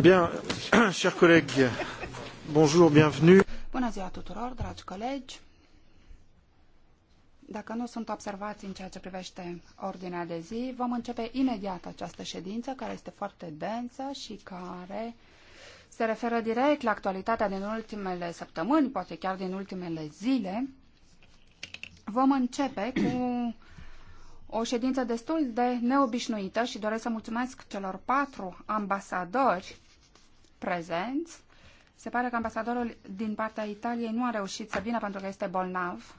Bien, chers collègues, Bună ziua tuturor, dragi colegi. Dacă nu sunt observați în ceea ce privește ordinea de zi, vom începe imediat această ședință care este foarte densă și care se referă direct la actualitatea din ultimele săptămâni, poate chiar din ultimele zile. Vom începe cu o ședință destul de neobișnuită și doresc să mulțumesc celor patru ambasadori prezenți. Se pare că ambasadorul din partea Italiei nu a reușit să vină pentru că este bolnav.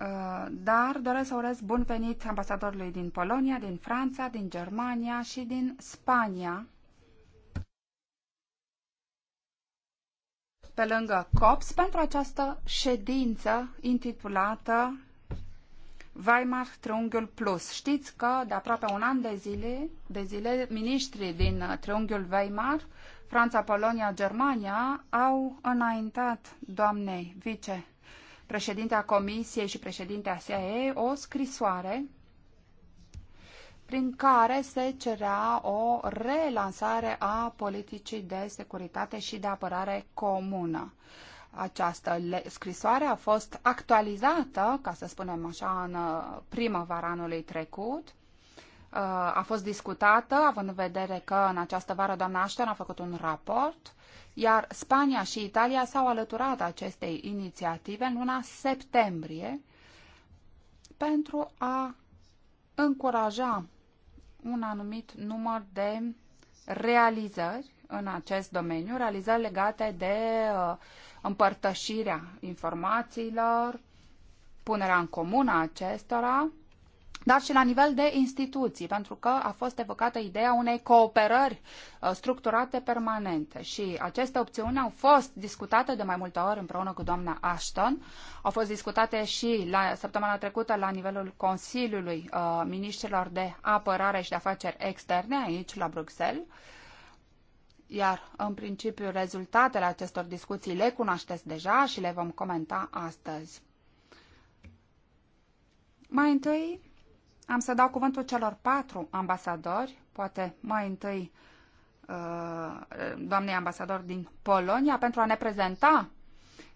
Uh, dar doresc să urez bun venit ambasadorului din Polonia, din Franța, din Germania și din Spania. Pe lângă COPS pentru această ședință intitulată Weimar Triunghiul Plus. Știți că de aproape un an de zile, de zile miniștrii din uh, Triunghiul Weimar, Franța, Polonia, Germania, au înaintat doamnei vice președintea Comisiei și președintea SAE o scrisoare prin care se cerea o relansare a politicii de securitate și de apărare comună. Această scrisoare a fost actualizată, ca să spunem așa, în uh, primăvara anului trecut. Uh, a fost discutată, având în vedere că în această vară doamna Ashton a făcut un raport, iar Spania și Italia s-au alăturat acestei inițiative în luna septembrie pentru a încuraja un anumit număr de realizări în acest domeniu, realizări legate de uh, împărtășirea informațiilor, punerea în comun a acestora, dar și la nivel de instituții, pentru că a fost evocată ideea unei cooperări uh, structurate permanente și aceste opțiuni au fost discutate de mai multe ori împreună cu doamna Ashton, au fost discutate și la săptămâna trecută la nivelul Consiliului uh, Ministrilor de Apărare și de Afaceri Externe aici la Bruxelles, iar în principiu rezultatele acestor discuții le cunoașteți deja și le vom comenta astăzi. Mai întâi am să dau cuvântul celor patru ambasadori, poate mai întâi uh, doamnei ambasador din Polonia, pentru a ne prezenta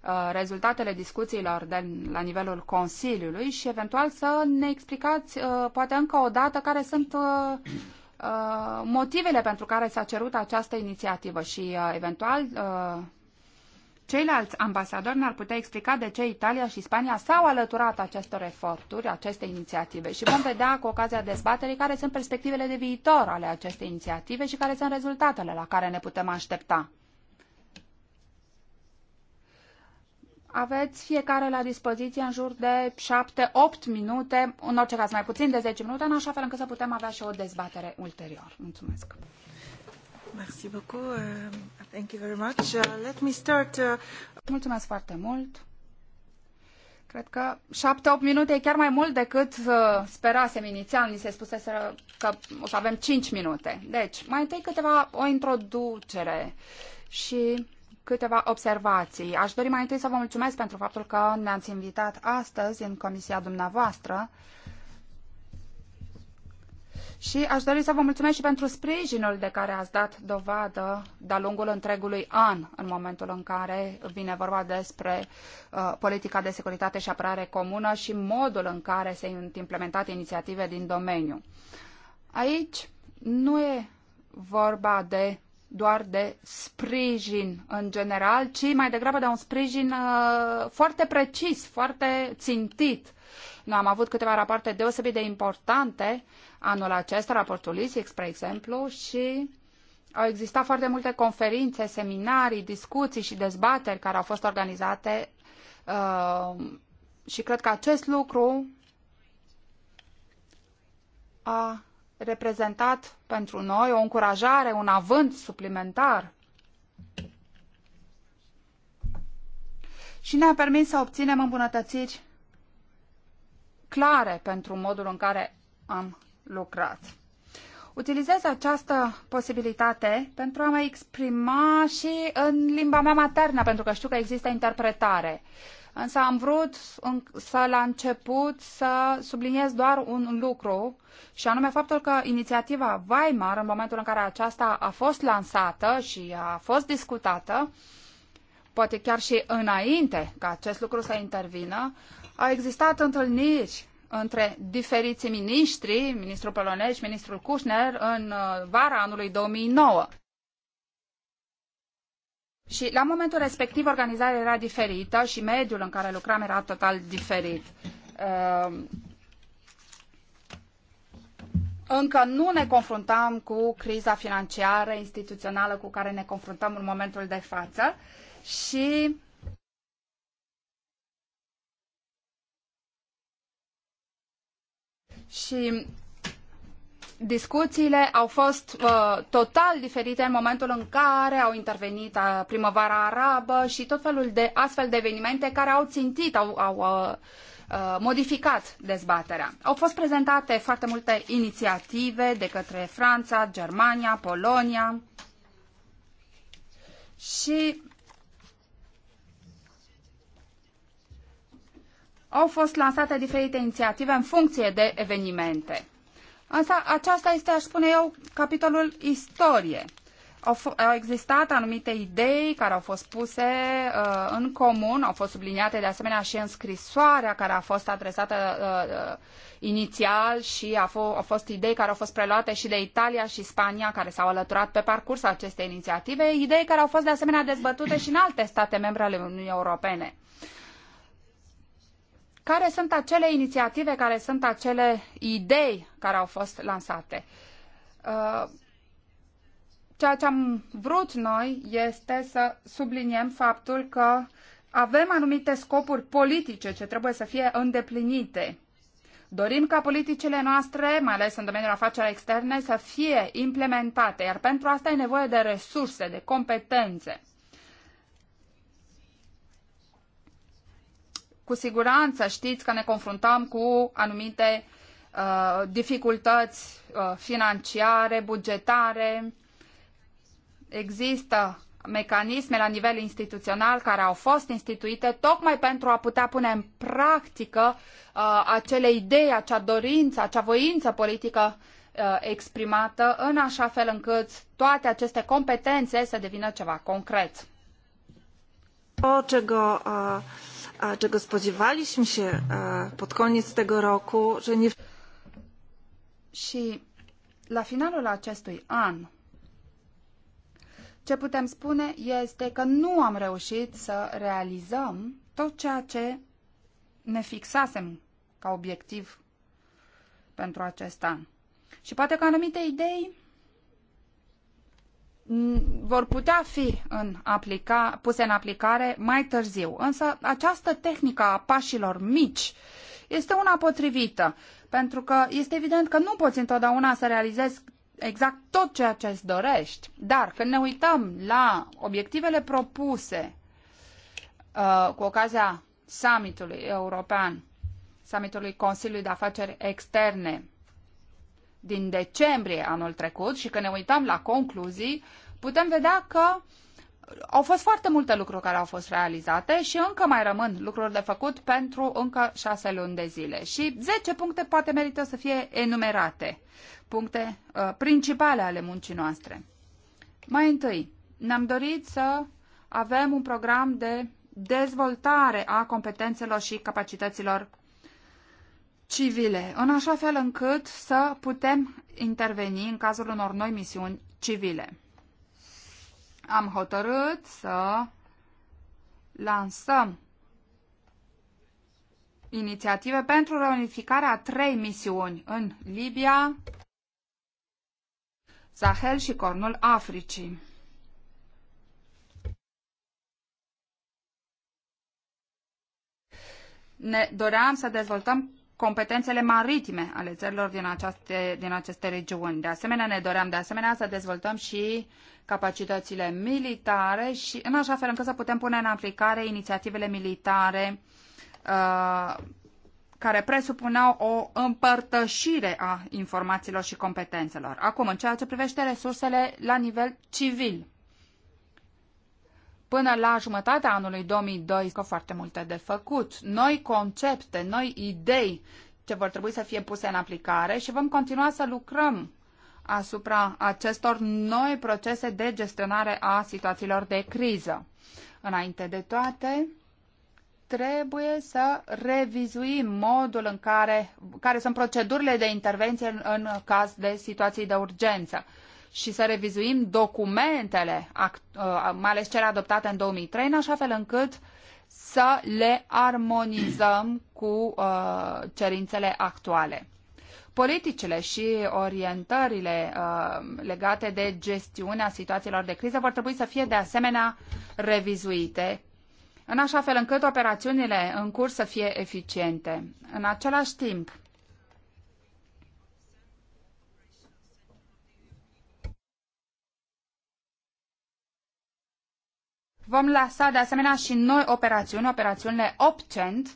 uh, rezultatele discuțiilor de la nivelul Consiliului și eventual să ne explicați uh, poate încă o dată care sunt Uh, motivele pentru care s-a cerut această inițiativă și uh, eventual uh, ceilalți ambasadori ne-ar putea explica de ce Italia și Spania s-au alăturat acestor eforturi, aceste inițiative și vom vedea cu ocazia dezbaterii care sunt perspectivele de viitor ale acestei inițiative și care sunt rezultatele la care ne putem aștepta. Aveți fiecare la dispoziție în jur de 7-8 minute, în orice caz mai puțin de 10 minute, în așa fel încât să putem avea și o dezbatere ulterior. Mulțumesc! Merci beaucoup. Uh, thank you very much. Uh, let me start. Uh... Mulțumesc foarte mult. Cred că 7-8 minute e chiar mai mult decât uh, sperasem inițial. Ni se spusese că o să avem 5 minute. Deci, mai întâi câteva, o introducere și câteva observații. Aș dori mai întâi să vă mulțumesc pentru faptul că ne-ați invitat astăzi în comisia dumneavoastră și aș dori să vă mulțumesc și pentru sprijinul de care ați dat dovadă de-a lungul întregului an, în momentul în care vine vorba despre uh, politica de securitate și apărare comună și modul în care sunt implementate inițiative din domeniu. Aici nu e vorba de doar de sprijin în general, ci mai degrabă de un sprijin uh, foarte precis, foarte țintit. Noi am avut câteva rapoarte deosebit de importante anul acesta, raportul ISIC, spre exemplu, și au existat foarte multe conferințe, seminarii, discuții și dezbateri care au fost organizate uh, și cred că acest lucru a reprezentat pentru noi o încurajare, un avânt suplimentar și ne-a permis să obținem îmbunătățiri clare pentru modul în care am lucrat. Utilizez această posibilitate pentru a mă exprima și în limba mea maternă, pentru că știu că există interpretare. Uh, Însă am vrut să la început să subliniez doar un lucru și anume faptul că inițiativa Weimar, în momentul în care aceasta a fost lansată și a fost discutată, poate chiar și înainte ca acest lucru să intervină, au existat întâlniri între diferiții miniștri, ministrul polonez și ministrul Kushner, în uh, vara anului 2009. Și la momentul respectiv organizarea era diferită și mediul în care lucram era total diferit. Ehm, încă nu ne confruntam cu criza financiară, instituțională cu care ne confruntăm în momentul de față și și discuțiile au fost uh, total diferite în momentul în care au intervenit uh, primăvara arabă și tot felul de astfel de evenimente care au țintit, au, au uh, uh modificat dezbaterea. Au fost prezentate foarte multe inițiative de către Franța, Germania, Polonia și au fost lansate diferite inițiative în funcție de evenimente. Însă aceasta este, aș spune eu, capitolul istorie. Au, au existat anumite idei care au fost puse uh, în comun, au fost subliniate de asemenea și în scrisoarea care a fost adresată uh, uh inițial și a au fost idei care au fost preluate și de Italia și Spania care s-au alăturat pe parcursul acestei inițiative, idei care au fost de asemenea dezbătute și în alte state membre ale Uniunii Europene care sunt acele inițiative, care sunt acele idei care au fost lansate. Uh, ceea ce am vrut noi este să subliniem faptul că avem anumite scopuri politice ce trebuie să fie îndeplinite. Dorim ca politicile noastre, mai ales în domeniul afacerilor externe, să fie implementate, iar pentru asta e nevoie de resurse, de competențe. Cu siguranță știți că ne confruntăm cu anumite uh, dificultăți uh, financiare, bugetare. Există mecanisme la nivel instituțional care au fost instituite tocmai pentru a putea pune în practică uh, acele idei, acea dorință, acea voință politică uh, exprimată în așa fel încât toate aceste competențe să devină ceva concret. O, czego spodziewaliśmy się pod koniec tego roku, że nie... Și la finalul acestui an, ce putem spune este că nu am reușit să realizăm tot ceea ce ne fixasem ca obiectiv pentru acest an. Și poate că anumite idei vor putea fi în aplica, puse în aplicare mai târziu. Însă această tehnică a pașilor mici este una potrivită, pentru că este evident că nu poți întotdeauna să realizezi exact tot ceea ce îți dorești, dar când ne uităm la obiectivele propuse uh, cu ocazia summitului european, summitului Consiliului de Afaceri Externe din decembrie anul trecut și când ne uităm la concluzii, putem vedea că au fost foarte multe lucruri care au fost realizate și încă mai rămân lucruri de făcut pentru încă șase luni de zile. Și zece puncte poate merită să fie enumerate, puncte uh, principale ale muncii noastre. Mai întâi, ne-am dorit să avem un program de dezvoltare a competențelor și capacităților civile, în așa fel încât să putem interveni în cazul unor noi misiuni civile am hotărât să lansăm inițiative pentru reunificarea trei misiuni în Libia, Sahel și Cornul Africii. Ne doream să dezvoltăm competențele maritime ale țărilor din aceste, din aceste regiuni. De asemenea, ne doream de asemenea să dezvoltăm și uh, capacitățile militare și în așa fel încât să putem pune în aplicare inițiativele militare uh, care presupuneau o împărtășire a informațiilor și competențelor. Acum, în ceea ce privește resursele la nivel civil, până la jumătatea anului 2002, că foarte multe de făcut, noi concepte, noi idei ce vor trebui să fie puse în aplicare și vom continua să lucrăm asupra acestor noi procese de gestionare a situațiilor de criză. Înainte de toate, trebuie să revizuim modul în care, care sunt procedurile de intervenție în, în caz de situații de urgență și să revizuim documentele, uh, mai ales cele adoptate în 2003, în așa fel încât să le armonizăm cu uh, cerințele actuale. Politicile și orientările uh, legate de gestiunea situațiilor de criză vor trebui să fie de asemenea revizuite în așa fel încât operațiunile în curs să fie eficiente. În același timp, Vom lăsa de asemenea și noi operațiuni, operațiunile OPCENT,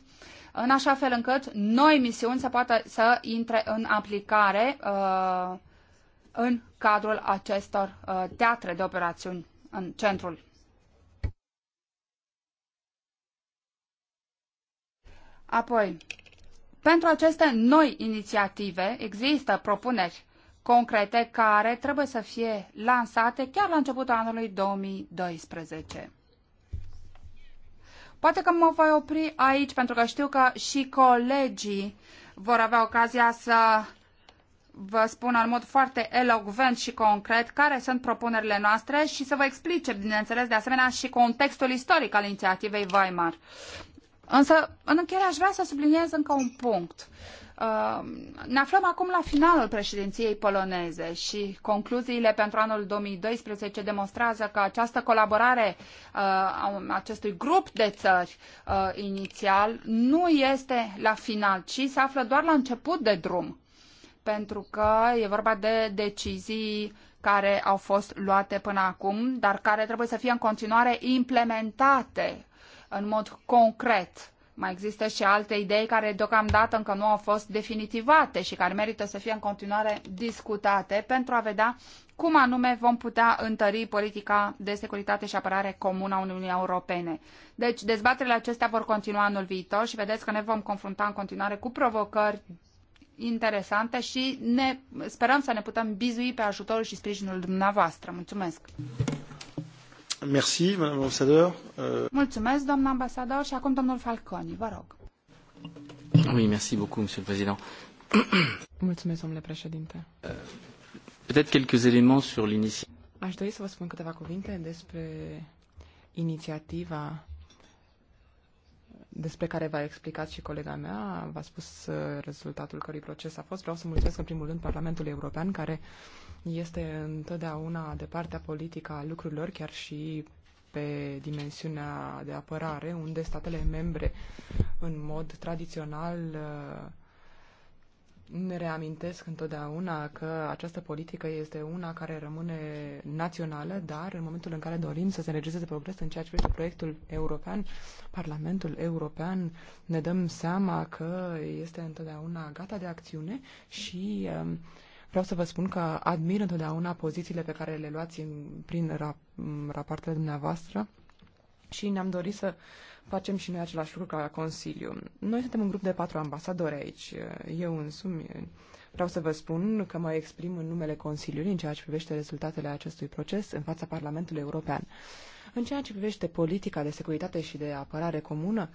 în așa fel încât noi misiuni să poată să intre în aplicare uh, în cadrul acestor uh, teatre de operațiuni în centrul Apoi, pentru aceste noi inițiative există propuneri concrete care trebuie să fie lansate chiar la începutul anului 2012. Poate că mă voi opri aici, pentru că știu că și colegii vor avea ocazia să vă spun în mod foarte elocvent și concret care sunt propunerile noastre și să vă explice, bineînțeles, de asemenea și contextul istoric al inițiativei Weimar. Însă, în încheiere, aș vrea să subliniez încă un punct. Uh, Um, ne aflăm acum la finalul președinției poloneze și concluziile pentru anul 2012 demonstrează că această colaborare uh, a acestui grup de țări uh, inițial nu este la final, ci se află doar la început de drum, pentru că e vorba de decizii care au fost luate până acum, dar care trebuie să fie în continuare implementate în mod concret mai există și alte idei care deocamdată încă nu au fost definitivate și care merită să fie în continuare discutate pentru a vedea cum anume vom putea întări politica de securitate și apărare comună a Uniunii Europene. Deci, dezbaterile acestea vor continua anul viitor și vedeți că ne vom confrunta în continuare cu provocări interesante și ne, sperăm să ne putem bizui pe ajutorul și sprijinul dumneavoastră. Mulțumesc! Merci, euh, Mulțumesc, doamna ambasador, și acum domnul Falconi, vă rog. Oui, merci beaucoup, Monsieur le Président. Mulțumesc, domnule președinte. Uh, Peut-être quelques éléments sur l'initiative. Aș dori să vă spun câteva cuvinte despre inițiativa despre care v-a explicat și colega mea, v-a spus uh, rezultatul cărui proces a fost. Vreau să mulțumesc în primul rând Parlamentului European, care este întotdeauna de partea politică a lucrurilor, chiar și pe dimensiunea de apărare, unde statele membre, în mod tradițional, uh, ne reamintesc întotdeauna că această politică este una care rămâne națională, dar în momentul în care dorim să se înregistreze progres în ceea ce privește proiectul european, Parlamentul European, ne dăm seama că este întotdeauna gata de acțiune și um, vreau să vă spun că admir întotdeauna pozițiile pe care le luați prin rapoartele dumneavoastră și ne-am dorit să facem și noi același lucru ca Consiliu. Noi suntem un grup de patru ambasadori aici. Eu însumi vreau să vă spun că mă exprim în numele Consiliului în ceea ce privește rezultatele acestui proces în fața Parlamentului European. În ceea ce privește politica de securitate și de apărare comună,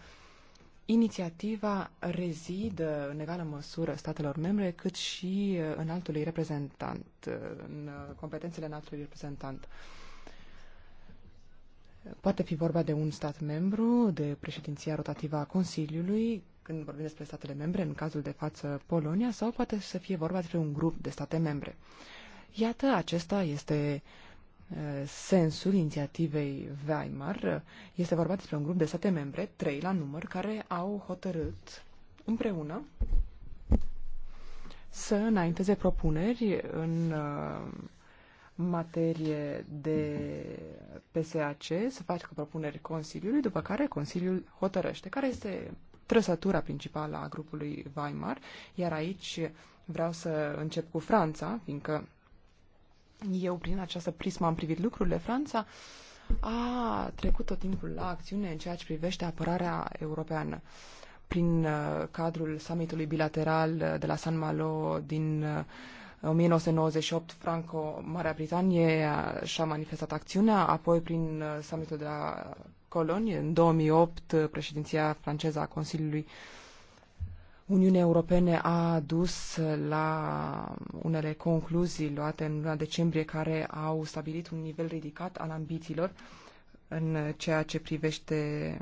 inițiativa rezidă în egală măsură statelor membre cât și uh, uh, în altului uh, reprezentant, în competențele înaltului reprezentant. reprezentant. Poate fi vorba de un stat membru, de președinția rotativă a Consiliului, când vorbim despre statele membre, în cazul de față Polonia, sau poate să fie vorba despre un grup de state membre. Iată, acesta este sensul inițiativei Weimar. Este vorba despre un grup de state membre, trei la număr, care au hotărât împreună să înainteze propuneri în materie de PSAC, să facă propuneri Consiliului, după care Consiliul hotărăște. Care este trăsătura principală a grupului Weimar? Iar aici vreau să încep cu Franța, fiindcă eu prin această prismă am privit lucrurile. Franța a trecut tot timpul la acțiune în ceea ce privește apărarea europeană prin uh, cadrul summitului bilateral uh, de la San Malo din uh, 1998 Franco, Marea Britanie și-a manifestat acțiunea, apoi prin uh, summitul de la Cologne, în 2008 uh, președinția franceză a Consiliului Uniunii Europene a dus la unele concluzii luate în luna decembrie care au stabilit un nivel ridicat al ambițiilor în ceea ce privește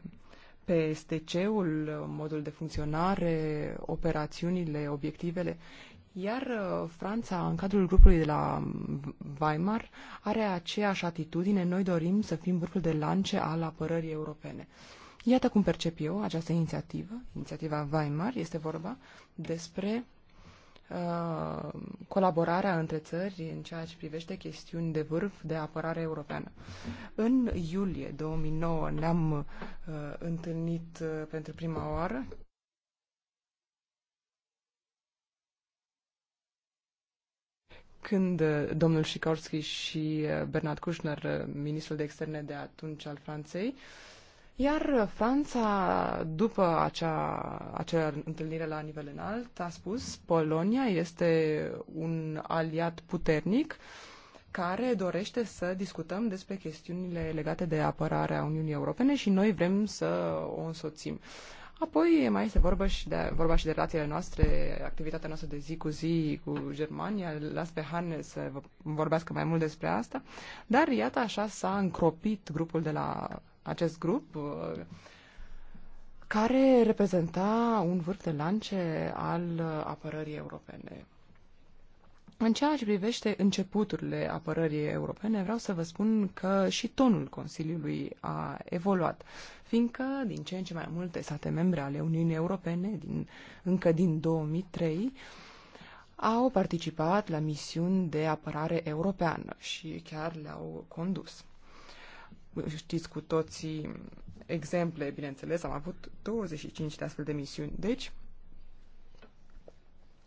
PSTC-ul, modul de funcționare, operațiunile, obiectivele iar uh, Franța, în cadrul grupului de la Weimar, are aceeași atitudine. Noi dorim să fim vârful de lance al apărării europene. Iată cum percep eu această inițiativă. Inițiativa Weimar este vorba despre uh, colaborarea între țări în ceea ce privește chestiuni de vârf de apărare europeană. În iulie 2009 ne-am uh, întâlnit uh, pentru prima oară când uh, domnul Sikorski și uh, Bernard Kushner, uh, ministrul de externe de atunci al Franței, iar Franța, după acea, acea întâlnire la nivel înalt, a spus Polonia este un aliat puternic care dorește să discutăm despre chestiunile legate de apărarea Uniunii Europene și noi vrem să o însoțim. Uh, Apoi mai este vorba și de, vorba și de relațiile noastre, activitatea noastră de zi cu zi cu Germania. Las pe Hanne să vorbească mai mult despre asta. Dar iată așa s-a încropit grupul de la acest grup uh, care reprezenta un vârf de lance al uh, apărării europene. În ceea ce privește începuturile apărării europene, vreau să vă spun că și tonul Consiliului a evoluat, fiindcă din ce în ce mai multe state membre ale Uniunii Europene, din, încă din 2003, au participat la misiuni de apărare europeană și chiar le-au condus. Știți cu toții exemple, bineînțeles, am avut 25 de astfel de misiuni, deci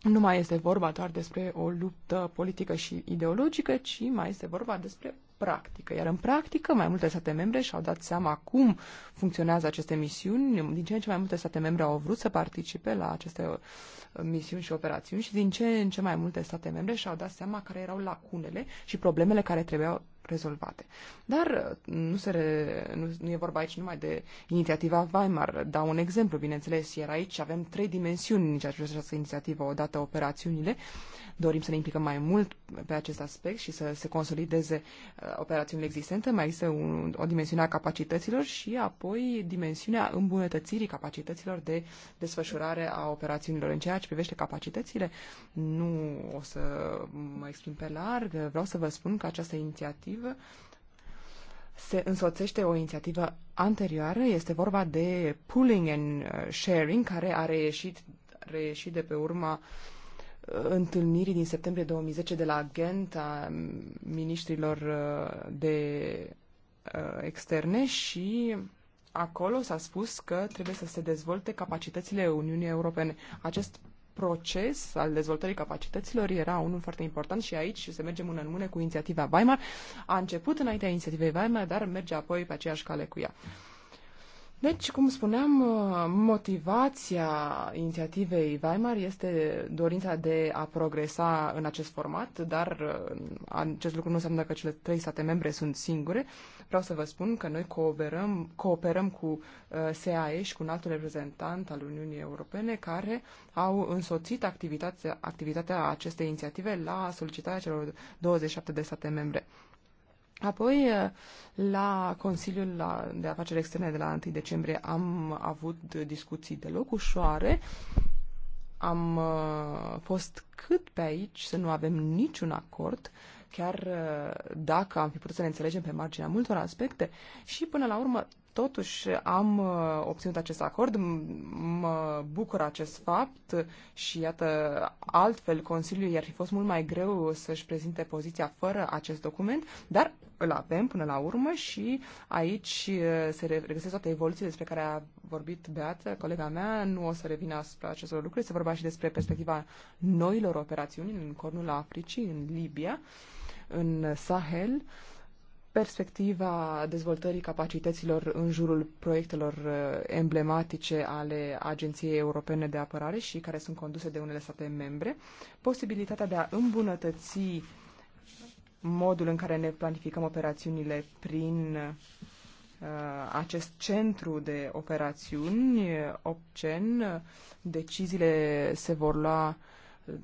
nu mai este vorba doar despre o luptă politică și ideologică, ci mai este vorba despre practică. Iar în practică, mai multe state membre și-au dat seama cum funcționează aceste misiuni. Din ce în ce mai multe state membre au vrut să participe la aceste uh, misiuni și operațiuni și din ce în ce mai multe state membre și-au dat seama care erau lacunele și problemele care trebuiau rezolvate. Dar uh, nu, se re, nu, nu e vorba aici numai de inițiativa Weimar. Dau un exemplu, bineînțeles, iar aici avem trei dimensiuni în ceea ce această inițiativă, odată operațiunile. Dorim să ne implicăm mai mult pe acest aspect și să se consolideze uh, operațiunile existente. Mai este un, o dimensiune a capacităților și apoi dimensiunea îmbunătățirii capacităților de desfășurare a operațiunilor. În ceea ce privește capacitățile, nu o să mă exprim pe larg, vreau să vă spun că această inițiativă legislativ se însoțește o inițiativă anterioară. Este vorba de pooling and uh, sharing, care a reieșit, reieșit de pe urma uh, întâlnirii din septembrie 2010 de la Ghent a ministrilor uh, de externe și acolo s-a spus că trebuie să se dezvolte capacitățile Uniunii Europene. Acest proces al dezvoltării capacităților era unul foarte important și aici se merge mână în mână cu inițiativa Weimar. A început înaintea inițiativei Weimar, dar merge apoi pe aceeași cale cu ea. Deci, cum spuneam, motivația inițiativei Weimar este dorința de a progresa în acest format, dar uh, acest lucru nu înseamnă că cele trei state membre sunt singure. Vreau să vă spun că noi cooperăm, cooperăm cu uh, SAE și cu un alt reprezentant al Uniunii Europene care au însoțit activitatea, activitatea acestei inițiative la solicitarea celor 27 de state membre. Apoi, la Consiliul de Afaceri Externe de la 1 decembrie am avut discuții deloc ușoare. Am uh, fost cât pe aici să nu avem niciun acord, chiar uh, dacă am fi putut să ne înțelegem pe marginea multor aspecte și până la urmă Totuși am uh, obținut acest acord, mă bucur acest fapt și iată, altfel Consiliul i-ar fi fost mult mai greu să-și prezinte poziția fără acest document, dar îl avem până la urmă și aici uh, se regăsesc toate evoluțiile despre care a vorbit Beată, colega mea, nu o să revină asupra acestor lucruri, se vorba și despre perspectiva noilor operațiuni în Cornul Africii, în Libia, în Sahel, uh, perspectiva dezvoltării capacităților în jurul proiectelor uh, emblematice ale Agenției Europene de Apărare și care sunt conduse de unele state membre, posibilitatea de a îmbunătăți modul în care ne planificăm operațiunile prin uh, acest centru de operațiuni, OPCEN, deciziile se vor lua uh,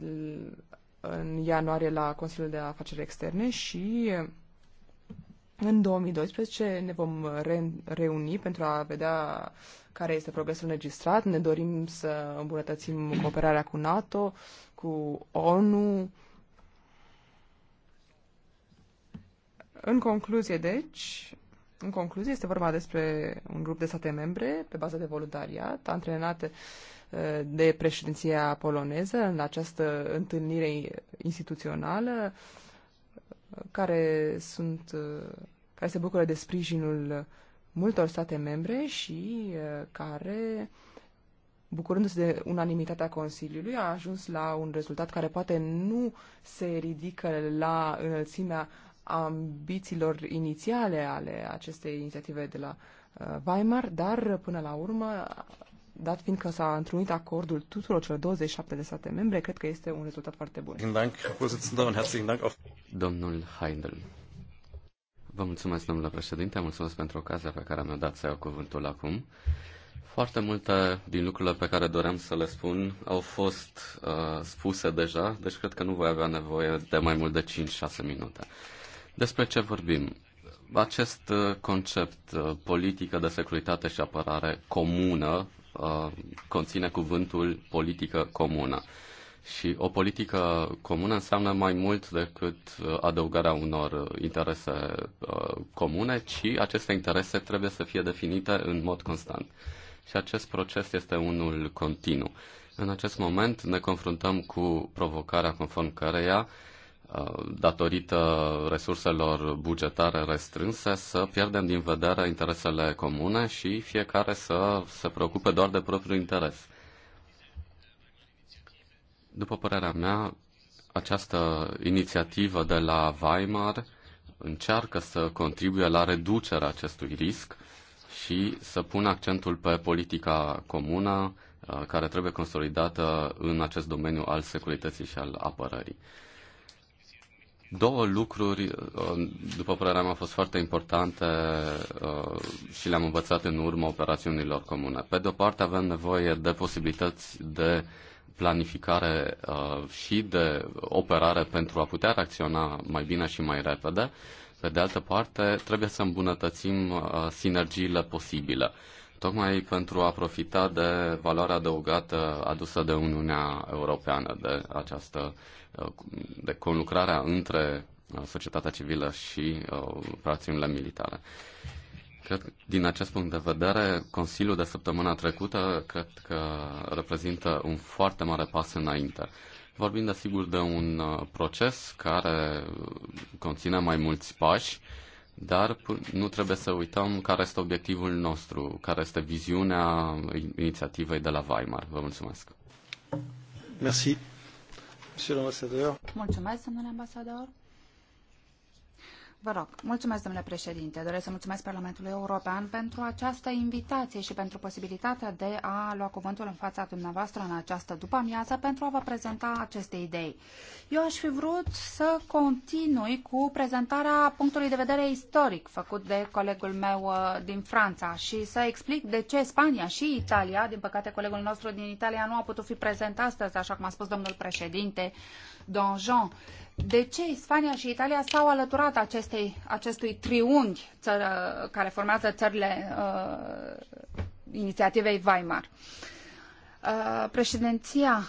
în ianuarie la Consiliul de Afaceri Externe și uh, în 2012 ne vom re- reuni pentru a vedea care este progresul înregistrat. Ne dorim să îmbunătățim cooperarea cu NATO, cu ONU. În concluzie, deci, în concluzie, este vorba despre un grup de state membre pe bază de voluntariat, antrenate eh, de președinția poloneză în această întâlnire instituțională care sunt uh, care se bucură de sprijinul multor state membre și uh, care bucurându-se de unanimitatea Consiliului, a ajuns la un rezultat care poate nu se ridică la înălțimea ambițiilor inițiale ale acestei inițiative de la uh, Weimar, dar până la urmă dat fiindcă s-a întrunit acordul tuturor celor 27 de state membre, cred că este un rezultat foarte bun. Domnul Heindel. Vă mulțumesc, domnule președinte, mulțumesc pentru ocazia pe care mi-a dat să iau cuvântul acum. Foarte multe din lucrurile pe care doream să le spun au fost uh, spuse deja, deci cred că nu voi avea nevoie de mai mult de 5-6 minute. Despre ce vorbim? Acest uh, concept, uh, politică de securitate și apărare comună, Uh, conține cuvântul politică comună. Și o politică comună înseamnă mai mult decât uh, adăugarea unor uh, interese comune, ci aceste interese trebuie să fie definite în mod constant. Și acest proces este unul continuu. În acest moment ne confruntăm cu provocarea conform căreia uh, datorită resurselor bugetare restrânse, să pierdem din vedere interesele comune și fiecare să se preocupe doar de propriul interes. După părerea mea, această inițiativă de la Weimar încearcă să contribuie la reducerea acestui risc și să pună accentul pe politica comună uh, care trebuie consolidată în acest domeniu al securității și al apărării. Două lucruri, uh, după părerea mea, au fost foarte importante uh, și le-am învățat în urma operațiunilor comune. Pe de o parte, avem nevoie de posibilități de planificare uh, și de operare pentru a putea reacționa mai bine și mai repede. Pe de altă parte, trebuie să îmbunătățim sinergiile posibile tocmai pentru a profita de valoarea adăugată adusă de Uniunea Europeană, de această de conlucrarea între uh, societatea civilă și operațiunile uh, militare. Cred, din acest punct de vedere, Consiliul de săptămâna trecută cred că reprezintă un foarte mare pas înainte. Vorbim, desigur, de un uh, proces care conține mai mulți pași, dar nu trebuie să uităm care este obiectivul nostru, care este viziunea inițiativei de la Weimar. Vă mulțumesc. Merci. Mulțumesc, domnule ambasador. Vă rog. Mulțumesc, domnule președinte. Doresc să mulțumesc Parlamentului European pentru această invitație și pentru posibilitatea de a lua cuvântul în fața dumneavoastră în această după-amiază pentru a vă prezenta aceste idei. Eu aș fi vrut să continui cu prezentarea punctului de vedere istoric făcut de colegul meu uh, din Franța și să explic de ce Spania și Italia, din păcate colegul nostru din Italia nu a putut fi prezent astăzi, așa cum a spus domnul președinte Donjon, de ce Spania și Italia s-au alăturat acestei, acestui triunghi țără, uh, care formează țările uh, inițiativei Weimar. Uh, președinția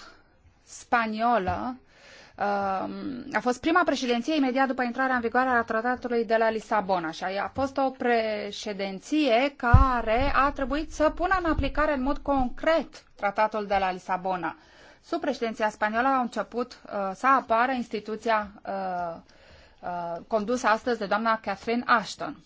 spaniolă uh, a fost prima președinție imediat după intrarea în vigoare a tratatului de la Lisabona și a fost o președinție care a trebuit să pună în aplicare în mod concret tratatul de la Lisabona. Sub președinția spaniolă a început uh, să apară instituția uh, uh, condusă astăzi de doamna Catherine Ashton.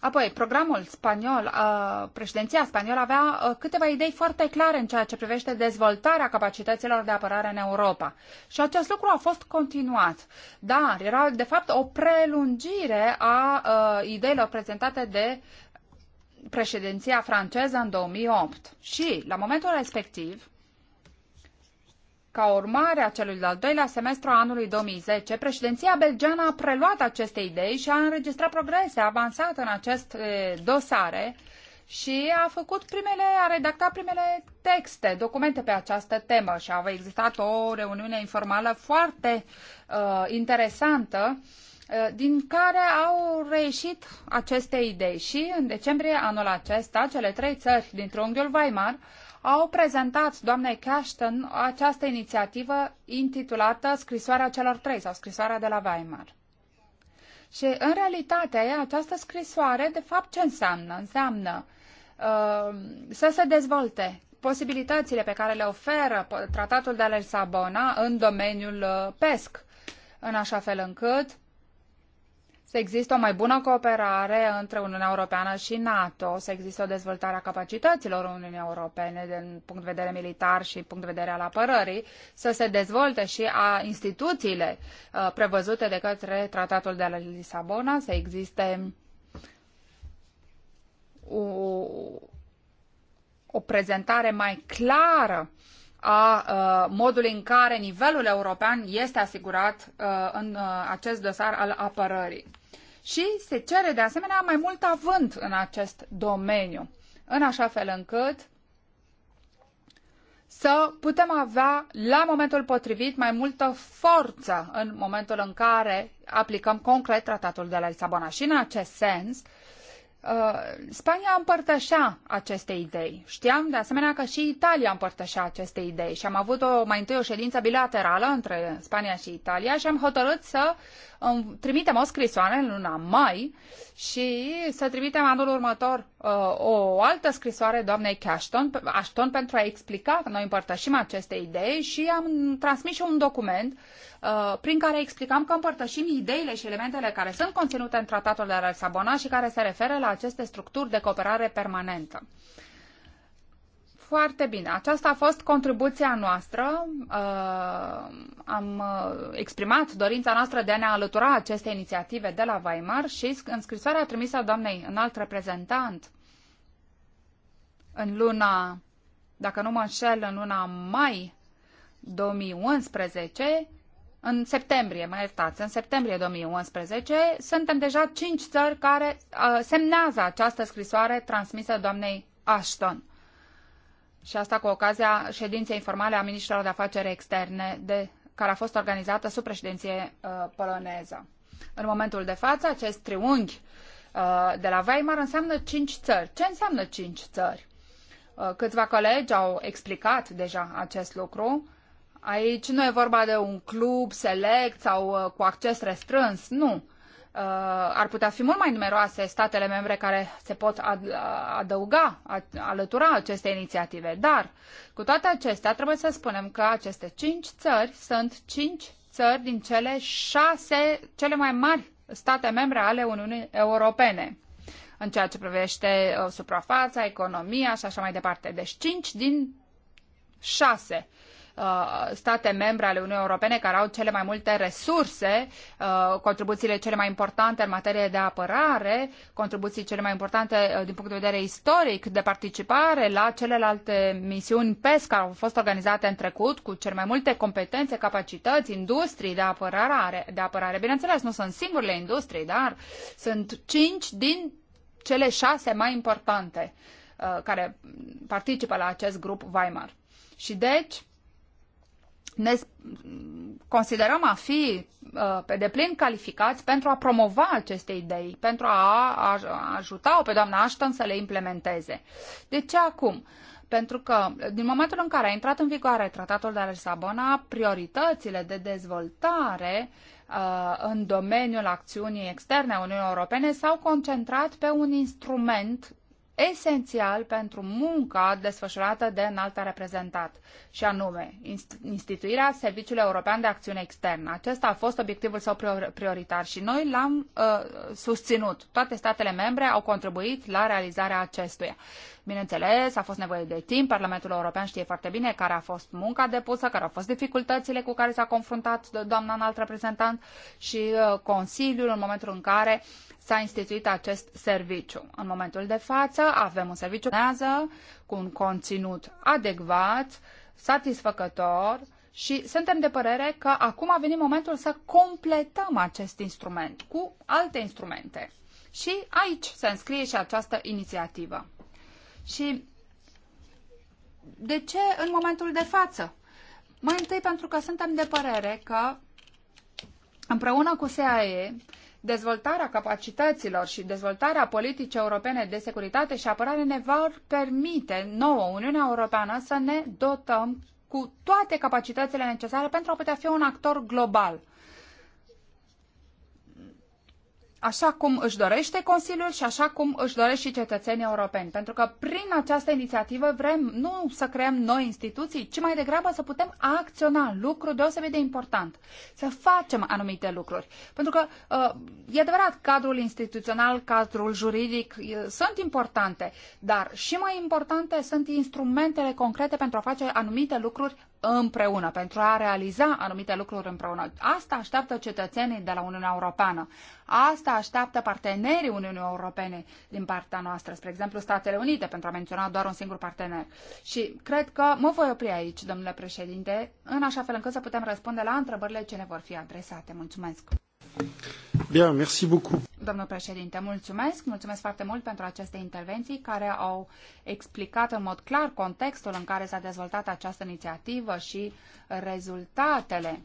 Apoi, programul spaniol, uh, președinția spaniolă avea uh, câteva idei foarte clare în ceea ce privește dezvoltarea capacităților de apărare în Europa. Și acest lucru a fost continuat. Dar era, de fapt, o prelungire a uh, ideilor prezentate de președinția franceză în 2008. Și, la momentul respectiv, ca urmare a celui de-al doilea semestru a anului 2010, președinția belgeană a preluat aceste idei și a înregistrat progrese avansate în e, dosare și a făcut primele, a redactat primele texte, documente pe această temă și a existat o reuniune informală foarte uh, interesantă din care au reieșit aceste idei și în decembrie anul acesta cele trei țări dintr-un unghiul Weimar au prezentat doamnei Cashton această inițiativă intitulată Scrisoarea celor trei sau Scrisoarea de la Weimar. Și în realitate această scrisoare de fapt ce înseamnă? Înseamnă uh, să se dezvolte posibilitățile pe care le oferă tratatul de la Lisabona în domeniul uh, PESC, în așa fel încât să existe o mai bună cooperare între Uniunea Europeană și NATO, să existe o dezvoltare a capacităților Uniunii Europene din punct de vedere militar și punct de vedere al apărării, să se dezvolte și a instituțiile uh, prevăzute de către Tratatul de la Lisabona, să existe o, o prezentare mai clară uh, a uh, modului în care nivelul european este asigurat uh, în uh, acest dosar al apărării. Și se cere de asemenea mai mult avânt în acest domeniu, în așa fel încât să putem avea la momentul potrivit mai multă forță în momentul în care aplicăm concret tratatul de la Lisabona. Și în acest sens, Uh, Spania împărtășea aceste idei. Știam de asemenea că și Italia împărtășea aceste idei și am avut o, mai întâi o ședință bilaterală între Spania și Italia și am hotărât să trimitem o scrisoare în luna mai și să trimitem anul următor uh, o altă scrisoare doamnei Ashton, Ashton pentru a explica că noi împărtășim aceste idei și am transmis și un document uh, prin care explicam că împărtășim ideile și elementele care sunt conținute în tratatul de la Sabona și care se referă la aceste structuri de cooperare permanentă. Uh, foarte bine. Aceasta a fost contribuția noastră. Uh, am uh, exprimat dorința noastră de a ne alătura aceste inițiative de la Weimar și în scrisoarea trimisă doamnei înalt reprezentant în luna, dacă nu mă înșel, în luna mai 2011, în septembrie, mai iertați, în septembrie 2011, suntem deja cinci țări care uh, semnează această scrisoare transmisă doamnei Ashton și asta cu ocazia ședinței informale a ministrilor de afaceri externe, de, care a fost organizată sub președinție uh, poloneză. În momentul de față, acest triunghi uh, de la Weimar înseamnă cinci țări. Ce înseamnă cinci țări? Uh, câțiva colegi au explicat deja acest lucru. Aici nu e vorba de un club select sau uh, cu acces restrâns, nu. Uh, ar putea fi mult mai numeroase statele membre care se pot adăuga, alătura aceste inițiative. Dar, cu toate acestea, trebuie să spunem că aceste cinci țări sunt cinci țări din cele șase cele mai mari state membre ale Uniunii Europene în ceea ce privește uh, suprafața, economia și așa mai departe. Deci cinci din șase. Uh, Uh, state membre ale Uniunii Europene care au cele mai multe resurse, uh, contribuțiile cele mai importante în materie de apărare, contribuții cele mai importante uh, din punct de vedere istoric de participare la celelalte misiuni PES care au fost organizate în trecut cu cele mai multe competențe, capacități, industrii de apărare. De apărare. Bineînțeles, nu sunt singurele industrii, dar sunt cinci din cele șase mai importante care participă la acest grup Weimar. Și deci, ne considerăm a fi uh, pe deplin calificați pentru a promova aceste idei, pentru a ajuta-o pe doamna Ashton să le implementeze. De ce acum? Pentru că din momentul în care a intrat în vigoare tratatul de la Lisabona, prioritățile de dezvoltare uh, în domeniul acțiunii externe a Uniunii Europene s-au concentrat pe un instrument esențial pentru munca desfășurată de înalta reprezentat, și anume instituirea Serviciului European de Acțiune Externă. Acesta a fost obiectivul său prioritar și noi l-am uh, susținut. Toate statele membre au contribuit la realizarea acestuia. Bineînțeles, a fost nevoie de timp. Parlamentul European știe foarte bine care a fost munca depusă, care au fost dificultățile cu care s-a confruntat doamna înalt reprezentant și ă, Consiliul în momentul în care s-a instituit acest serviciu. În momentul de față, piață, avem un serviciu cu un conținut adecvat, satisfăcător și suntem de părere că acum a venit momentul să completăm acest instrument cu alte instrumente. Și aici se înscrie și această inițiativă. Și de ce în momentul de față? Mai întâi pentru că suntem de părere că împreună cu SAE dezvoltarea capacităților și dezvoltarea politicii europene de securitate și apărare ne vor permite nouă Uniunea Europeană să ne dotăm cu toate capacitățile necesare pentru a putea fi un actor global. așa cum își dorește Consiliul și așa cum își doresc și cetățenii europeni. Pentru că prin această inițiativă vrem nu să creăm noi instituții, ci mai degrabă să putem acționa, lucru deosebit de important, să facem anumite lucruri. Pentru că uh, e adevărat, cadrul instituțional, cadrul juridic sunt importante, dar și mai importante sunt instrumentele concrete pentru a face anumite lucruri împreună, pentru a realiza anumite lucruri împreună. Asta așteaptă cetățenii de la Uniunea Europeană. Asta așteaptă partenerii Uniunii Europene din partea noastră, spre exemplu Statele Unite, pentru a menționa doar un singur partener. Și cred că mă voi opri aici, domnule președinte, în așa fel încât să putem răspunde la întrebările ce ne vor fi adresate. Mulțumesc! Doamnă președinte, mulțumesc. Mulțumesc foarte mult pentru aceste intervenții care au explicat în mod clar contextul în care s-a dezvoltat această inițiativă și rezultatele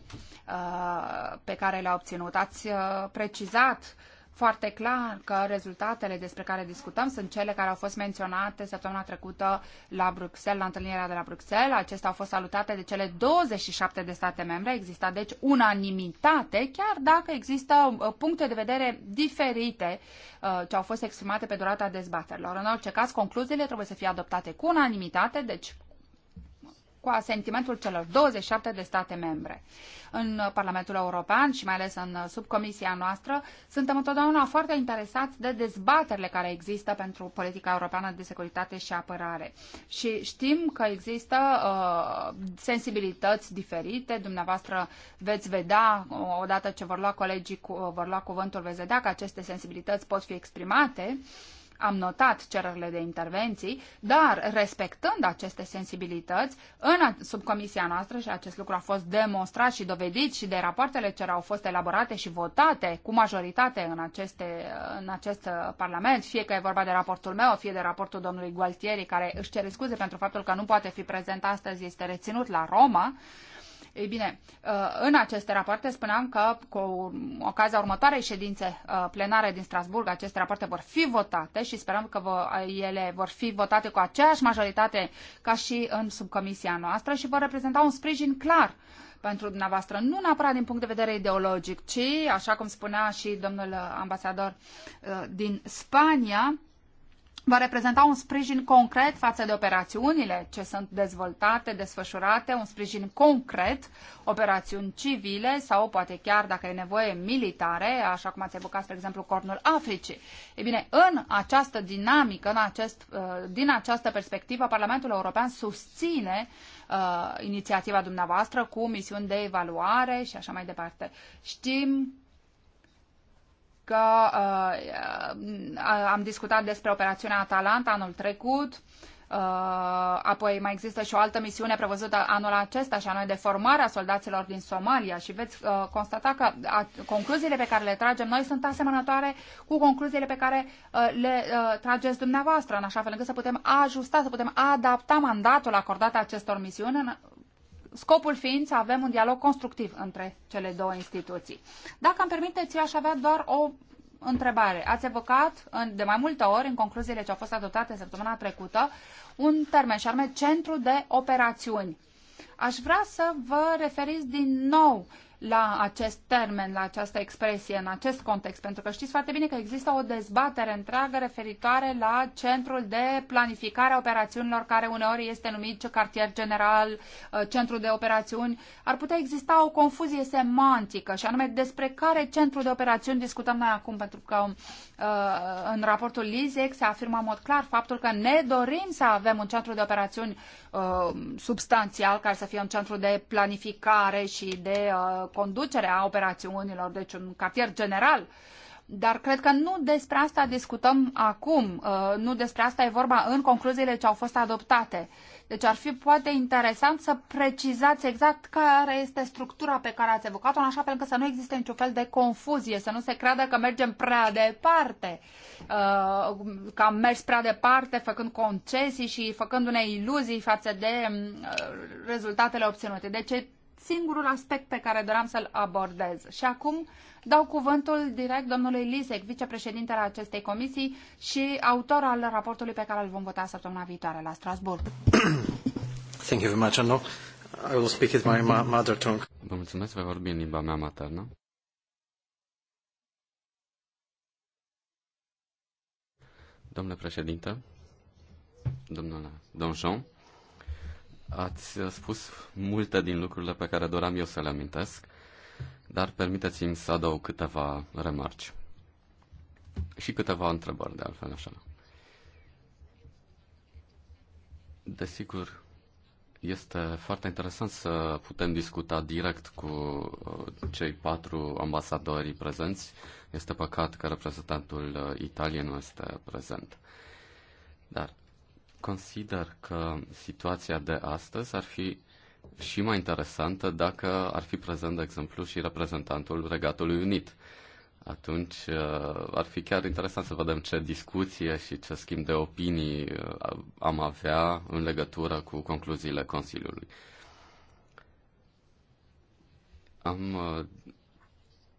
uh, pe care le-a obținut. Ați uh, precizat uh, foarte clar că rezultatele despre care discutăm sunt cele care au fost menționate săptămâna trecută la Bruxelles, la întâlnirea de la Bruxelles. Acestea au fost salutate de cele 27 de state membre. Există deci unanimitate, chiar dacă există uh, puncte de vedere diferite uh, ce au fost exprimate pe durata dezbaterilor. În orice caz, concluziile trebuie să fie adoptate cu unanimitate, deci cu asentimentul celor 27 de state membre. În Parlamentul European și mai ales în subcomisia noastră, suntem întotdeauna foarte interesați de dezbaterile care există pentru politica europeană de securitate și apărare. Și știm că există uh, sensibilități diferite. Dumneavoastră veți vedea, uh, odată ce vor lua colegii, cu, uh, vor lua cuvântul, veți vedea că aceste sensibilități pot fi exprimate. Uh, am notat cererile de intervenții, dar respectând aceste sensibilități, în subcomisia noastră, și acest lucru a fost demonstrat și dovedit și de rapoartele ce au fost elaborate și votate cu majoritate în, aceste, în acest Parlament, fie că e vorba de raportul meu, fie de raportul domnului Gualtieri, care își cere scuze pentru faptul că nu poate fi prezent astăzi, este reținut la Roma, uh, ei bine, uh, în aceste rapoarte spuneam că cu ocazia următoarei ședințe uh, plenare din Strasburg, aceste rapoarte vor fi votate și sperăm că ele vor fi votate cu aceeași majoritate ca și în subcomisia noastră și vor reprezenta un sprijin clar pentru dumneavoastră, nu neapărat din punct de vedere ideologic, ci, așa cum spunea și domnul ambasador uh, din Spania, va reprezenta un sprijin concret față de operațiunile ce sunt dezvoltate, desfășurate, un sprijin concret, operațiuni civile sau poate chiar, dacă e nevoie, militare, așa cum ați evocat, spre exemplu, Cornul Africii. Ei bine, în această dinamică, în acest, uh, din această perspectivă, Parlamentul European susține uh, inițiativa dumneavoastră cu misiuni de evaluare și așa mai departe. Știm că uh, am discutat despre operațiunea Atalanta anul trecut, uh, apoi mai există și o altă misiune prevăzută anul acesta, și anume de formare a soldaților din Somalia și veți uh, constata că concluziile pe care le tragem noi sunt asemănătoare cu concluziile pe care le trageți dumneavoastră, în așa fel încât să putem ajusta, să putem adapta mandatul acordat acestor misiuni scopul fiind să avem un dialog constructiv între cele două instituții. Dacă îmi permiteți, eu aș avea doar o întrebare. Ați evocat de mai multe ori, în concluziile ce au fost adoptate săptămâna trecută, un termen, și anume centru de operațiuni. Aș vrea să vă referiți din nou la acest termen, la această expresie, în acest context, pentru că știți foarte bine că există o dezbatere întreagă referitoare la centrul de planificare a operațiunilor, care uneori este numit cartier general, uh, centru de operațiuni. Ar putea exista o confuzie semantică și anume despre care centru de operațiuni discutăm noi acum, pentru că um, Uh, în raportul LISEC se afirmă în mod clar faptul că ne dorim să avem un centru de operațiuni uh, substanțial care să fie un centru de planificare și de uh, conducere a operațiunilor, deci un cartier general dar cred că nu despre asta discutăm acum, nu despre asta e vorba în concluziile ce au fost adoptate. Deci ar fi poate interesant să precizați exact care este structura pe care ați evocat-o, în așa fel încât să nu existe niciun fel de confuzie, să nu se creadă că mergem prea departe, uh, că am mers prea departe făcând concesii și făcându-ne iluzii față de uh, rezultatele obținute. Deci singurul aspect pe care doream să-l abordez. Și acum dau cuvântul direct domnului Lisec, vicepreședintele acestei comisii și autor al raportului pe care îl vom vota săptămâna viitoare la Strasbourg. Thank you very much, Anno. I will speak in my mother tongue. Vă mulțumesc, voi vorbi în limba mea maternă. Domnule președinte, domnule Donjon, Ați spus multe din lucrurile pe care doream eu să le amintesc, dar permiteți-mi să adaug câteva remarci și câteva întrebări, de altfel așa. Desigur, este foarte interesant să putem discuta direct cu uh, cei patru ambasadori prezenți. Este păcat că reprezentantul uh, Italiei nu este prezent. Dar Consider că situația de astăzi ar fi și mai interesantă dacă ar fi prezent, de exemplu, și reprezentantul Regatului Unit. Atunci uh, ar fi chiar interesant să vedem ce discuție și ce schimb de opinii uh, am avea în legătură cu concluziile Consiliului. Am uh,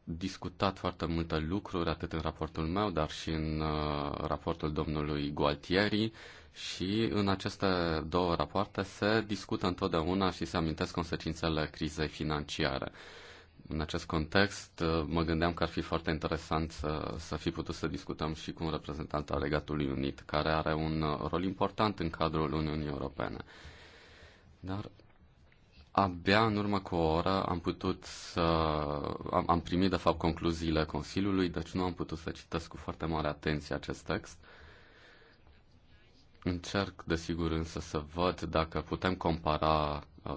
discutat foarte multe lucruri, atât în raportul meu, dar și în raportul domnului Gualtieri și în aceste două rapoarte se discută întotdeauna și se amintesc consecințele crizei financiare. În acest context, mă gândeam că ar fi foarte interesant să, să fi putut să discutăm și cu un reprezentant al Regatului Unit, care are un rol important în cadrul Uniunii Europene. Dar abia în urmă cu o oră am putut să... Am, am primit, de fapt, concluziile Consiliului, deci nu am putut să citesc cu foarte mare atenție acest text. Uh, Încerc, desigur, însă să văd dacă putem compara uh,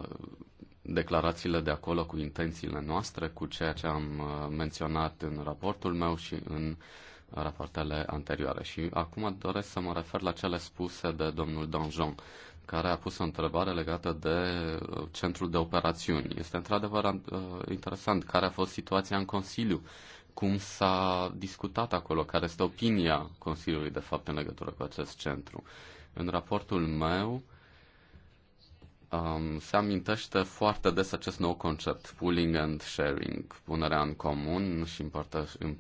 declarațiile de acolo cu intențiile noastre, cu ceea ce am uh, menționat în raportul meu și în rapoartele anterioare. Și acum doresc să mă refer la cele spuse de domnul Donjon, care a pus o întrebare legată de uh, centrul de operațiuni. Este într-adevăr uh, interesant care a fost situația în Consiliu cum s-a discutat acolo, care este opinia Consiliului, de fapt, în legătură cu acest centru. În raportul meu um, se amintește foarte des acest nou concept, pooling and sharing, punerea în comun și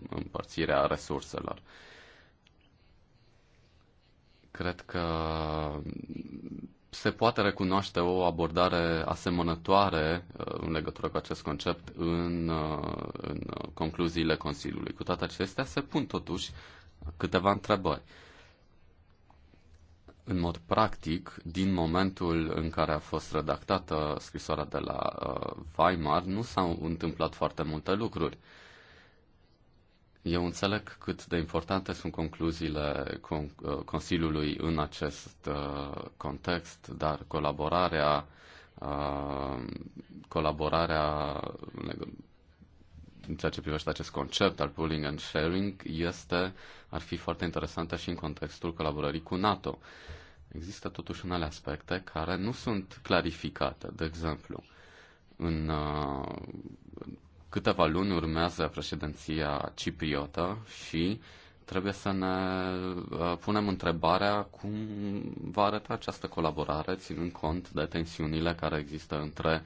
împărțirea resurselor. Cred că se poate recunoaște o abordare asemănătoare uh, în legătură cu acest concept în, uh, în concluziile Consiliului. Cu toate acestea se pun totuși câteva întrebări. Uh, în mod practic, din momentul în care a fost redactată scrisoarea de la uh, Weimar, nu s-au întâmplat foarte multe lucruri. Eu înțeleg cât de importante sunt concluziile uh, Consiliului în acest uh, context, dar colaborarea, colaborarea în ceea ce privește acest concept al pooling and sharing este, ar fi foarte interesantă și în contextul colaborării cu NATO. Există totuși unele aspecte care nu sunt clarificate. De exemplu, în uh, câteva luni urmează președinția cipriotă și trebuie să ne uh, punem întrebarea cum va arăta această colaborare, ținând cont de tensiunile care există între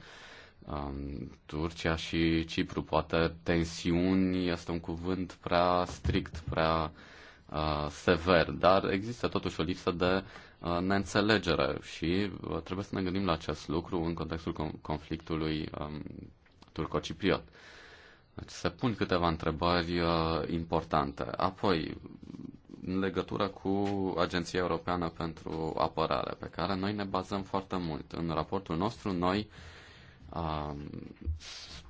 um, Turcia și Cipru. Poate tensiuni este un cuvânt prea strict, prea uh, sever, dar există totuși o lipsă de uh, Uh, neînțelegere și uh, trebuie să ne gândim la acest lucru în contextul conflictului um, turco-cipriot. Deci se pun câteva întrebări uh, importante. Apoi, în legătură cu Agenția Europeană pentru Apărare, pe care noi ne bazăm foarte mult. În raportul nostru, noi uh,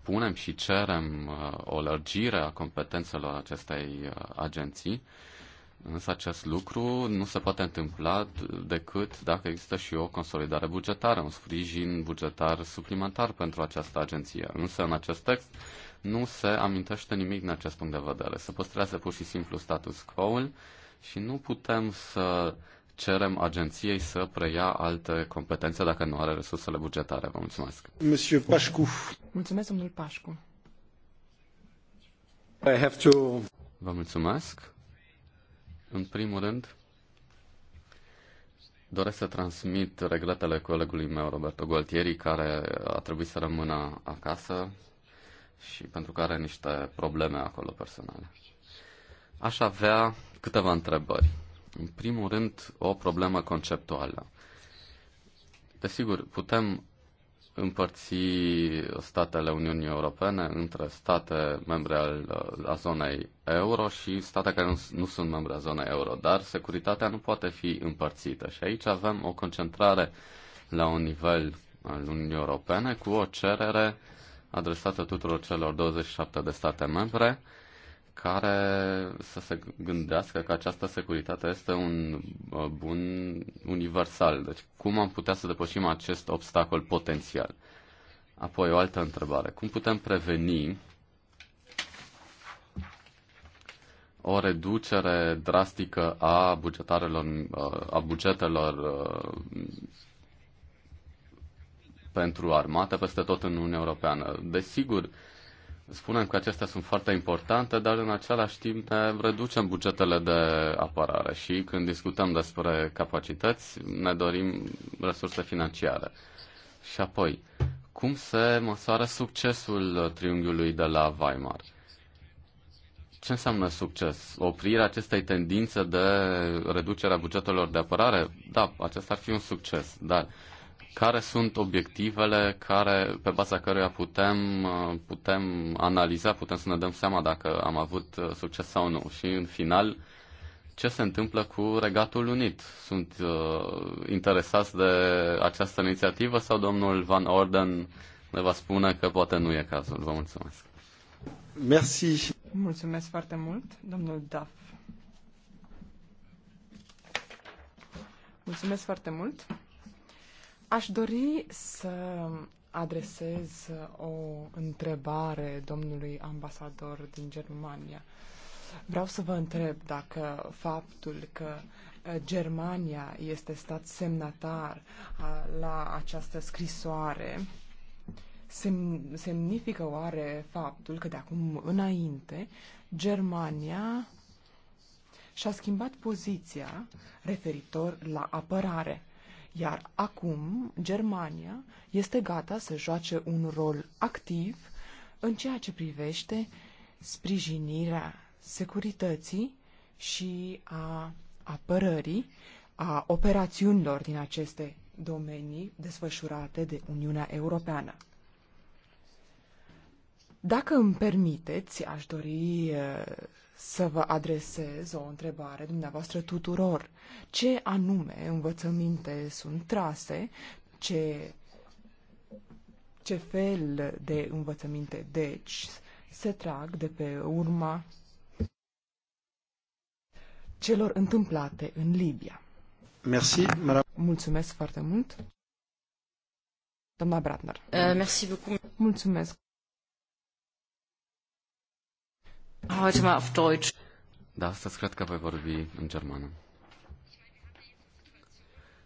spunem și cerem uh, o lărgire a competențelor acestei uh, agenții uh, Însă acest lucru nu se poate întâmpla decât dacă există și o consolidare bugetară, un sprijin bugetar suplimentar pentru această agenție. Însă în acest text nu se amintește nimic din acest punct de vedere. Se păstrează pur și simplu status quo-ul și nu putem să cerem agenției să preia alte competențe dacă nu are resursele bugetare. Vă mulțumesc. Monsieur Pașcu. Mulțumesc, domnul Pașcu. I have to... Vă mulțumesc. În primul rând, doresc să transmit regretele colegului meu, Roberto Gualtieri, care a trebuit să rămână acasă și pentru care are niște probleme acolo personale. Aș avea câteva întrebări. În primul rând, o problemă conceptuală. Desigur, putem împărți statele Uniunii Europene între state membre al, a zonei euro și state care nu, nu sunt membre a zonei euro, dar securitatea nu poate fi împărțită și aici avem o concentrare la un nivel al Uniunii Europene cu o cerere adresată tuturor celor 27 de state membre uh, care să se gândească că această securitate este un uh, bun universal. Deci cum am putea să depășim acest obstacol potențial? Apoi o altă întrebare. Cum putem preveni o reducere drastică a bugetarelor, uh, a bugetelor uh, pentru armată peste tot în Uniunea Europeană? Desigur, spunem că acestea sunt foarte importante, dar în același timp ne reducem bugetele de apărare și când discutăm despre capacități ne dorim resurse financiare. Și apoi, cum se măsoară succesul triunghiului de la Weimar? Ce înseamnă succes? Oprirea acestei tendințe de reducerea bugetelor de apărare? Da, acesta ar fi un succes, dar care sunt obiectivele care, pe baza căruia putem, putem analiza, putem să ne dăm seama dacă am avut uh, succes sau nu. Și în final, ce se întâmplă cu Regatul Unit? Sunt uh, interesați de această inițiativă sau domnul Van Orden ne va spune că poate nu e cazul? Vă mulțumesc. Merci. Mulțumesc foarte mult, domnul Duff. Mulțumesc foarte mult. Aș dori să adresez o întrebare domnului ambasador din Germania. Vreau să vă întreb dacă faptul că uh, Germania este stat semnatar uh, la această scrisoare sem- semnifică oare faptul că de acum înainte Germania și-a schimbat poziția referitor la apărare. Iar acum Germania este gata să joace un rol activ în ceea ce privește sprijinirea securității și a apărării, a operațiunilor din aceste domenii desfășurate de Uniunea Europeană. Dacă îmi permiteți, aș dori eh, să vă adresez o întrebare dumneavoastră tuturor. Ce anume învățăminte sunt trase? Ce, ce fel de învățăminte, deci, se trag de pe urma celor întâmplate în Libia? Merci, Mulțumesc foarte mult. Doamna Bratner. Uh, merci beaucoup. Mulțumesc. Heute mal auf Deutsch. Da, ist das că bei vorbi în germană.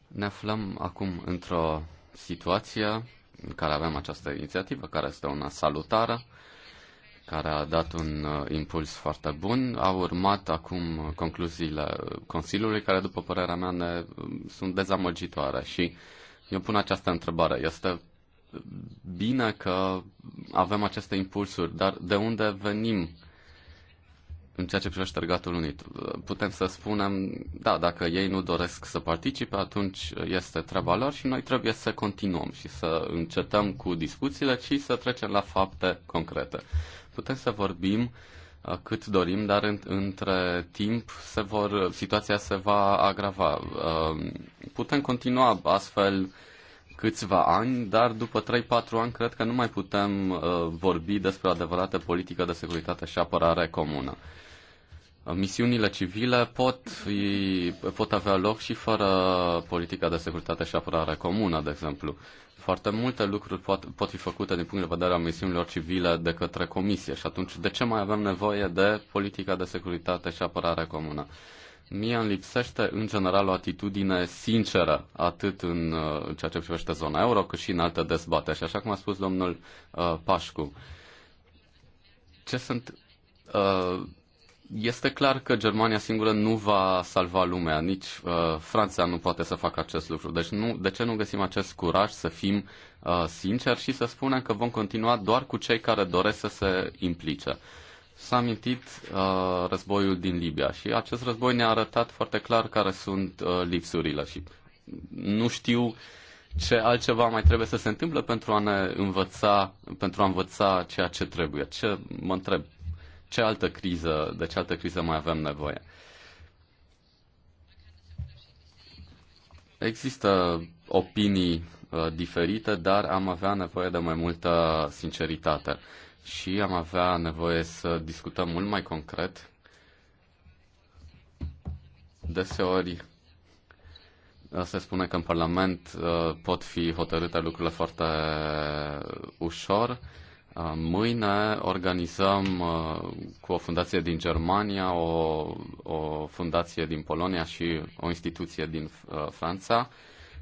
Ne aflăm acum într-o situație în care avem această inițiativă, care este una salutară, care a dat un uh, impuls foarte bun. Au urmat acum concluziile Consiliului, care, după părerea mea, ne, um, sunt dezamăgitoare. Și eu pun această întrebare. Este bine că avem aceste impulsuri, dar de unde venim în ceea ce privește Regatul Unit, putem să spunem, da, dacă ei nu doresc să participe, atunci este treaba lor și noi trebuie să continuăm și să încetăm cu discuțiile, și să trecem la fapte concrete. Putem să vorbim uh, cât dorim, dar între timp se vor, situația se va agrava. Uh, putem continua astfel câțiva ani, dar după 3-4 ani cred că nu mai putem uh, vorbi despre o adevărată politică de securitate și apărare comună. Uh, misiunile civile pot, fi, pot avea loc și fără politica de securitate și apărare comună, de exemplu. Foarte multe lucruri pot, pot fi făcute din punct de vedere al misiunilor civile de către comisie și atunci de ce mai avem nevoie de politica de securitate și apărare comună? Uh, Mie îmi lipsește, în general, o atitudine sinceră, atât în uh, ceea ce privește zona euro, cât și în alte dezbateri. Și așa cum a spus domnul uh, Pașcu, ce sunt... Uh, este clar că Germania singură nu va salva lumea, nici uh, Franța nu poate să facă acest lucru. Deci nu, de ce nu găsim acest curaj să fim uh, sinceri și să spunem că vom continua doar cu cei care doresc să se implice? Uh, s-a amintit uh, războiul din Libia și acest război ne-a arătat foarte clar care sunt uh, lipsurile și nu știu ce altceva mai trebuie să se întâmple pentru a ne învăța, pentru a învăța ceea ce trebuie. Ce mă întreb, ce altă criză, de ce altă criză mai avem nevoie? Există opinii uh, diferite, dar am avea nevoie de mai multă sinceritate și am avea nevoie să discutăm mult mai concret. Deseori uh, se spune că în Parlament uh, pot fi hotărâte lucrurile foarte ușor. Uh, mâine organizăm cu o fundație din Germania, o, o fundație din Polonia și o instituție din Franța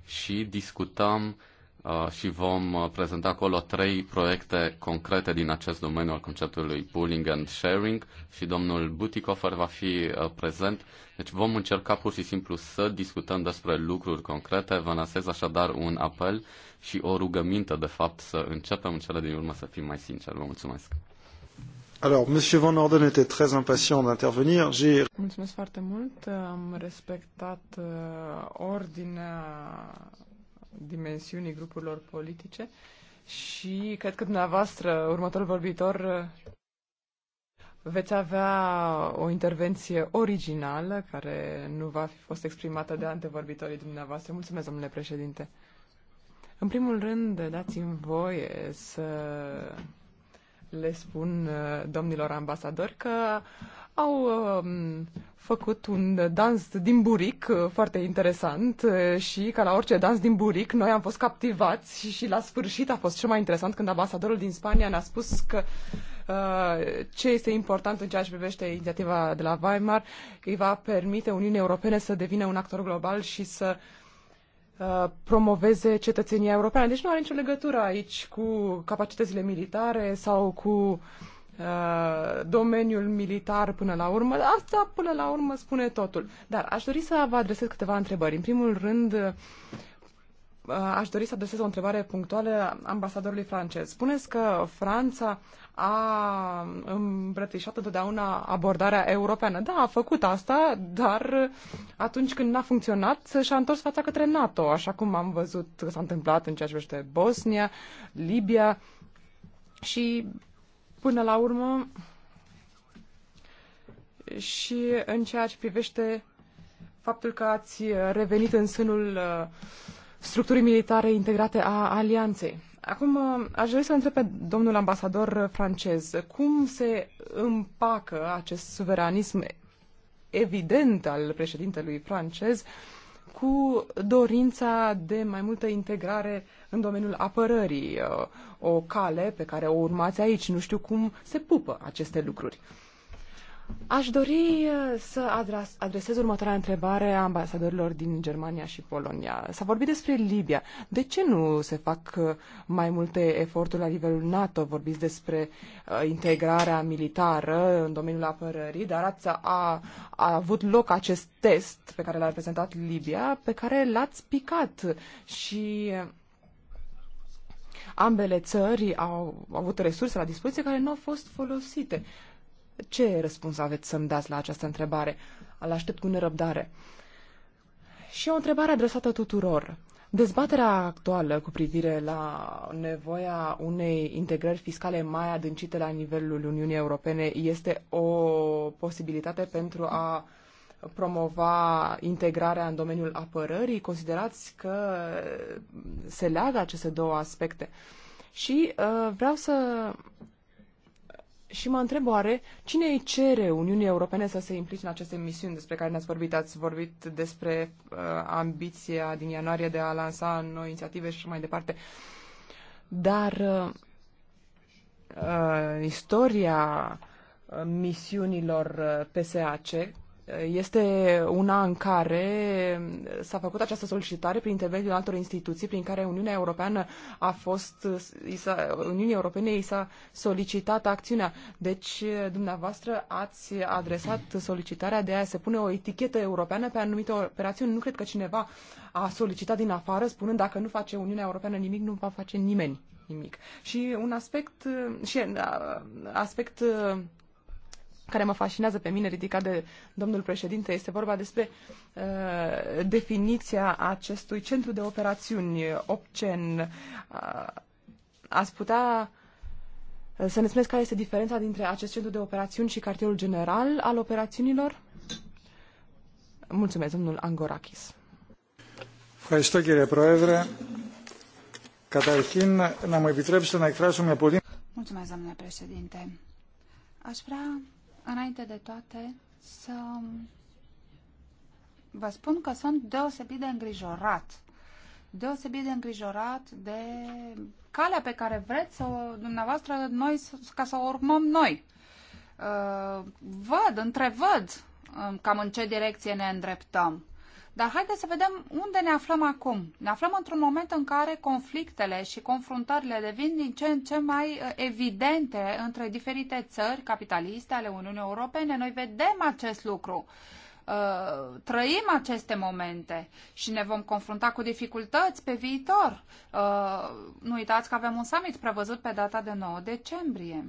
și discutăm uh, Uh, și vom uh, prezenta acolo trei proiecte concrete din acest domeniu al conceptului pooling and sharing și domnul Butikofer va fi uh, prezent. Deci vom încerca pur și simplu să discutăm despre lucruri concrete. Vă lansez așadar un apel și o rugăminte, de fapt, să începem în cele din urmă să fim mai sinceri. Vă mulțumesc! Alors, Monsieur Van Orden était très impatient d'intervenir. J'ai... Mulțumesc foarte mult. Am respectat ordinea dimensiunii grupurilor politice și cred că dumneavoastră, următorul vorbitor, veți avea o intervenție originală care nu va fi fost exprimată de antevorbitorii dumneavoastră. Mulțumesc, domnule președinte. În primul rând, dați-mi voie să le spun uh, domnilor ambasadori că au um, făcut un dans din buric uh, foarte interesant uh, și ca la orice dans din buric noi am fost captivați și, și la sfârșit a fost cel mai interesant când ambasadorul din Spania ne-a spus că uh, ce este important în ceea ce privește inițiativa de la Weimar îi va permite Uniunii Europene să devină un actor global și să uh, promoveze cetățenia europeană. Deci nu are nicio legătură aici cu capacitățile militare sau cu uh, Uh, domeniul militar până la urmă. Asta până la urmă spune totul. Dar aș dori să vă adresez câteva întrebări. În primul rând, uh, aș dori să adresez o întrebare punctuală ambasadorului francez. Spuneți că Franța a îmbrățișat întotdeauna abordarea europeană. Da, a făcut asta, dar atunci când n-a funcționat, și-a întors fața către NATO, așa cum am văzut că s-a întâmplat în ceea ce privește Bosnia, Libia și Până la urmă, și în ceea ce privește faptul că ați revenit în sânul uh, structurii militare integrate a Alianței. Acum, uh, aș vrea să întreb pe domnul ambasador francez, cum se împacă acest suveranism evident al președintelui francez uh, cu dorința de mai multă integrare în domeniul apărării, uh, o cale pe care o urmați aici. Nu știu cum se pupă aceste lucruri. Aș dori uh, să adresez următoarea întrebare a ambasadorilor din Germania și Polonia. S-a vorbit despre Libia. De ce nu se fac uh, mai multe eforturi la nivelul NATO? Vorbiți despre uh, integrarea militară în domeniul apărării, dar ați, a, a avut loc acest test pe care l-a reprezentat Libia, pe care l-ați picat și ambele țări au avut resurse la dispoziție care nu au fost folosite. Ce răspuns aveți să-mi dați la această întrebare? Îl aștept cu nerăbdare. Și o întrebare adresată tuturor. Dezbaterea actuală cu privire la nevoia unei integrări fiscale mai adâncite la nivelul Uniunii Europene este o posibilitate pentru a promova integrarea în domeniul apărării? Considerați că se leagă aceste două aspecte? Și uh, vreau să și mă întreb oare cine îi cere Uniunii Europene să se implice în aceste misiuni despre care ne-ați vorbit? Ați vorbit despre uh, ambiția din ianuarie de a lansa noi inițiative și mai departe. Dar uh, uh, istoria uh, misiunilor uh, PSAC este una în care s-a făcut această solicitare prin intermediul altor instituții prin care Uniunea Europeană a fost, Uniunii Europene i s-a solicitat acțiunea. Deci, dumneavoastră ați adresat solicitarea de a se pune o etichetă europeană pe anumite operațiuni. Nu cred că cineva a solicitat din afară spunând dacă nu face Uniunea Europeană nimic, nu va face nimeni nimic. Și un aspect, și da, aspect care mă fascinează pe mine, ridicat de domnul președinte, este vorba despre uh, definiția acestui centru de operațiuni, OPCEN. Uh, ați putea uh, să ne spuneți care este diferența dintre acest centru de operațiuni și cartierul general al operațiunilor? Mulțumesc, domnul Angorakis. Mulțumesc, domnule președinte. Aș vrea înainte de toate, să vă spun că sunt deosebit de îngrijorat. Deosebit de îngrijorat de calea pe care vreți să o, dumneavoastră, noi, ca să o urmăm noi. Uh, văd, întrevăd um, cam în ce direcție ne îndreptăm. Dar haideți să vedem unde ne aflăm acum. Ne aflăm într-un moment în care conflictele și confruntările devin din ce în ce mai uh, evidente între diferite țări capitaliste ale Uniunii Europene. Noi vedem acest lucru. Uh, trăim aceste momente și ne vom confrunta cu dificultăți pe viitor. Uh, nu uitați că avem un summit prevăzut pe data de 9 decembrie.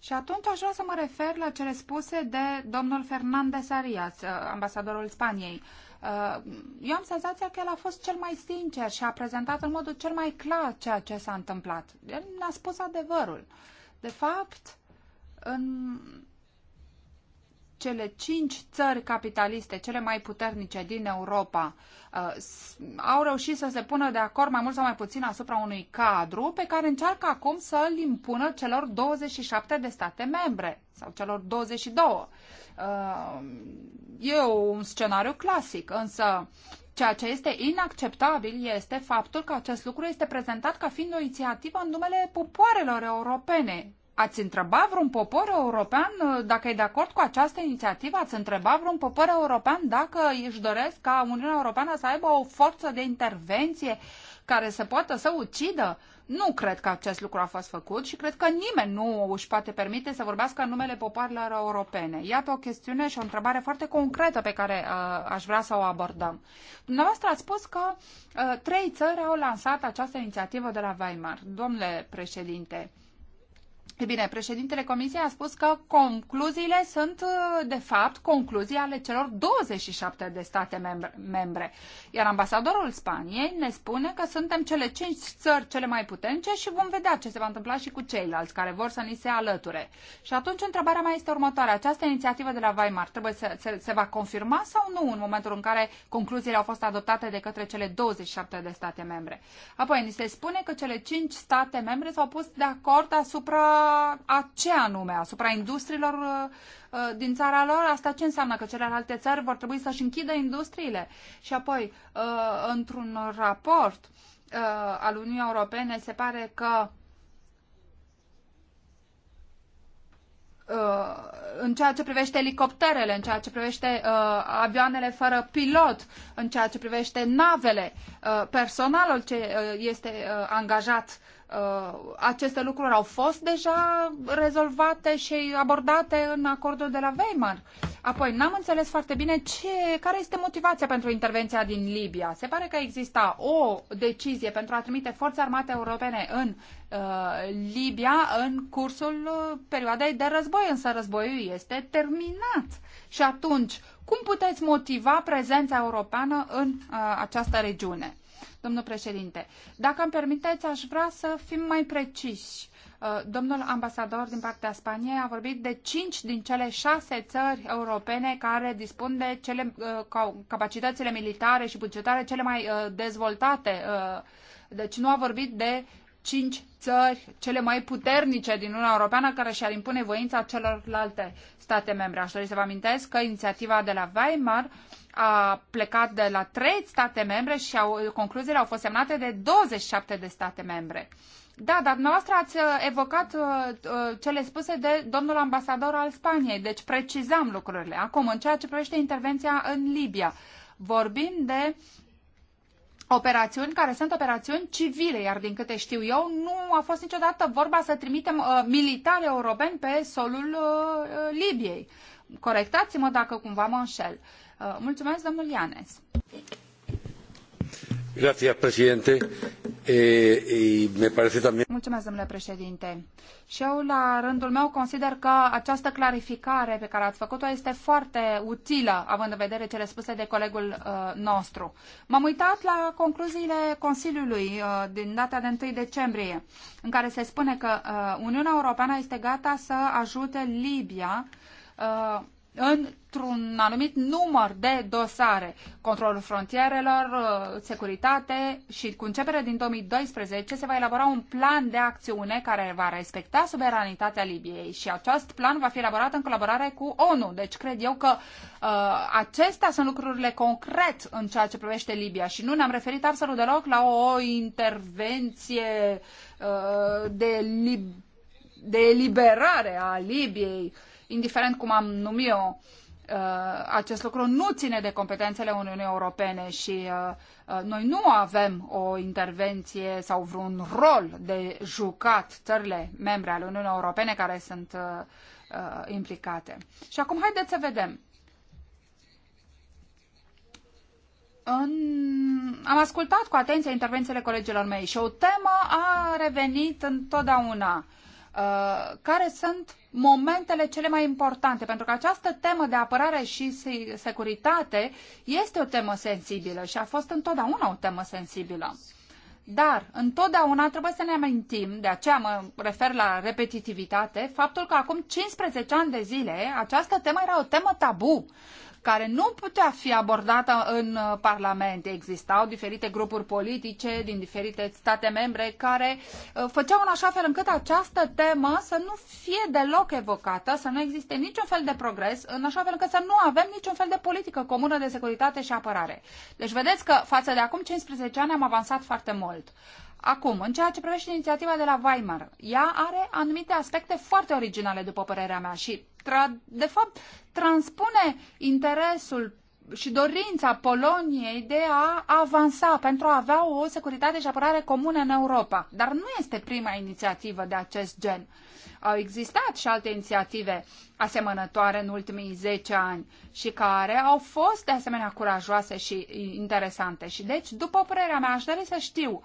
Și atunci aș vrea să mă refer la cele spuse de domnul Fernandez Arias, ambasadorul Spaniei. Uh, eu am senzația că el a fost cel mai sincer și a prezentat în modul cel mai clar ceea ce s-a întâmplat. El ne-a spus adevărul. De fapt, în cele cinci țări capitaliste, cele mai puternice din Europa, uh, au reușit să se pună de acord mai mult sau mai puțin asupra unui cadru pe care încearcă acum să îl impună celor 27 de state membre sau celor 22. Uh, e un scenariu clasic, însă Ceea ce este inacceptabil este faptul că acest lucru este prezentat ca fiind o inițiativă în numele popoarelor europene, Ați întrebat vreun popor european uh, dacă e de acord cu această inițiativă? Ați întrebat vreun popor european dacă își doresc ca Uniunea Europeană să aibă o forță de intervenție care să poată să ucidă? Nu cred că acest lucru a fost făcut și cred că nimeni nu își poate permite să vorbească în numele popoarelor europene. Iată o chestiune și o întrebare foarte concretă pe care uh, aș vrea să o abordăm. Dumneavoastră ați spus că uh, trei țări au lansat această inițiativă de la Weimar. Domnule președinte, uh, E bine, președintele Comisiei a spus că concluziile sunt, uh, de fapt, concluzii ale celor 27 de state membre, membre. Iar ambasadorul Spaniei ne spune că suntem cele 5 țări cele mai puternice și vom vedea ce se va întâmpla și cu ceilalți care vor să ni se alăture. Și atunci întrebarea mea este următoarea. Această inițiativă de la Weimar trebuie să se, se va confirma sau nu în momentul în care concluziile au fost adoptate de către cele 27 de state membre? Apoi, ni se spune că cele 5 state membre s-au pus de acord asupra Uh, a ce anume, asupra industriilor uh, uh, din țara lor, asta ce înseamnă? Că celelalte țări vor trebui să-și închidă industriile. Și apoi, într-un raport al Uniunii Europene, se pare că în ceea ce privește elicopterele, în ceea ce privește uh, avioanele fără pilot, în ceea ce privește navele, uh, personalul ce uh, este angajat Uh, aceste lucruri au fost deja rezolvate și abordate în acordul de la Weimar. Apoi, n-am înțeles foarte bine ce, care este motivația pentru intervenția din Libia. Se pare că exista o decizie pentru a trimite forțe armate europene în uh, Libia în cursul uh, perioadei de război, însă războiul este terminat. Și atunci, cum puteți motiva prezența europeană în uh, această regiune? domnul președinte. Dacă îmi permiteți, aș vrea să fim mai preciși. Uh, domnul ambasador din partea Spaniei a vorbit de cinci din cele șase țări europene care dispun de cele, uh, capacitățile militare și bugetare cele mai uh, dezvoltate. Deci nu a vorbit de cinci țări cele mai puternice din Uniunea Europeană care și-ar impune voința celorlalte state membre. Aș dori să vă amintesc că inițiativa de la Weimar uh, a plecat de la 3 state membre și au, concluziile au fost semnate de 27 de state membre. Da, dar dumneavoastră ați uh, evocat uh, uh, cele spuse de domnul ambasador al Spaniei, deci precizam lucrurile. Acum, în ceea ce privește intervenția în Libia, vorbim de operațiuni care sunt operațiuni civile, iar din câte știu eu, nu a fost niciodată vorba să trimitem uh, militari europeni pe solul uh, Libiei. Corectați-mă dacă cumva mă înșel. Uh, Uh, mulțumesc, domnul Ianes. Eh, mulțumesc, domnule președinte. Și eu, la rândul meu, consider că această clarificare pe care ați făcut-o este foarte utilă, având în vedere cele spuse de colegul uh, nostru. M-am uitat la concluziile Consiliului uh, din data de 1 decembrie, în care se spune că Uniunea Europeană este gata să ajute Libia în într-un anumit număr de dosare, controlul frontierelor, uh, securitate și cu începere din 2012 se va elabora un plan de acțiune care va respecta suveranitatea Libiei și acest plan va fi elaborat în colaborare cu ONU. Deci cred eu că uh, acestea sunt lucrurile concret în ceea ce privește Libia și nu ne-am referit absolut deloc la o intervenție uh, de, lib- de eliberare a Libiei indiferent cum am numit-o, Uh, acest lucru nu ține de competențele Uniunii Europene și uh, uh, noi nu avem o intervenție sau vreun rol de jucat țările membre ale Uniunii Europene care sunt implicate. Și acum haideți să vedem. În... Am ascultat cu atenție intervențiile colegilor mei și o temă a revenit întotdeauna. care sunt momentele cele mai importante, pentru că această temă de apărare și securitate este o temă sensibilă și a fost întotdeauna o temă sensibilă. Dar întotdeauna trebuie să ne amintim, de aceea mă refer la repetitivitate, faptul că acum 15 ani de zile această temă era o temă tabu care nu putea fi abordată în uh, Parlament. Existau diferite grupuri politice din diferite state membre care uh, făceau în așa fel încât această temă să nu fie deloc evocată, să nu existe niciun fel de progres, în așa fel încât să nu avem niciun fel de politică comună de securitate și apărare. Deci vedeți că față de acum 15 ani am avansat foarte mult. Acum, în ceea ce privește inițiativa de la Weimar, ea are anumite aspecte foarte originale, după părerea mea, și tra- de fapt transpune interesul și dorința Poloniei de a avansa pentru a avea o securitate și apărare comună în Europa. Dar nu este prima inițiativă de acest gen. Au existat și alte inițiative asemănătoare în ultimii 10 ani și care au fost de asemenea curajoase și interesante. Și deci, după părerea mea, aș dori să știu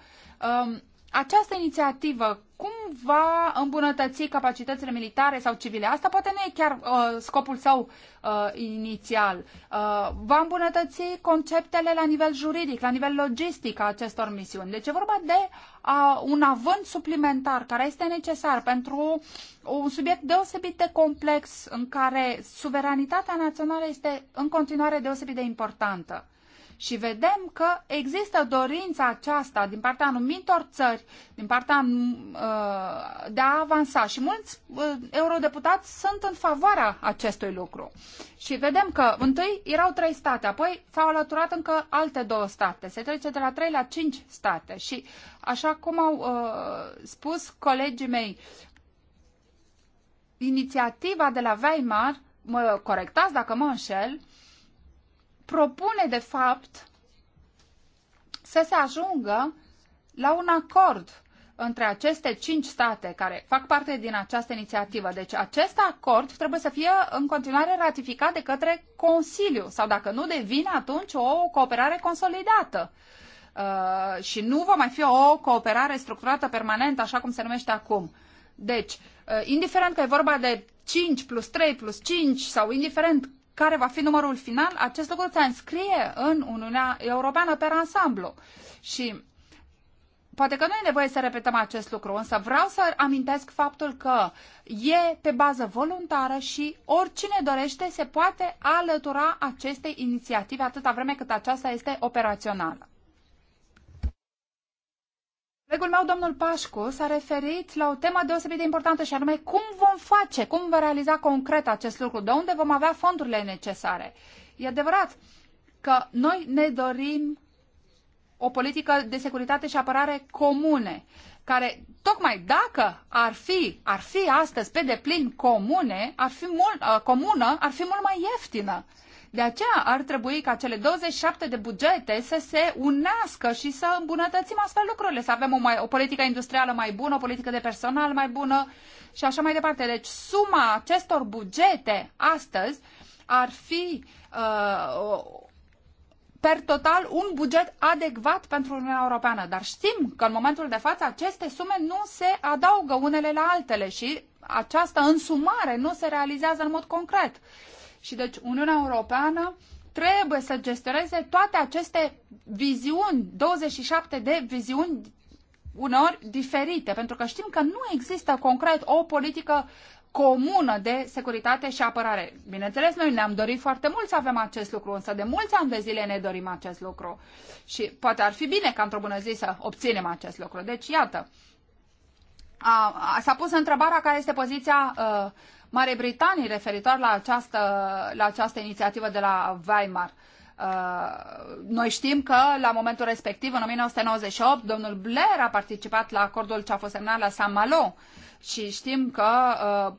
um, această inițiativă cum va îmbunătăți capacitățile militare sau civile? Asta poate nu e chiar uh, scopul său uh, inițial. Uh, va îmbunătăți conceptele la nivel juridic, la nivel logistic a acestor misiuni. Deci e vorba de uh, un avânt suplimentar care este necesar pentru un subiect deosebit de complex în care suveranitatea națională este în continuare deosebit de importantă. Și vedem că există dorința aceasta din partea anumitor țări, din partea uh, de a avansa. Și mulți uh, eurodeputați sunt în favoarea acestui lucru. Și vedem că întâi erau trei state, apoi s-au alăturat încă alte două state. Se trece de la trei la cinci state. Și așa cum au uh, spus colegii mei, inițiativa de la Weimar, mă corectați dacă mă înșel, propune, de fapt, să se ajungă la un acord între aceste cinci state care fac parte din această inițiativă. Deci acest acord trebuie să fie în continuare ratificat de către Consiliu sau dacă nu devine atunci o cooperare consolidată. Uh, și nu va mai fi o cooperare structurată permanentă așa cum se numește acum. Deci, uh, indiferent că e vorba de 5 plus 3 plus 5 sau indiferent care va fi numărul final, acest lucru se înscrie în Uniunea Europeană per ansamblu. Și poate că nu e nevoie să repetăm acest lucru, însă vreau să amintesc faptul că e pe bază voluntară și oricine dorește se poate alătura acestei inițiative atâta vreme cât aceasta este operațională. Colegul meu, domnul Pașcu, s-a referit la o temă deosebit de importantă și anume cum vom face, cum vom realiza concret acest lucru, de unde vom avea fondurile necesare. E adevărat că noi ne dorim o politică de securitate și apărare comune, care tocmai dacă ar fi, ar fi astăzi pe deplin comune, ar fi mult, uh, comună, ar fi mult mai ieftină. De aceea ar trebui ca cele 27 de bugete să se unească și să îmbunătățim astfel lucrurile, să avem o, mai, o politică industrială mai bună, o politică de personal mai bună și așa mai departe. Deci suma acestor bugete astăzi ar fi uh, per total un buget adecvat pentru Uniunea Europeană. Dar știm că în momentul de față aceste sume nu se adaugă unele la altele și această însumare nu se realizează în mod concret. Și deci Uniunea Europeană trebuie să gestioneze toate aceste viziuni, 27 de viziuni uneori diferite, pentru că știm că nu există concret o politică comună de securitate și apărare. Bineînțeles, noi ne-am dorit foarte mult să avem acest lucru, însă de mulți ani de zile ne dorim acest lucru. Și poate ar fi bine ca într-o bună zi să obținem acest lucru. Deci, iată, s-a pus întrebarea care este poziția uh, Marea Britanii referitor la această, la această inițiativă de la Weimar. Uh, noi știm că la momentul respectiv, în 1998, domnul Blair a participat la acordul ce a fost semnat la San Malo și știm că uh,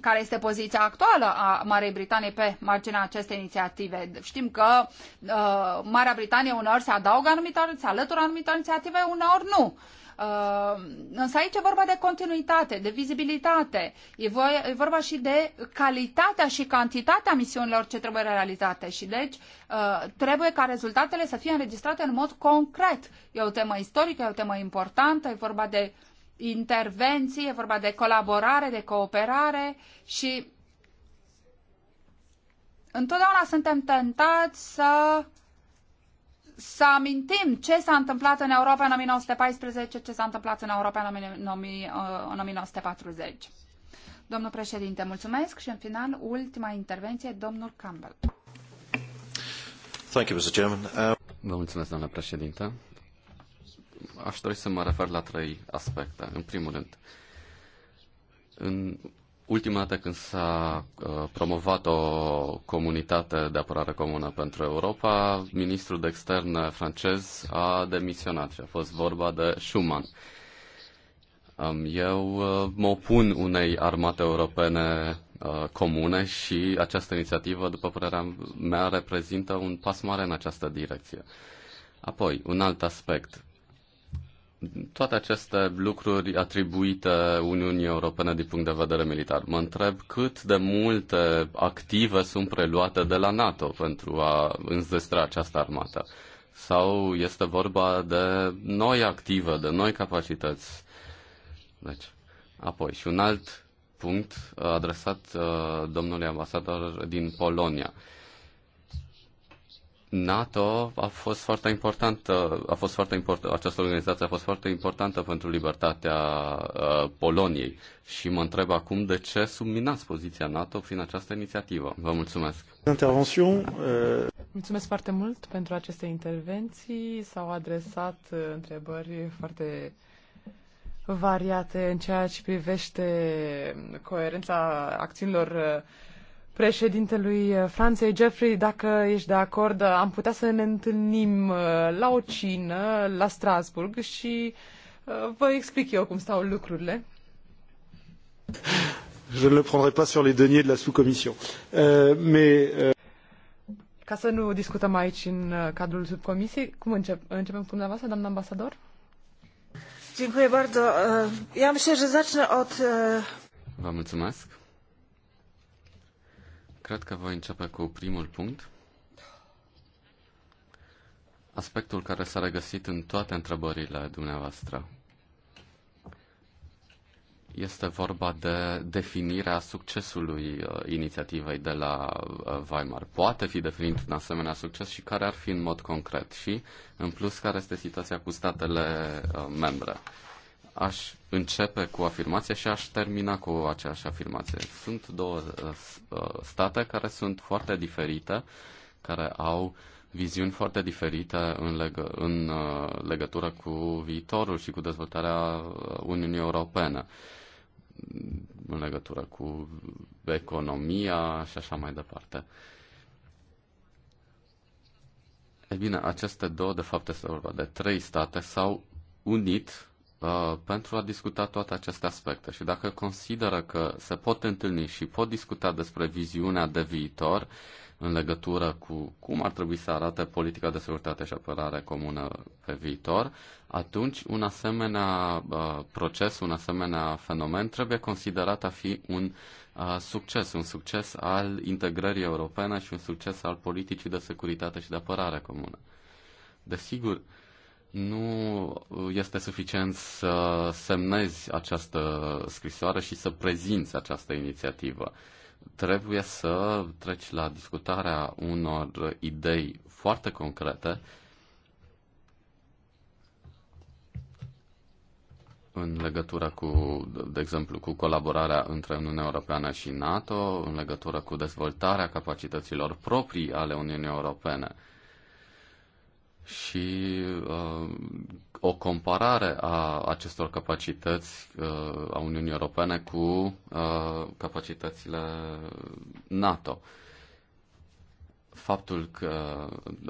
care este poziția actuală a Marei Britanii pe marginea acestei inițiative. Știm că uh, Marea Britanie uneori se adaugă anumitor, se alătură anumitor inițiative, uneori nu. Uh, însă aici e vorba de continuitate, de vizibilitate, e vorba și de calitatea și cantitatea misiunilor ce trebuie realizate și deci uh, trebuie ca rezultatele să fie înregistrate în mod concret. E o temă istorică, e o temă importantă, e vorba de intervenții, e vorba de colaborare, de cooperare și întotdeauna suntem tentați să să amintim ce s-a întâmplat în Europa în 1914, ce s-a întâmplat în Europa în 1940. Uh, domnul președinte, mulțumesc și în final, ultima intervenție, domnul Campbell. Thank you, Mr. Chairman. Uh... Vă mulțumesc, domnule președinte. Aș dori să mă refer la trei aspecte. În primul rând, în Ultima dată când s-a uh, promovat o comunitate de apărare comună pentru Europa, ministrul de externe francez a demisionat și a fost vorba de Schuman. Um, eu uh, mă opun unei armate europene uh, comune și această inițiativă, după părerea mea, reprezintă un pas mare în această direcție. Apoi, un alt aspect toate aceste lucruri atribuite Uniunii Europene din punct de vedere militar. Mă întreb cât de multe active sunt preluate de la NATO pentru a înzestra această armată. Sau este vorba de noi active, de noi capacități. Deci, apoi, și un alt punct adresat uh, domnului ambasador din Polonia. Uh, NATO a fost foarte importantă, a fost foarte importantă, această organizație a fost foarte importantă pentru libertatea uh, Poloniei și mă întreb acum de ce subminați poziția NATO prin această inițiativă. Vă mulțumesc. Intervențion. Uh... Mulțumesc foarte mult pentru aceste intervenții. S-au adresat uh, întrebări foarte variate în ceea ce privește coerența acțiunilor uh, președintelui uh, Franței, Jeffrey, dacă ești de acord, uh, am putea să ne întâlnim uh, la o cină la Strasburg și vă explic eu cum stau lucrurile. Je ne le prendrai pas sur les deniers de la sous-commission. Euh, mais, euh, Ca să nu discutăm aici în cadrul subcomisiei, cum încep? începem cu dumneavoastră, doamna ambasador? Dziękuję bardzo. Ja myślę, że zacznę od... Vă mulțumesc. Cred că voi începe cu primul punct. Aspectul care s-a regăsit în toate întrebările dumneavoastră. Este vorba de definirea succesului uh, inițiativei de la uh, Weimar. Poate fi definit un asemenea succes și care ar fi în mod concret și, în plus, care este situația cu statele uh, membre. Aș începe cu afirmație și aș termina cu aceeași afirmație. Sunt două uh, uh, state care sunt foarte diferite, care au viziuni foarte diferite în, leg- în uh, legătură cu viitorul și cu dezvoltarea Uniunii Europene în legătură cu economia și așa mai departe. E bine, aceste două, de fapt, este vorba de trei state, s-au unit Uh, pentru a discuta toate aceste aspecte și dacă consideră că se pot întâlni și pot discuta despre viziunea de viitor în legătură cu cum ar trebui să arate politica de securitate și apărare comună pe viitor, atunci un asemenea uh, proces, un asemenea fenomen trebuie considerat a fi un uh, succes, un succes al integrării europene și un succes al politicii de securitate și de apărare comună. Desigur, uh, nu este suficient să semnezi această scrisoare și să prezinți această inițiativă. Trebuie să treci la discutarea unor idei foarte concrete în legătură cu, de exemplu, cu colaborarea între Uniunea Europeană și NATO, în legătură cu dezvoltarea capacităților proprii ale Uniunii Europene și uh, o comparare a acestor capacități uh, a Uniunii Europene cu uh, capacitățile NATO. Faptul că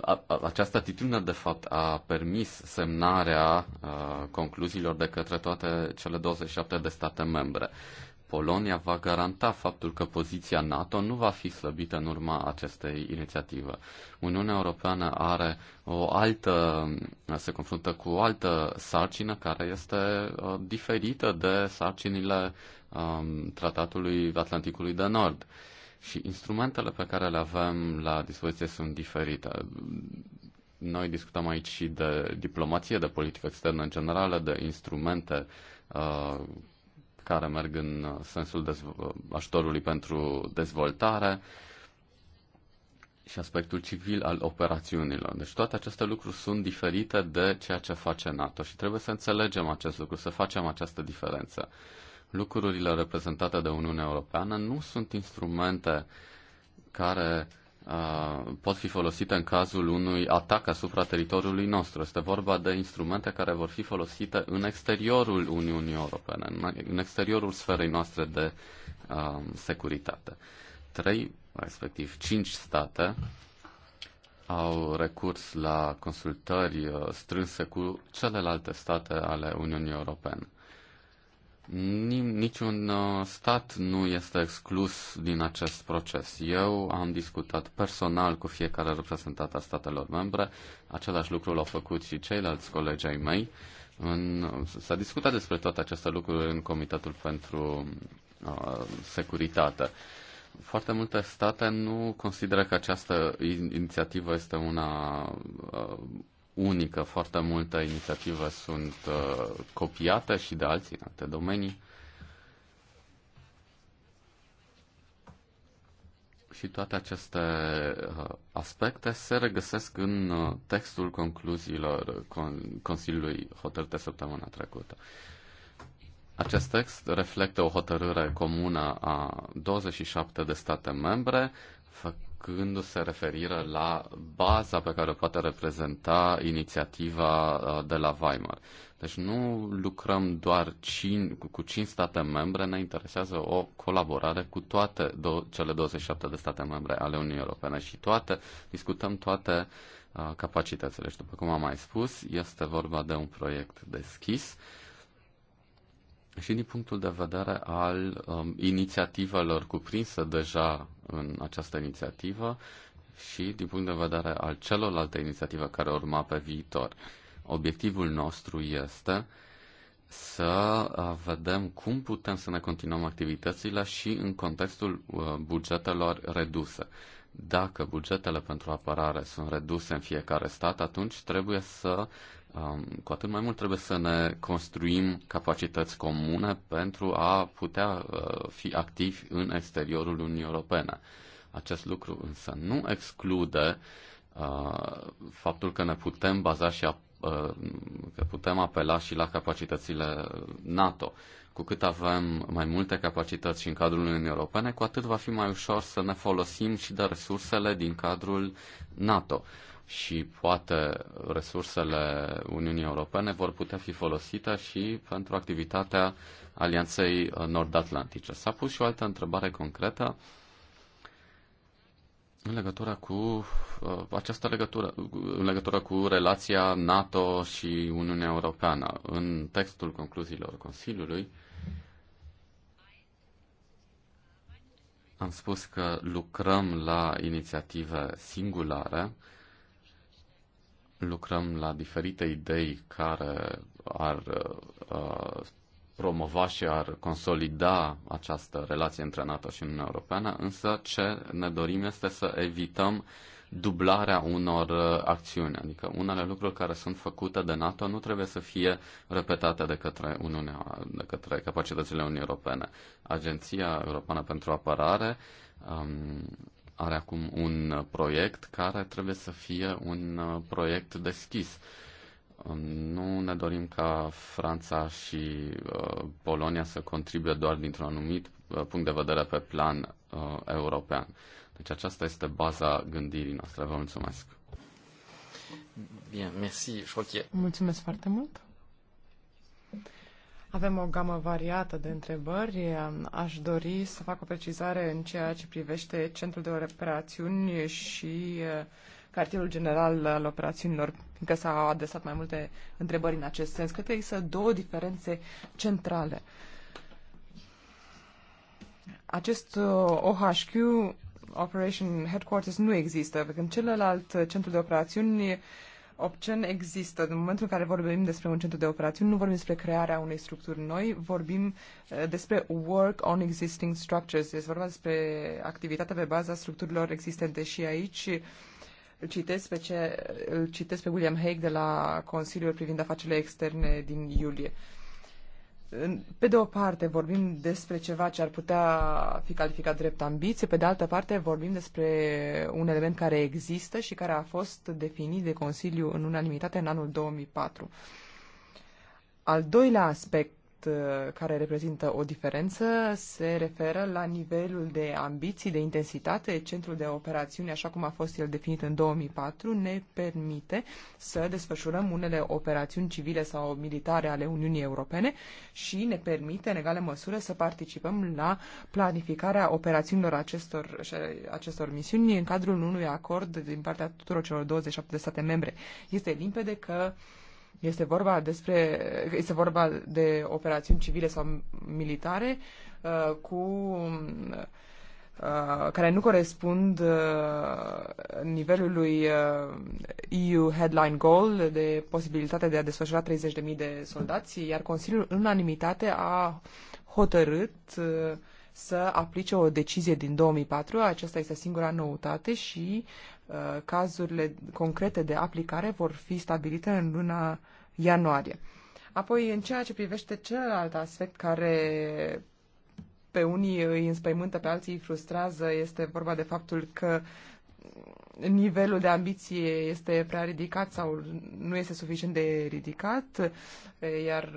a, a, această atitudine, de fapt, a permis semnarea a, uh, concluziilor de către toate cele 27 de state membre. Polonia va garanta faptul că poziția NATO nu va fi slăbită în urma acestei inițiative. Uniunea Europeană are o altă, se confruntă cu o altă sarcină care este uh, diferită de sarcinile um, Tratatului Atlanticului de Nord. Și instrumentele pe care le avem la dispoziție sunt diferite noi discutăm aici și de diplomație, de politică externă în general, de instrumente uh, care merg în uh, sensul dezvo- uh, ajutorului pentru dezvoltare și aspectul civil al operațiunilor. Deci toate aceste lucruri sunt diferite de ceea ce face NATO și trebuie să înțelegem acest lucru, să facem această diferență. Lucrurile reprezentate de Uniunea Europeană nu sunt instrumente care Uh, pot fi folosite în cazul unui atac asupra teritoriului nostru. Este vorba de instrumente care vor fi folosite în exteriorul Uniunii Europene, în exteriorul sferei noastre de uh, securitate. Trei, respectiv cinci state au recurs la consultări uh, strânse cu celelalte state ale Uniunii Europene. Niciun uh, stat nu este exclus din acest proces. Eu am discutat personal cu fiecare reprezentant a statelor membre, același lucru l-au făcut și ceilalți colegi ai mei. În, s-a discutat despre toate aceste lucruri în Comitetul pentru uh, Securitate. Foarte multe state nu consideră că această inițiativă este una uh, unică. Foarte multe inițiative sunt uh, copiate și de alții în alte domenii. Și toate aceste uh, aspecte se regăsesc în uh, textul concluziilor con- Consiliului hotărâte săptămâna trecută. Acest text reflectă o hotărâre comună a 27 de state membre, făcându-se referire la baza pe care o poate reprezenta inițiativa uh, de la Weimar. Deci nu lucrăm doar cin, cu 5 state membre, ne interesează o colaborare cu toate do- cele 27 de state membre ale Uniunii Europene și toate, discutăm toate uh, capacitățile. Și după cum am mai spus, este vorba de un proiect deschis uh, și din punctul de vedere al um, inițiativelor cuprinse deja în această inițiativă și din punct de vedere al celorlalte inițiative care urma pe viitor. Obiectivul nostru este să uh, vedem cum putem să ne continuăm activitățile și în contextul uh, bugetelor reduse. Dacă bugetele pentru apărare sunt reduse în fiecare stat, atunci trebuie să Um, cu atât mai mult trebuie să ne construim capacități comune pentru a putea uh, fi activi în exteriorul Uniunii Europene. Acest lucru însă nu exclude uh, faptul că ne putem baza și uh, că putem apela și la capacitățile NATO. Cu cât avem mai multe capacități și în cadrul Uniunii Europene, cu atât va fi mai ușor să ne folosim și de resursele din cadrul NATO și poate resursele Uniunii Europene vor putea fi folosite și pentru activitatea Alianței Nord-Atlantice. S-a pus și o altă întrebare concretă în legătură cu uh, această legătură, în legătură cu relația NATO și Uniunea Europeană. În textul concluziilor Consiliului am spus că lucrăm la inițiative singulare uh, lucrăm la diferite idei care ar uh, promova și ar consolida această relație între NATO și Uniunea Europeană, însă ce ne dorim este să evităm dublarea unor uh, acțiuni, adică unele lucruri care sunt făcute de NATO nu trebuie să fie repetate de către, Uniunea, de către capacitățile Uniunii Europene. Agenția Europeană pentru Apărare um, are acum un uh, proiect care trebuie să fie un uh, proiect deschis. Um, nu ne dorim ca Franța și uh, Polonia să contribuie doar dintr-un anumit punct de vedere pe plan european. Deci aceasta este baza gândirii noastre. Vă mulțumesc. Bien, merci. Je crois que... Mulțumesc foarte mult. Avem o gamă variată de întrebări. Aș dori să fac o precizare în ceea ce privește centrul de operațiuni și uh, cartierul general al operațiunilor, fiindcă s-au adresat mai multe întrebări în acest sens. Cred că există două diferențe centrale. Acest uh, OHQ, Operation Headquarters, nu există, pe când celălalt uh, centru de operațiuni Opcen există. În momentul în care vorbim despre un centru de operațiuni, nu vorbim despre crearea unei structuri noi, vorbim eh, despre work on existing structures. Este vorba despre activitatea pe baza structurilor existente și aici îl citesc pe, ce, îl citesc pe William Hague de la Consiliul privind afacerile externe din iulie. Uh, pe de o parte vorbim despre ceva ce ar putea fi calificat drept ambiție, pe de altă parte vorbim despre un element care există și care a fost definit de Consiliu în unanimitate în anul 2004. Al doilea aspect Uh, care reprezintă o diferență se referă la nivelul de ambiții, de intensitate. Centrul de operațiuni, așa cum a fost el definit în 2004, ne permite să desfășurăm unele operațiuni civile sau militare ale Uniunii Europene și ne permite, în egală măsură, să participăm la planificarea operațiunilor acestor, acestor misiuni în cadrul unui acord din partea tuturor celor 27 de state membre. Este limpede că uh, este vorba despre, este vorba de operațiuni civile sau militare uh, cu uh, care nu corespund uh, nivelului uh, EU headline goal de posibilitatea de a desfășura 30.000 de soldați, iar Consiliul în unanimitate a hotărât uh, să aplice o decizie din 2004. Aceasta este singura noutate și uh, cazurile concrete de aplicare vor fi stabilite în luna ianuarie. Apoi, în ceea ce privește celălalt aspect care pe unii îi înspăimântă, pe alții îi frustrează, este vorba de faptul că nivelul de ambiție este prea ridicat sau nu este suficient de ridicat, iar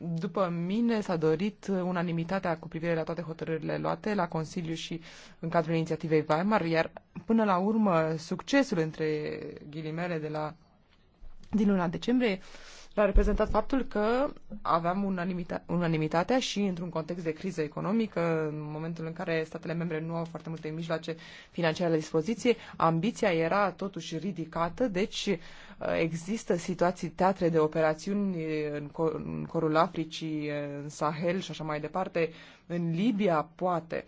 după mine s-a dorit unanimitatea cu privire la toate hotărârile luate la Consiliu și în cadrul inițiativei Weimar, iar până la urmă succesul între ghilimele de la, din luna decembrie l-a reprezentat faptul că aveam unanimita- unanimitatea și într-un context de criză economică, în momentul în care statele membre nu au foarte multe mijloace financiare la dispoziție, ambiția era totuși ridicată, deci uh, Uh, există situații, teatre de operațiuni uh, în, în Corul Africii, uh, în Sahel și așa mai departe, în Libia, poate.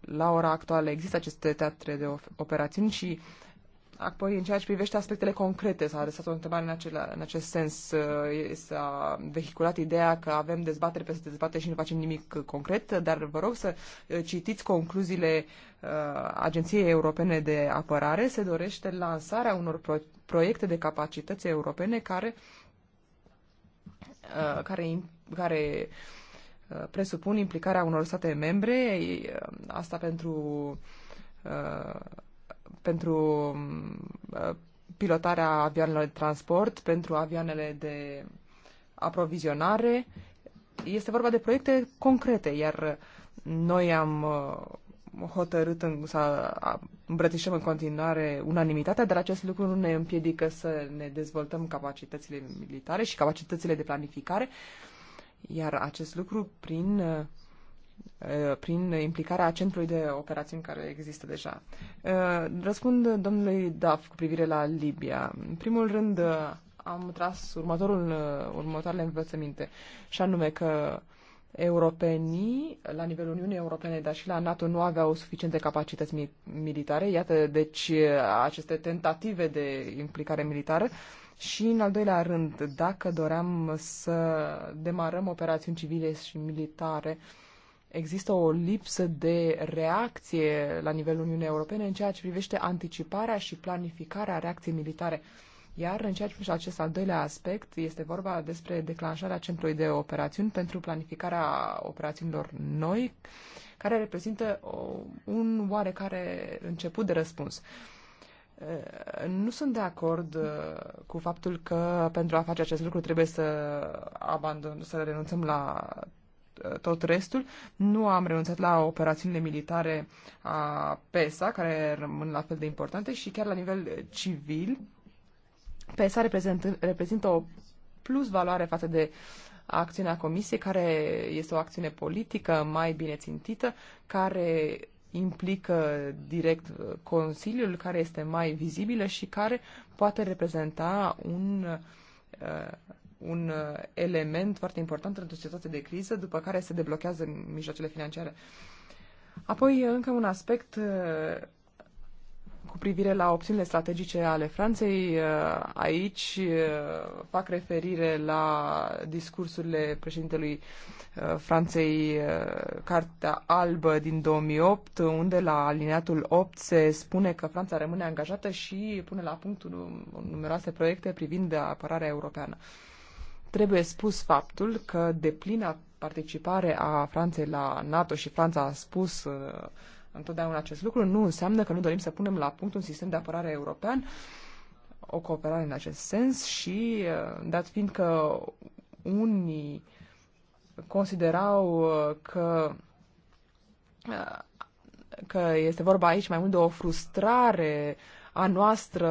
La ora actuală există aceste teatre de operațiuni și Apoi, în ceea ce privește aspectele concrete, s-a adresat o întrebare în, acela, în acest sens. S-a vehiculat ideea că avem dezbatere peste dezbatere și nu facem nimic concret, dar vă rog să citiți concluziile Agenției Europene de Apărare. Se dorește lansarea unor proiecte de capacități europene care, uh, care, care uh, presupun implicarea unor state membre, uh, asta pentru, pentru pilotarea avioanelor de transport, pentru avioanele de aprovizionare. Este vorba de proiecte concrete, iar noi am hotărât în, să îmbrățișăm în continuare unanimitatea, dar acest lucru nu ne împiedică să ne dezvoltăm capacitățile militare și capacitățile de planificare, iar acest lucru prin uh, uh, prin implicarea centrului de operațiuni care există deja. Uh, răspund domnului Daf cu privire la Libia. În primul rând, am tras următorul, următoarele învățăminte, și anume că europenii, la nivelul Uniunii Europene, dar și la NATO, nu aveau suficiente capacități mi- militare. Iată, deci, aceste tentative de implicare militară. Și, în al doilea rând, dacă doream să demarăm operațiuni civile și militare, există o lipsă de reacție la nivelul Uniunii Europene în ceea ce privește anticiparea și planificarea reacției militare. Uh, iar în ceea ce privește acest al doilea aspect, este vorba despre declanșarea centrului de operațiuni pentru planificarea operațiunilor noi, care reprezintă o, un oarecare început de răspuns. Nu sunt de acord cu faptul că pentru a face acest lucru trebuie să abandon, să renunțăm la tot restul. Nu am renunțat la operațiunile militare a PESA, care rămân la fel de importante, și chiar la nivel civil, PSA reprezent, reprezintă o plus valoare față de acțiunea Comisiei, care este o acțiune politică mai bine țintită, care implică direct uh, Consiliul, care este mai vizibilă și care poate reprezenta un, uh, un uh, element foarte important într-o situație de criză, după care se deblochează mijloacele financiare. Apoi, încă un aspect uh, cu privire la opțiunile strategice ale Franței. Uh, aici uh, fac referire la discursurile președintelui uh, Franței Cartea Albă din 2008, unde la alineatul 8 se spune că Franța rămâne angajată și pune la punct numeroase proiecte privind apărarea europeană. Trebuie spus faptul că deplina participare a Franței la NATO și Franța a spus întotdeauna acest lucru, nu înseamnă că nu dorim să punem la punct un sistem de apărare european, o cooperare în acest sens și, uh, dat fiind că unii considerau uh, că uh, că este vorba aici mai mult de o frustrare a noastră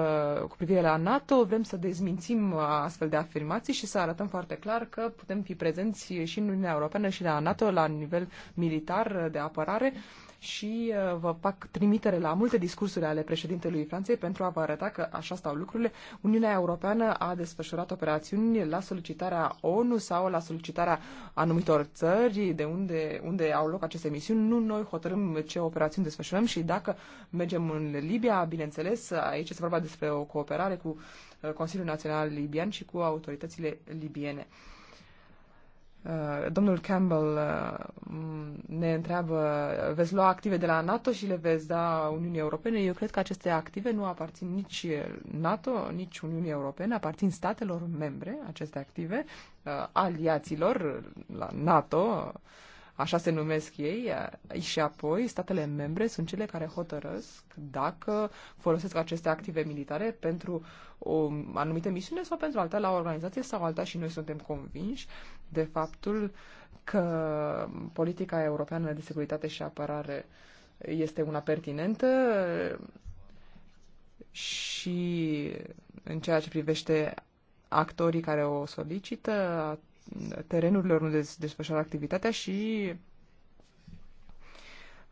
cu privire la NATO, vrem să dezmințim astfel de afirmații și să arătăm foarte clar că putem fi prezenți și în Uniunea Europeană și la NATO la nivel militar de apărare. Uh, și uh, vă fac trimitere la multe discursuri ale președintelui Franței pentru a vă arăta că așa stau lucrurile. Uniunea Europeană a desfășurat operațiuni la solicitarea ONU sau la solicitarea anumitor țări de unde, unde au loc aceste misiuni. Nu noi hotărâm ce operațiuni desfășurăm și dacă mergem în Libia, bineînțeles, aici este vorba despre o cooperare cu uh, Consiliul Național Libian și cu autoritățile libiene. Uh, domnul Campbell uh, ne întreabă, veți lua active de la NATO și le veți da Uniunii Europene? Eu cred că aceste active nu aparțin nici NATO, nici Uniunii Europene, aparțin statelor membre, aceste active, uh, aliaților la NATO, așa se numesc ei, și apoi statele membre sunt cele care hotărăsc dacă folosesc aceste active militare pentru o anumită misiune sau pentru alta la o organizație sau alta și noi suntem convinși de faptul că politica europeană de securitate și apărare este una pertinentă și în ceea ce privește actorii care o solicită, terenurilor unde se desfășoară activitatea și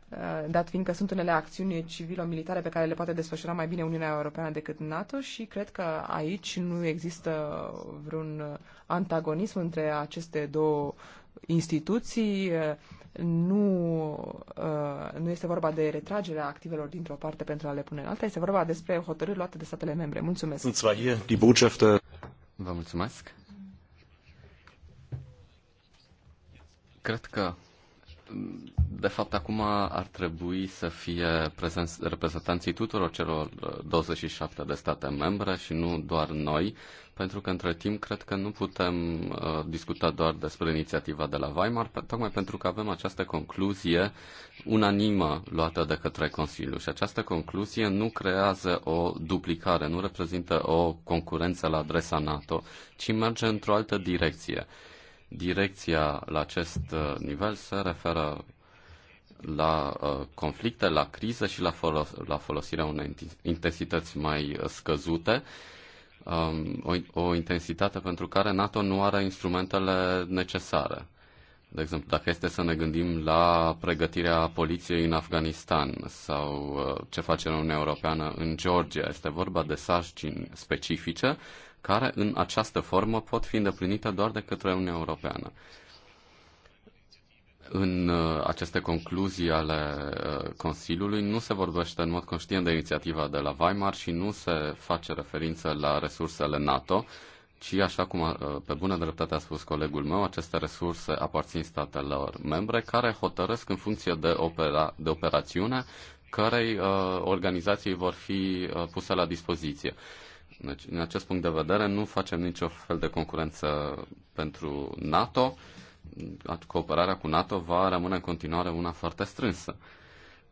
uh, dat fiind că sunt unele acțiuni civilo-militare pe care le poate desfășura mai bine Uniunea Europeană decât NATO și cred că aici nu există vreun antagonism între aceste două instituții. Nu, uh, nu este vorba de retragerea activelor dintr-o parte pentru a le pune în alta, este vorba despre hotărâri luate de statele membre. Mulțumesc! Vă mulțumesc! Cred că de fapt, acum ar trebui să fie prezenți reprezentanții tuturor celor 27 uh, de state membre și nu doar noi, pentru că între timp cred că nu putem uh, discuta doar despre inițiativa de la Weimar, pe, tocmai pentru că avem această concluzie unanimă luată de către Consiliu și această concluzie nu creează o duplicare, nu reprezintă o concurență la adresa NATO, ci merge într-o altă direcție. Uh, direcția la acest uh, nivel se referă la uh, conflicte, la criză și la, folosirea unei intensități mai uh, scăzute, um, o, o intensitate pentru care NATO nu are instrumentele necesare. De exemplu, dacă este să ne gândim la pregătirea poliției în Afganistan sau ce face Uniunea Europeană în Georgia, este vorba de sarcini specifice care în această formă pot fi îndeplinite doar de către Uniunea Europeană. În uh, aceste concluzii ale uh, Consiliului nu se vorbește în mod conștient de inițiativa de la Weimar și nu se face referință la resursele NATO, ci, așa cum uh, pe bună dreptate a spus colegul meu, aceste resurse aparțin statelor membre care hotărăsc în funcție de, opera, de operațiune cărei uh, organizații vor fi uh, puse la dispoziție. Uh, deci, din acest punct de vedere, nu facem nicio fel de concurență pentru NATO. Cooperarea cu NATO va rămâne în continuare una foarte strânsă.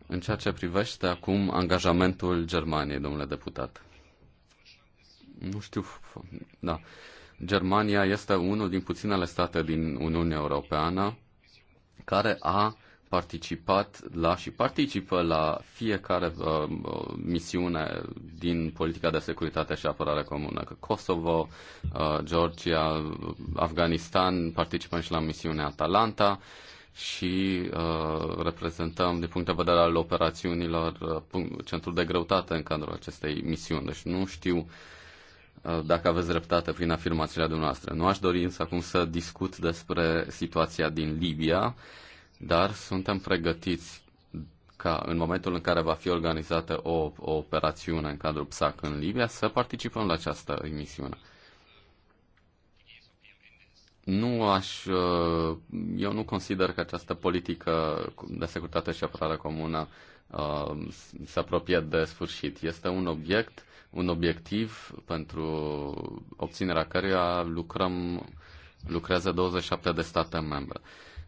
În ceea ce privește acum angajamentul Germaniei, domnule deputat. Nu știu. Da. Germania este unul din puținele state din Uniunea Europeană care a participat la și participă la fiecare uh, uh, misiune din politica de securitate și apărare comună. Că Kosovo, uh, Georgia, Afganistan, participăm și la misiunea Atalanta și uh, reprezentăm din punct de vedere al operațiunilor uh, centrul de greutate în cadrul acestei misiuni. Deci nu știu uh, dacă aveți dreptate prin afirmațiile dumneavoastră. Nu aș dori însă acum să discut despre situația din Libia. Uh, dar suntem pregătiți ca în momentul în care va fi organizată o, o operațiune în cadrul PSAC în Libia să participăm la această emisiune. Nu aș, uh, eu nu consider că această politică de securitate și apărare comună uh, se apropie de sfârșit. Este un obiect, un obiectiv pentru obținerea căruia lucrăm, lucrează 27 de state membre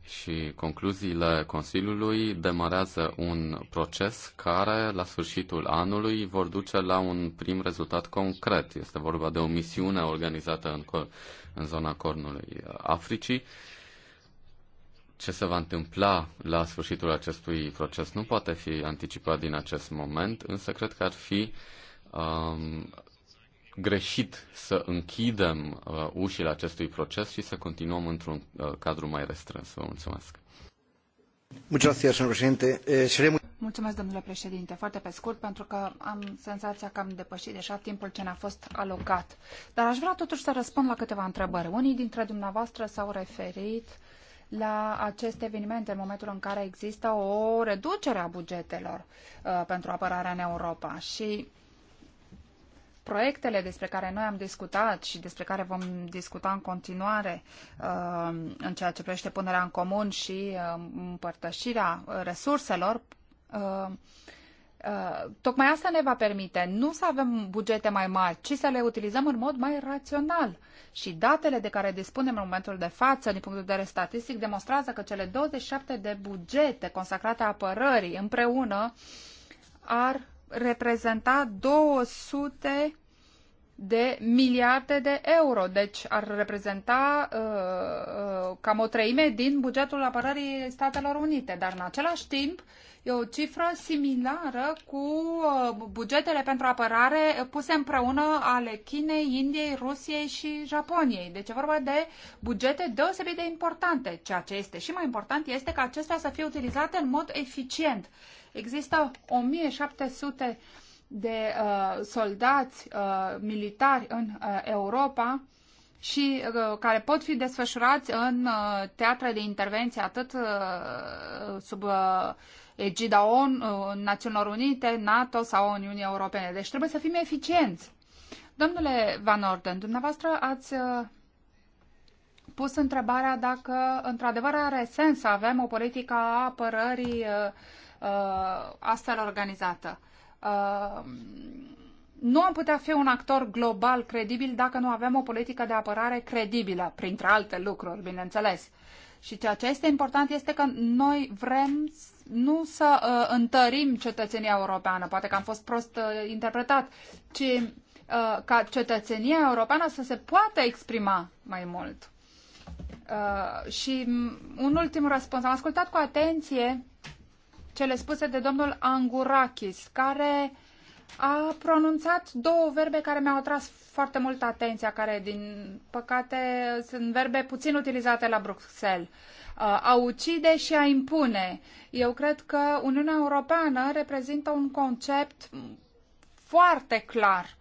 și concluziile Consiliului demarează un proces care, la sfârșitul anului, vor duce la un prim rezultat concret. Este vorba de o misiune organizată în, în zona Cornului Africii. Ce se va întâmpla la sfârșitul acestui proces nu poate fi anticipat din acest moment, însă cred că ar fi um, greșit să închidem uh, ușile acestui proces și să continuăm într-un uh, cadru mai restrâns. Vă mulțumesc. Eh, mulțumesc, domnule președinte. Foarte pe scurt, pentru că am senzația că am depășit deja timpul ce ne-a fost alocat. Dar aș vrea totuși să răspund la câteva întrebări. Unii dintre dumneavoastră s-au referit la acest eveniment, în momentul în care există o reducere a bugetelor uh, pentru apărarea în Europa. Și Proiectele despre care noi am discutat și despre care vom discuta în continuare uh, în ceea ce privește punerea în comun și uh, împărtășirea uh, resurselor, tocmai asta ne va permite nu să avem bugete mai mari, ci să le utilizăm în mod mai rațional. Și datele de care dispunem în momentul de față, din punct de vedere statistic, demonstrează că cele 27 de bugete consacrate apărării împreună ar reprezenta 200 de miliarde de euro. Deci ar reprezenta uh, uh, cam o treime din bugetul apărării Statelor Unite. Dar în același timp e o cifră similară cu uh, bugetele pentru apărare puse împreună ale Chinei, Indiei, Rusiei și Japoniei. Deci e vorba de bugete deosebit de importante. Ceea ce este și mai important este că acestea să fie utilizate în mod eficient Există 1700 de uh, soldați uh, militari în uh, Europa și uh, care pot fi desfășurați în uh, teatre de intervenție atât uh, sub uh, egida ONU, uh, Națiunilor Unite, NATO sau Uniunii Europene. Deci trebuie să fim eficienți. Domnule Van Orden, dumneavoastră ați uh, pus întrebarea dacă într-adevăr are sens să avem o politică a apărării uh, uh, astfel organizată. Uh, nu am putea fi un actor global credibil dacă nu avem o politică de apărare credibilă, printre alte lucruri, bineînțeles. Și ceea ce este important este că noi vrem nu să uh, întărim cetățenia europeană, poate că am fost prost uh, interpretat, ci uh, ca cetățenia europeană să se poată exprima mai mult. Uh, și un ultim răspuns. Am ascultat cu atenție uh, cele spuse de domnul Angurakis, care a pronunțat două verbe care mi-au atras foarte mult atenția, care, din păcate, sunt verbe puțin utilizate la Bruxelles. Uh, a ucide și a impune. Eu cred că Uniunea Europeană reprezintă un concept foarte clar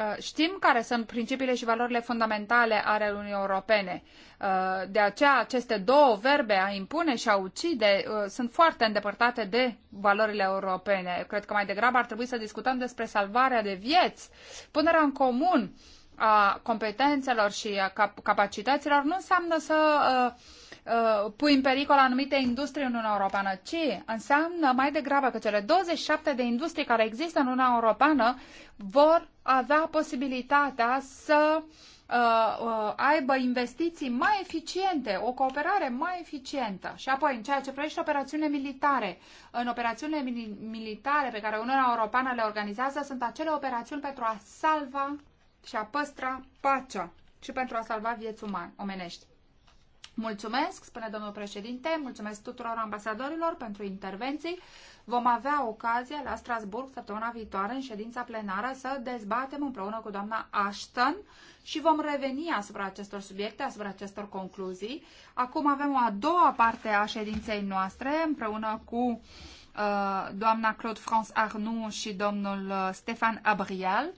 Uh, știm care sunt principiile și valorile fundamentale ale Uniunii Europene. Uh, de aceea, aceste două verbe, a impune și a ucide, uh, sunt foarte îndepărtate de valorile europene. Cred că mai degrabă ar trebui să discutăm despre salvarea de vieți, punerea în comun a competențelor și a capacităților nu înseamnă să pui în pericol anumite industrie în Uniunea Europeană, ci înseamnă mai degrabă că cele 27 de industrii care există în Uniunea Europeană vor avea posibilitatea să uh, uh, aibă investiții mai eficiente, o cooperare mai eficientă. Și apoi, în ceea ce privește operațiunile militare, în operațiunile militare pe care Uniunea Europeană le organizează, sunt acele operațiuni pentru a salva și a păstra pacea și pentru a salva vieți umane, omenești. Mulțumesc, spune domnul președinte, mulțumesc tuturor ambasadorilor pentru intervenții Vom avea ocazia la Strasburg săptămâna viitoare în ședința plenară să dezbatem împreună cu doamna Ashton și vom reveni asupra acestor subiecte, asupra acestor concluzii. Acum avem o a doua parte a ședinței noastre împreună cu uh, doamna Claude France Arnoux și domnul uh, Stefan Abrial.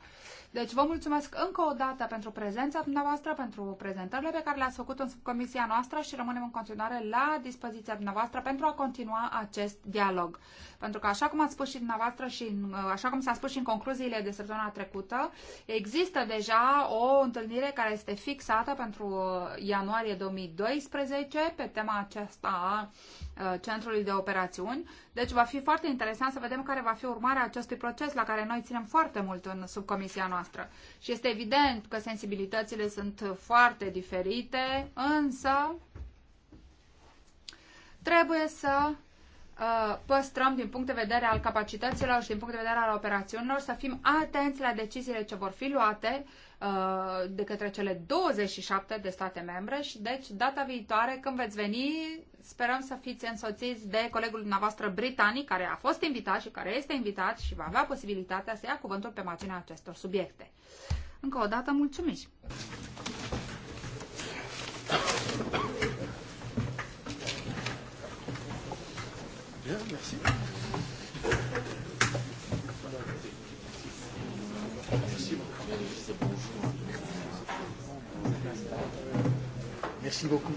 Deci vă mulțumesc încă o dată pentru prezența dumneavoastră, pentru prezentările pe care le-ați făcut în subcomisia noastră și rămânem în continuare la dispoziția dumneavoastră pentru a continua acest dialog. Pentru că așa cum ați spus și dumneavoastră și în, așa cum s-a spus și în concluziile de săptămâna trecută, există deja o întâlnire care este fixată pentru uh, ianuarie 2012 pe tema aceasta a Uh, centrului de operațiuni. Deci va fi foarte interesant să vedem care va fi urmarea acestui proces la care noi ținem foarte mult în subcomisia noastră. Și este evident că sensibilitățile sunt foarte diferite, însă trebuie să uh, păstrăm din punct de vedere al capacităților și din punct de vedere al operațiunilor, să fim atenți la deciziile ce vor fi luate uh, de către cele 27 de state membre și deci data viitoare când veți veni sperăm să fiți însoțiți de colegul dumneavoastră britanic care a fost invitat și care este invitat și va avea posibilitatea să ia cuvântul pe marginea acestor subiecte. Încă o dată, mulțumim! merci. Merci Merci beaucoup.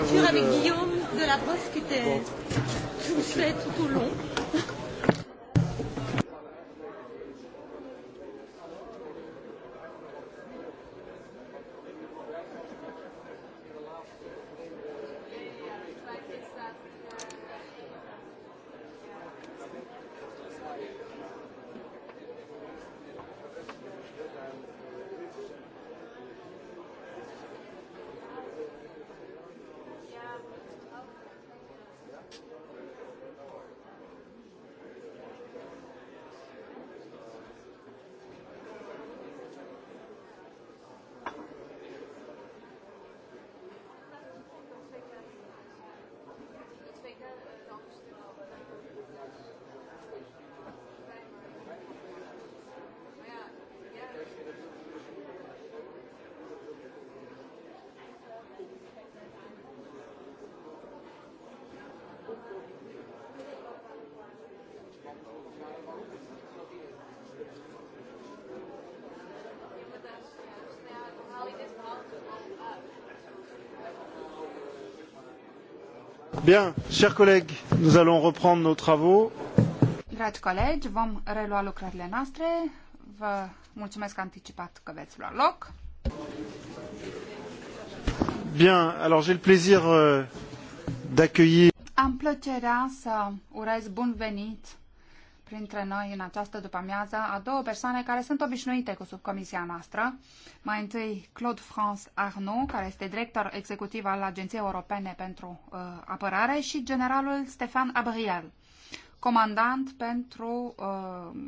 lecture avec Bien, chers collègues, nous allons reprendre nos travaux. Dragi colegi, vom relua lucrările noastre. Vă mulțumesc anticipat că veți lua loc. Bien, alors j'ai le plaisir euh, d'accueillir. Am plăcerea să urez bun venit printre noi în această după-amiază a două persoane care sunt obișnuite cu subcomisia noastră. Mai întâi Claude France Arnaud, care este director executiv al Agenției Europene pentru uh, Apărare, și generalul Stefan Abriel, comandant pentru uh,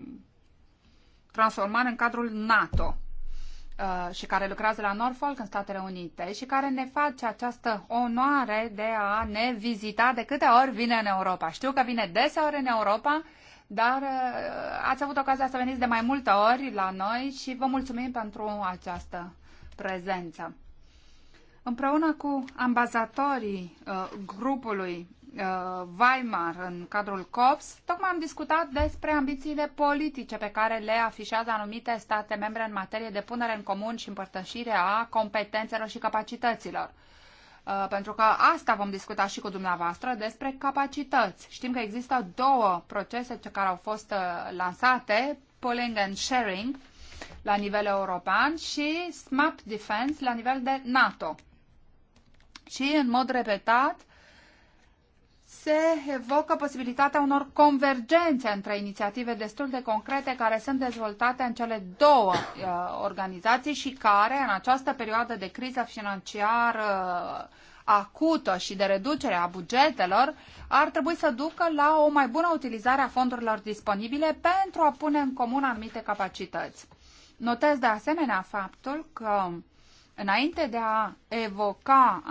transformare în cadrul NATO uh, și care lucrează la Norfolk în Statele Unite și care ne face această onoare de a ne vizita de câte ori vine în Europa. Știu că vine deseori în Europa dar uh, ați avut ocazia să veniți de mai multe ori la noi și vă mulțumim pentru această prezență. Împreună cu ambazatorii uh, grupului uh, Weimar în cadrul COPS, tocmai am discutat despre ambițiile politice pe care le afișează anumite state membre în materie de punere în comun și împărtășire a competențelor și capacităților. Uh, pentru că asta vom discuta și cu dumneavoastră despre capacități. Știm că există două procese ce care au fost uh, lansate, pooling and sharing la nivel european și Smart Defense la nivel de NATO. Și în mod repetat, se evocă posibilitatea unor convergențe între inițiative destul de concrete care sunt dezvoltate în cele două uh, organizații și care, în această perioadă de criză financiară acută și de reducere a bugetelor, ar trebui să ducă la o mai bună utilizare a fondurilor disponibile pentru a pune în comun anumite capacități. Notez de asemenea faptul că Înainte de a evoca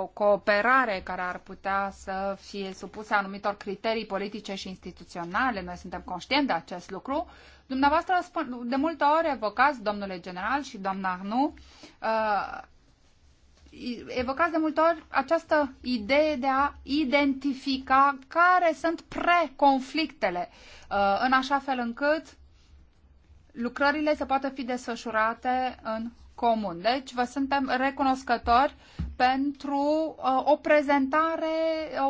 o cooperare care ar putea să fie supusă anumitor criterii politice și instituționale, noi suntem conștienți de acest lucru, dumneavoastră de multe ori evocați, domnule general și doamna Arnu, uh, evocați de multe ori această idee de a identifica care sunt preconflictele, uh, în așa fel încât lucrările să poată fi desfășurate în comun. Deci vă suntem recunoscători pentru uh, o prezentare,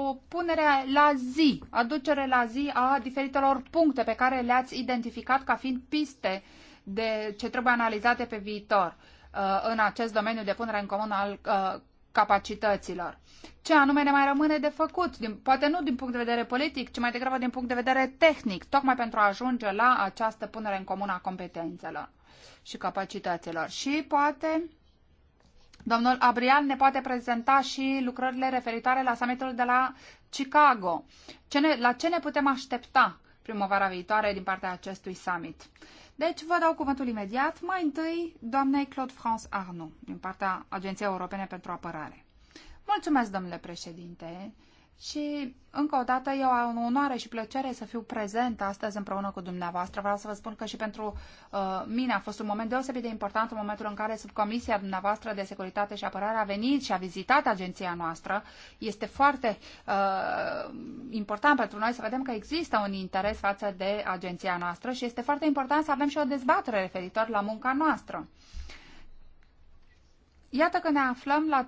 o punere la zi, aducere la zi a diferitelor puncte pe care le-ați identificat ca fiind piste de ce trebuie analizate pe viitor uh, în acest domeniu de punere în comun al uh, capacităților. Ce anume ne mai rămâne de făcut, din, poate nu din punct de vedere politic, ci mai degrabă din punct de vedere tehnic, tocmai pentru a ajunge la această punere în comun a competențelor și capacităților. Și poate domnul Abrial ne poate prezenta și lucrările referitoare la summitul de la Chicago. Ce ne, la ce ne putem aștepta primăvara viitoare din partea acestui summit? Deci vă dau cuvântul imediat, mai întâi doamnei Claude France Arnaud, din partea Agenției Europene pentru Apărare. Mulțumesc, domnule președinte. Și, încă o dată, eu am onoare și plăcere să fiu prezent astăzi împreună cu dumneavoastră. Vreau să vă spun că și pentru uh, mine a fost un moment deosebit de important în momentul în care subcomisia dumneavoastră de securitate și apărare a venit și a vizitat agenția noastră. Este foarte uh, important pentru noi să vedem că există un interes față de agenția noastră și este foarte important să avem și o dezbatere referitor la munca noastră. Uh, Iată că ne aflăm la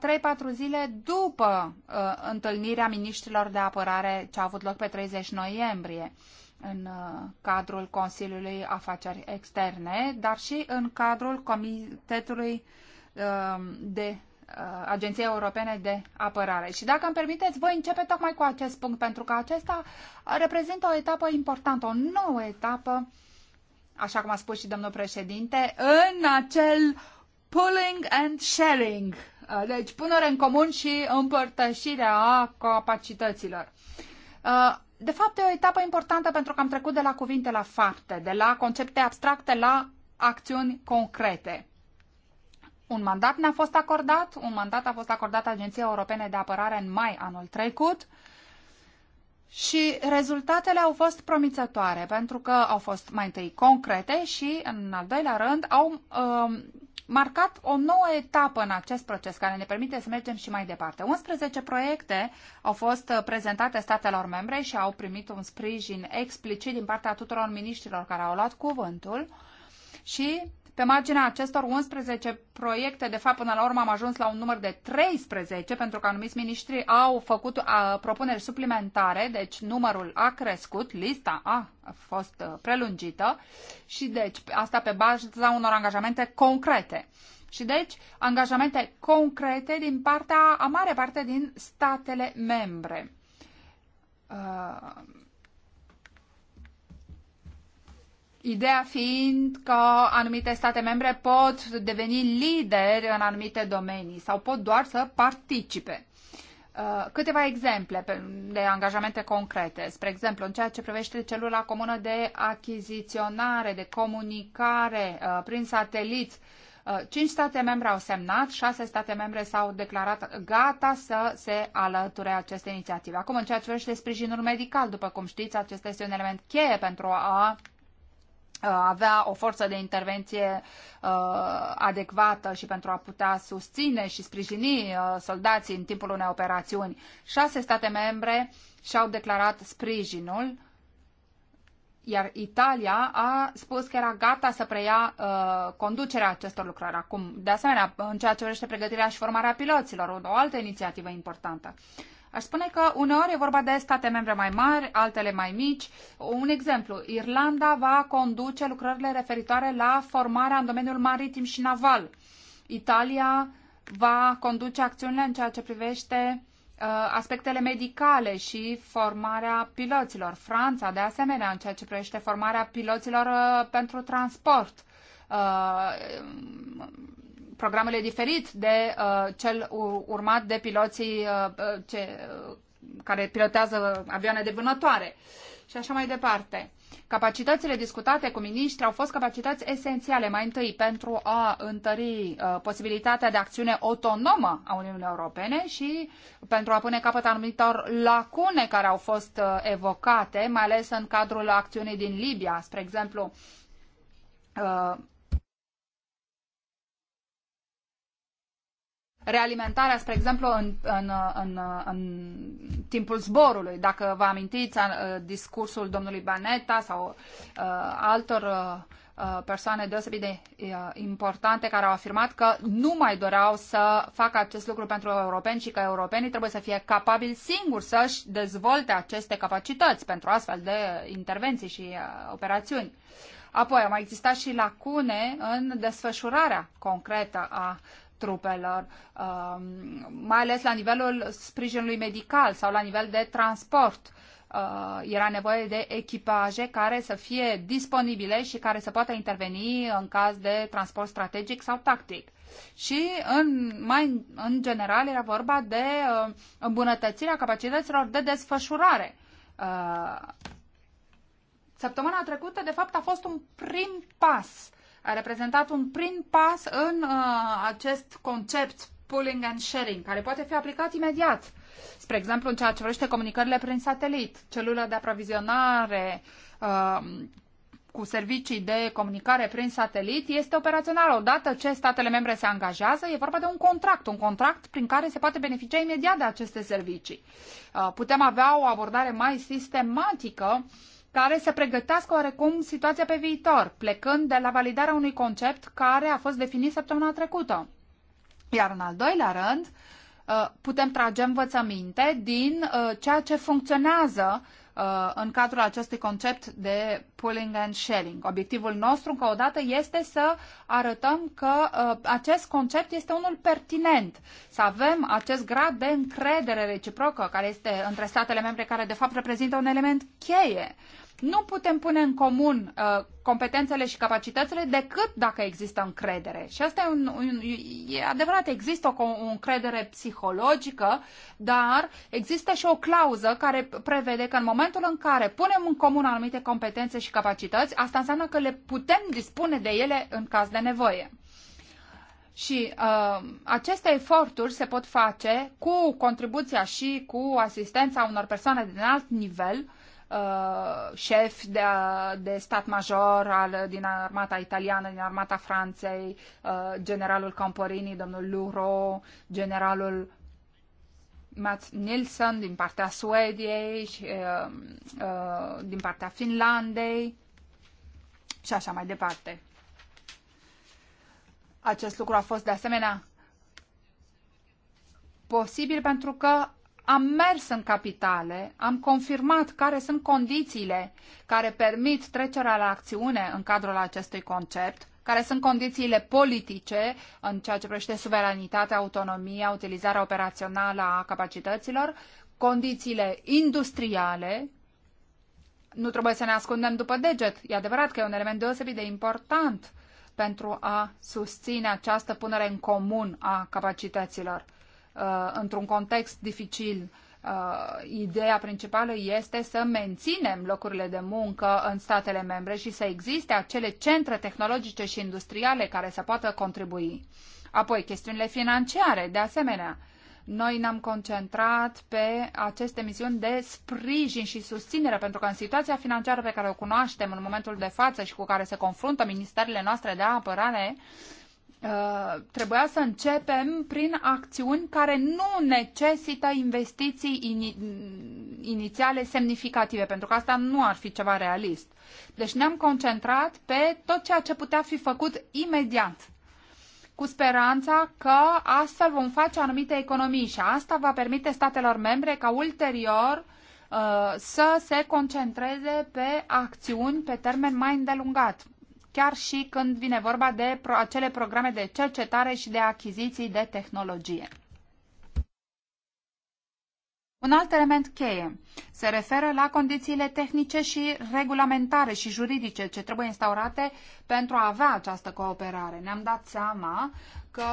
3-4 zile după uh, întâlnirea ministrilor de apărare ce a avut loc pe 30 noiembrie în uh, cadrul Consiliului Afaceri Externe, dar și în cadrul Comitetului uh, de uh, Agenției Europene de Apărare. Și dacă îmi permiteți, voi începe tocmai cu acest punct, pentru că acesta reprezintă o etapă importantă, o nouă etapă, așa cum a spus și domnul președinte, în acel uh, pooling and sharing, uh, deci punere în comun și împărtășirea capacităților. Uh, de fapt, e o etapă importantă pentru că am trecut de la cuvinte la fapte, de la concepte abstracte la acțiuni concrete. Un mandat ne-a fost acordat, un mandat a fost acordat Agenției Europene de Apărare în mai anul trecut și rezultatele au fost promițătoare pentru că au fost mai întâi concrete și, în al doilea rând, au Uh, marcat o nouă etapă în acest proces care ne permite să mergem și mai departe. 11 proiecte au fost uh, prezentate statelor membre și au primit un sprijin explicit din partea tuturor miniștrilor care au luat cuvântul și pe marginea acestor 11 proiecte, de fapt, până la urmă am ajuns la un număr de 13, pentru că anumiți miniștri au făcut a, propuneri suplimentare, deci numărul a crescut, lista a fost uh, prelungită și deci asta pe baza unor angajamente concrete. Și deci angajamente concrete din partea, a mare parte din statele membre. Uh Ideea fiind că anumite state membre pot deveni lideri în anumite domenii sau pot doar să participe. Uh, câteva exemple de angajamente concrete. Spre exemplu, în ceea ce privește celula comună de achiziționare, de comunicare uh, prin satelit, uh, Cinci state membre au semnat, șase state membre s-au declarat gata să se alăture aceste inițiative. Acum, în ceea ce privește sprijinul medical, după cum știți, acesta este un element cheie pentru a Uh, avea o forță de intervenție uh, adecvată și pentru a putea susține și sprijini uh, soldații în timpul unei operațiuni. Șase state membre și-au declarat sprijinul, iar Italia a spus că era gata să preia uh, conducerea acestor lucrări acum. De asemenea, în ceea ce vrește pregătirea și formarea piloților, o, o altă inițiativă importantă. Uh, Aș spune că uneori e vorba de state membre mai mari, altele mai mici. Un exemplu, Irlanda va conduce lucrările referitoare la formarea în domeniul maritim și naval. Italia va conduce acțiunile în ceea ce privește uh, aspectele medicale și formarea piloților. Franța, de asemenea, în ceea ce privește formarea piloților uh, pentru transport. Uh, programul e diferit de uh, cel urmat de piloții uh, uh, ce, uh, care pilotează avioane de vânătoare și așa mai departe. Capacitățile discutate cu miniștri au fost capacități esențiale, mai întâi pentru a întări uh, posibilitatea de acțiune autonomă a Uniunii Europene și pentru a pune capăt anumitor lacune care au fost uh, evocate, mai ales în cadrul acțiunii din Libia, spre exemplu, uh, realimentarea, spre exemplu, în, în, în, în timpul zborului. Dacă vă amintiți discursul domnului Baneta sau uh, altor uh, persoane deosebit de importante care au afirmat că nu mai doreau să facă acest lucru pentru europeni și că europenii trebuie să fie capabili singuri să-și dezvolte aceste capacități pentru astfel de intervenții și operațiuni. Apoi au mai existat și lacune în desfășurarea concretă a trupelor, um, mai ales la nivelul sprijinului medical sau la nivel de transport. Uh, era nevoie de echipaje care să fie disponibile și care să poată interveni în caz de transport strategic sau tactic. Și în, mai în general era vorba de uh, îmbunătățirea capacităților de desfășurare. Uh, săptămâna trecută, de fapt, a fost un prim pas a reprezentat un prim pas în uh, acest concept pooling and sharing, care poate fi aplicat imediat. Spre exemplu, în ceea ce vrește comunicările prin satelit, celula de aprovizionare uh, cu servicii de comunicare prin satelit este operațională. Odată ce statele membre se angajează, e vorba de un contract, un contract prin care se poate beneficia imediat de aceste servicii. Uh, putem avea o abordare mai sistematică uh, care să pregătească oarecum situația pe viitor, plecând de la validarea unui concept care a fost definit săptămâna trecută. Iar în al doilea rând, uh, putem trage învățăminte din uh, ceea ce funcționează uh, în cadrul acestui concept de pulling and sharing. Obiectivul nostru, încă o dată, este să arătăm că acest concept este unul pertinent, să avem acest grad de încredere reciprocă care este între statele membre, care de fapt reprezintă un element cheie. Nu putem pune în comun uh, competențele și capacitățile decât dacă există încredere. Și asta e, un, un, e adevărat, există o, o încredere psihologică, dar există și o clauză care prevede că în momentul în care punem în comun anumite competențe și capacități, asta înseamnă că le putem dispune de ele în caz de nevoie. Și uh, aceste eforturi se pot face cu contribuția și cu asistența unor persoane din alt nivel uh, șef de, de stat major al, din armata italiană, din armata Franței, uh, generalul Camporini, domnul Luro, generalul Mats Nilsson din partea Suediei și uh, uh, din partea Finlandei și așa mai departe. Acest lucru a fost de asemenea posibil pentru că am mers în capitale, am confirmat care sunt condițiile care permit trecerea la acțiune în cadrul acestui concept, care sunt condițiile politice în ceea ce privește suveranitatea, autonomia, utilizarea operațională a capacităților, condițiile industriale, nu trebuie să ne ascundem după deget. E adevărat că e un element deosebit de important pentru a susține această punere în comun a capacităților. Uh, într-un context dificil. Uh, ideea principală este să menținem locurile de muncă în statele membre și să existe acele centre tehnologice și industriale care să poată contribui. Apoi, chestiunile financiare, de asemenea noi ne-am concentrat pe aceste misiuni de sprijin și susținere, pentru că în situația financiară pe care o cunoaștem în momentul de față și cu care se confruntă ministerile noastre de apărare, Uh, trebuia să începem prin acțiuni care nu necesită investiții ini inițiale semnificative, pentru că asta nu ar fi ceva realist. Deci ne-am concentrat pe tot ceea ce putea fi făcut imediat, cu speranța că astfel vom face anumite economii și asta va permite statelor membre ca ulterior uh, să se concentreze pe acțiuni pe termen mai îndelungat chiar și când vine vorba de acele programe de cercetare și de achiziții de tehnologie. Un alt element cheie se referă la condițiile tehnice și regulamentare și juridice ce trebuie instaurate pentru a avea această cooperare. Ne-am dat seama că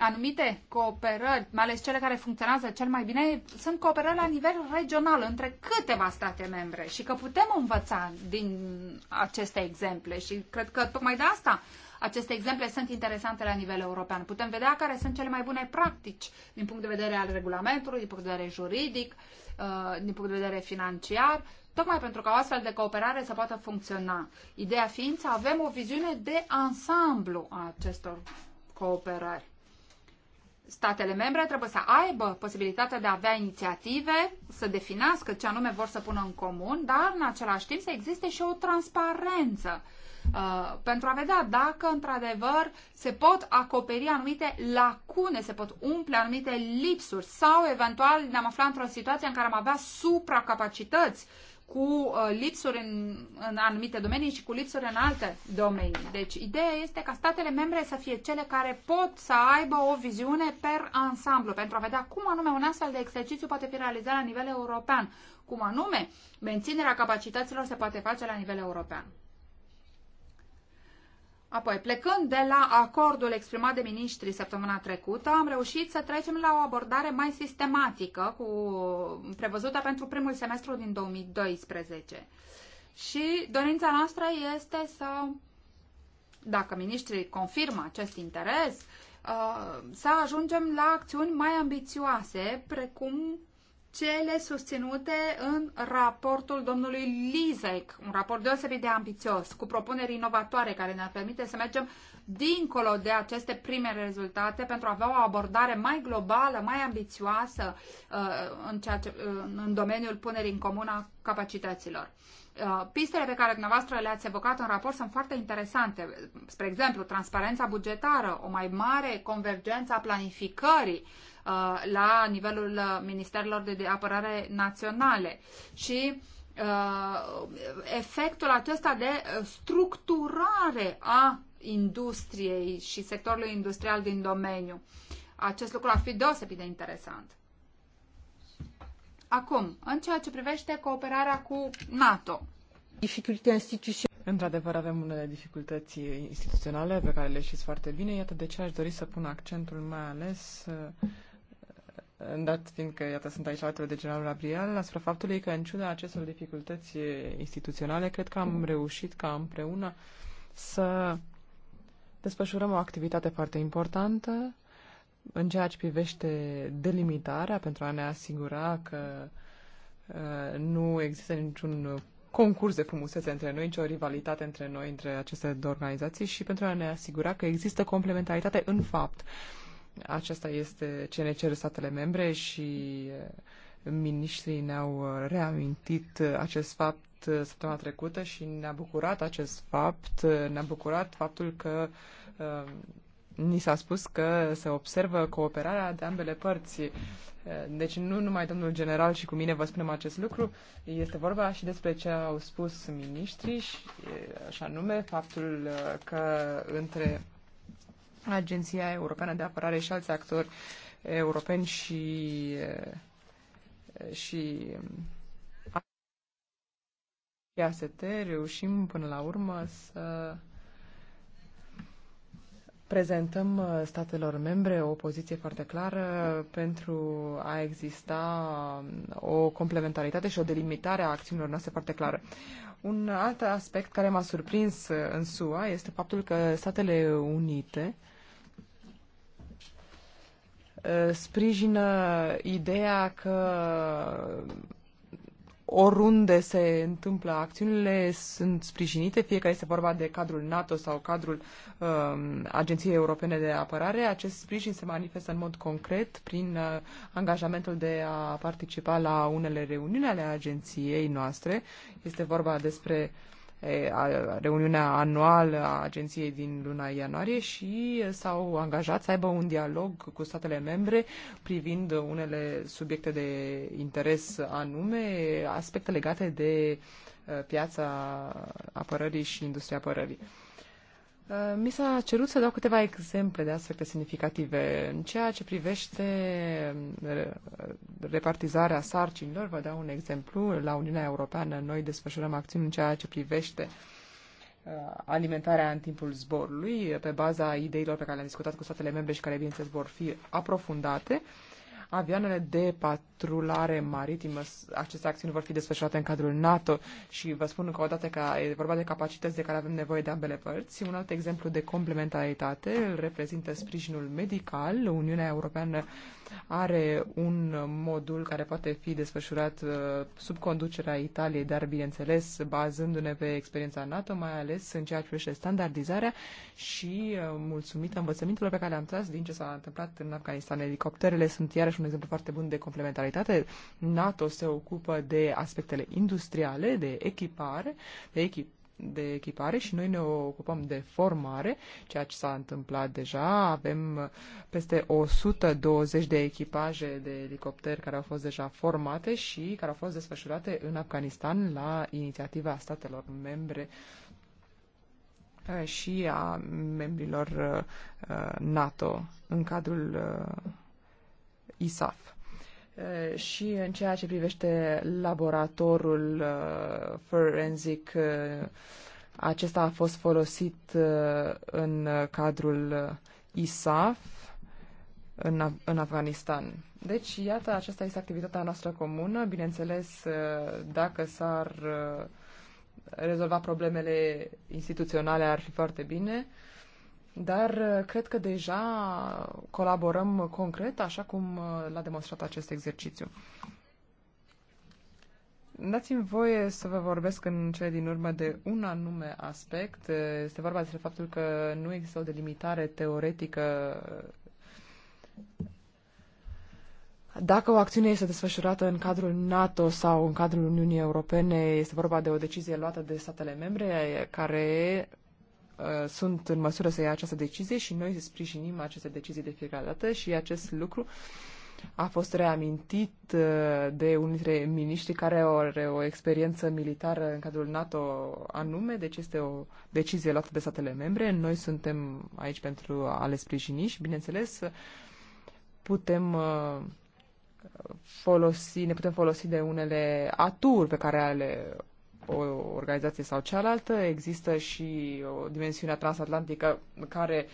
anumite cooperări, mai ales cele care funcționează cel mai bine, sunt cooperări la nivel regional între câteva state membre și că putem învăța din aceste exemple și cred că tocmai de asta aceste exemple sunt interesante la nivel european. Putem vedea care sunt cele mai bune practici din punct de vedere al regulamentului, din punct de vedere juridic, uh, din punct de vedere financiar, tocmai pentru ca o astfel de cooperare să poată funcționa. Ideea fiind să avem o viziune de ansamblu a acestor cooperări statele membre trebuie să aibă posibilitatea de a avea inițiative, să definească ce anume vor să pună în comun, dar în același timp să existe și o transparență uh, pentru a vedea dacă într-adevăr se pot acoperi anumite lacune, se pot umple anumite lipsuri sau eventual ne-am aflat într-o situație în care am avea supracapacități uh, cu uh, lipsuri în, în anumite domenii și cu lipsuri în alte domenii. Deci, ideea este ca statele membre să fie cele care pot să aibă o viziune per ansamblu, pentru a vedea cum anume un astfel de exercițiu poate fi realizat la nivel european, cum anume menținerea capacităților se poate face la nivel european. Apoi, plecând de la acordul exprimat de miniștri săptămâna trecută, am reușit să trecem la o abordare mai sistematică, cu, prevăzută pentru primul semestru din 2012. Și dorința noastră este să, dacă miniștrii confirmă acest interes, uh, să ajungem la acțiuni mai ambițioase, precum cele susținute în raportul domnului Lizek, un raport deosebit de ambițios, cu propuneri inovatoare care ne-ar permite să mergem dincolo de aceste prime rezultate pentru a avea o abordare mai globală, mai ambițioasă uh, în, ceea ce, uh, în domeniul punerii în comun a capacităților. Uh, pistele pe care dumneavoastră le-ați evocat în raport sunt foarte interesante. Spre exemplu, transparența bugetară, o mai mare convergență a planificării, Uh, la nivelul uh, Ministerilor de apărare naționale. Și uh, efectul acesta de structurare a industriei și sectorului industrial din domeniu. Acest lucru ar fi deosebit de interesant. Acum, în ceea ce privește cooperarea cu NATO. Dificultăți instituționale. Într-adevăr, avem unele dificultăți instituționale pe care le știți foarte bine. Iată de ce aș dori să pun accentul mai ales uh, dat fiindcă, iată, sunt aici alături de generalul Abrial, asupra faptului că, în ciuda acestor dificultăți instituționale, cred că am reușit ca împreună să desfășurăm o activitate foarte importantă în ceea ce privește delimitarea, pentru a ne asigura că uh, nu există niciun concurs de frumusețe între noi, nicio rivalitate între noi, între aceste două organizații și pentru a ne asigura că există complementaritate în fapt. Uh, aceasta este ce ne cer statele membre și eh, miniștrii ne-au eh, reamintit eh, acest fapt săptămâna trecută și ne-a bucurat acest fapt. Ne-a bucurat faptul că ni s-a spus că se observă cooperarea de ambele părți. Deci nu numai domnul general și cu mine vă spunem acest lucru, este vorba și despre ce au spus miniștrii și așa nume faptul că între Agenția Europeană de Apărare și alți actori europeni și, și AST reușim până la urmă să prezentăm statelor membre o poziție foarte clară pentru a exista o complementaritate și o delimitare a acțiunilor noastre foarte clară. Un alt aspect care m-a surprins în SUA este faptul că Statele Unite uh, Uh, sprijină ideea că oriunde se întâmplă acțiunile sunt sprijinite, fie că este vorba de cadrul NATO sau cadrul um, Agenției Europene de Apărare. Acest sprijin se manifestă în mod concret prin uh, angajamentul de a participa la unele reuniuni ale agenției noastre. Este vorba despre reuniunea anuală a agenției din luna ianuarie și s-au angajat să aibă un dialog cu statele membre privind unele subiecte de interes anume, aspecte legate de piața apărării și industria apărării. Uh, mi s-a cerut să dau câteva exemple de aspecte semnificative. În ceea ce privește uh, repartizarea sarcinilor, vă dau un exemplu. La Uniunea Europeană noi desfășurăm acțiuni în ceea ce privește uh, alimentarea în timpul zborului, pe baza ideilor pe care le-am discutat cu statele membre și care, bineînțeles, vor fi aprofundate. Uh, avioanele de patrulare maritimă. Aceste acțiuni vor fi desfășurate în cadrul NATO și vă spun încă o dată că e vorba de capacități de care avem nevoie de ambele părți. Un alt exemplu de complementaritate îl reprezintă sprijinul medical. Uniunea Europeană are un modul care poate fi desfășurat uh, sub conducerea Italiei, dar bineînțeles bazându-ne pe experiența NATO, mai ales în ceea ce privește standardizarea și uh, mulțumită învățămintelor pe care le-am tras din ce s-a întâmplat în Afganistan. Elicopterele sunt iarăși un exemplu foarte bun de complementaritate. NATO se ocupă de aspectele industriale, de echipare, de echip, de echipare și noi ne ocupăm de formare, ceea ce s-a întâmplat deja. Avem peste 120 de echipaje de elicopteri care au fost deja formate și care au fost desfășurate în Afganistan la inițiativa statelor membre eh, și a membrilor eh, NATO în cadrul eh, ISAF. Și în ceea ce privește laboratorul forensic, acesta a fost folosit în cadrul ISAF în, Af- în Afganistan. Deci, iată, aceasta este activitatea noastră comună. Bineînțeles, dacă s-ar rezolva problemele instituționale, ar fi foarte bine. Dar uh, cred că deja colaborăm concret, așa cum uh, l-a demonstrat acest exercițiu. Dați-mi voie să vă vorbesc în cele din urmă de un anume aspect. Este vorba despre faptul că nu există o delimitare teoretică dacă o acțiune este desfășurată în cadrul NATO sau în cadrul Uniunii Europene, este vorba de o decizie luată de statele membre care Uh, sunt în măsură să ia această decizie și noi sprijinim aceste decizii de fiecare dată și acest lucru a fost reamintit uh, de unul dintre miniștri care are o experiență militară în cadrul NATO anume, deci este o decizie luată de statele membre. Noi suntem aici pentru a le sprijini și, bineînțeles, putem uh, folosi, ne putem folosi de unele aturi pe care le o organizație sau cealaltă, există și o dimensiune transatlantică care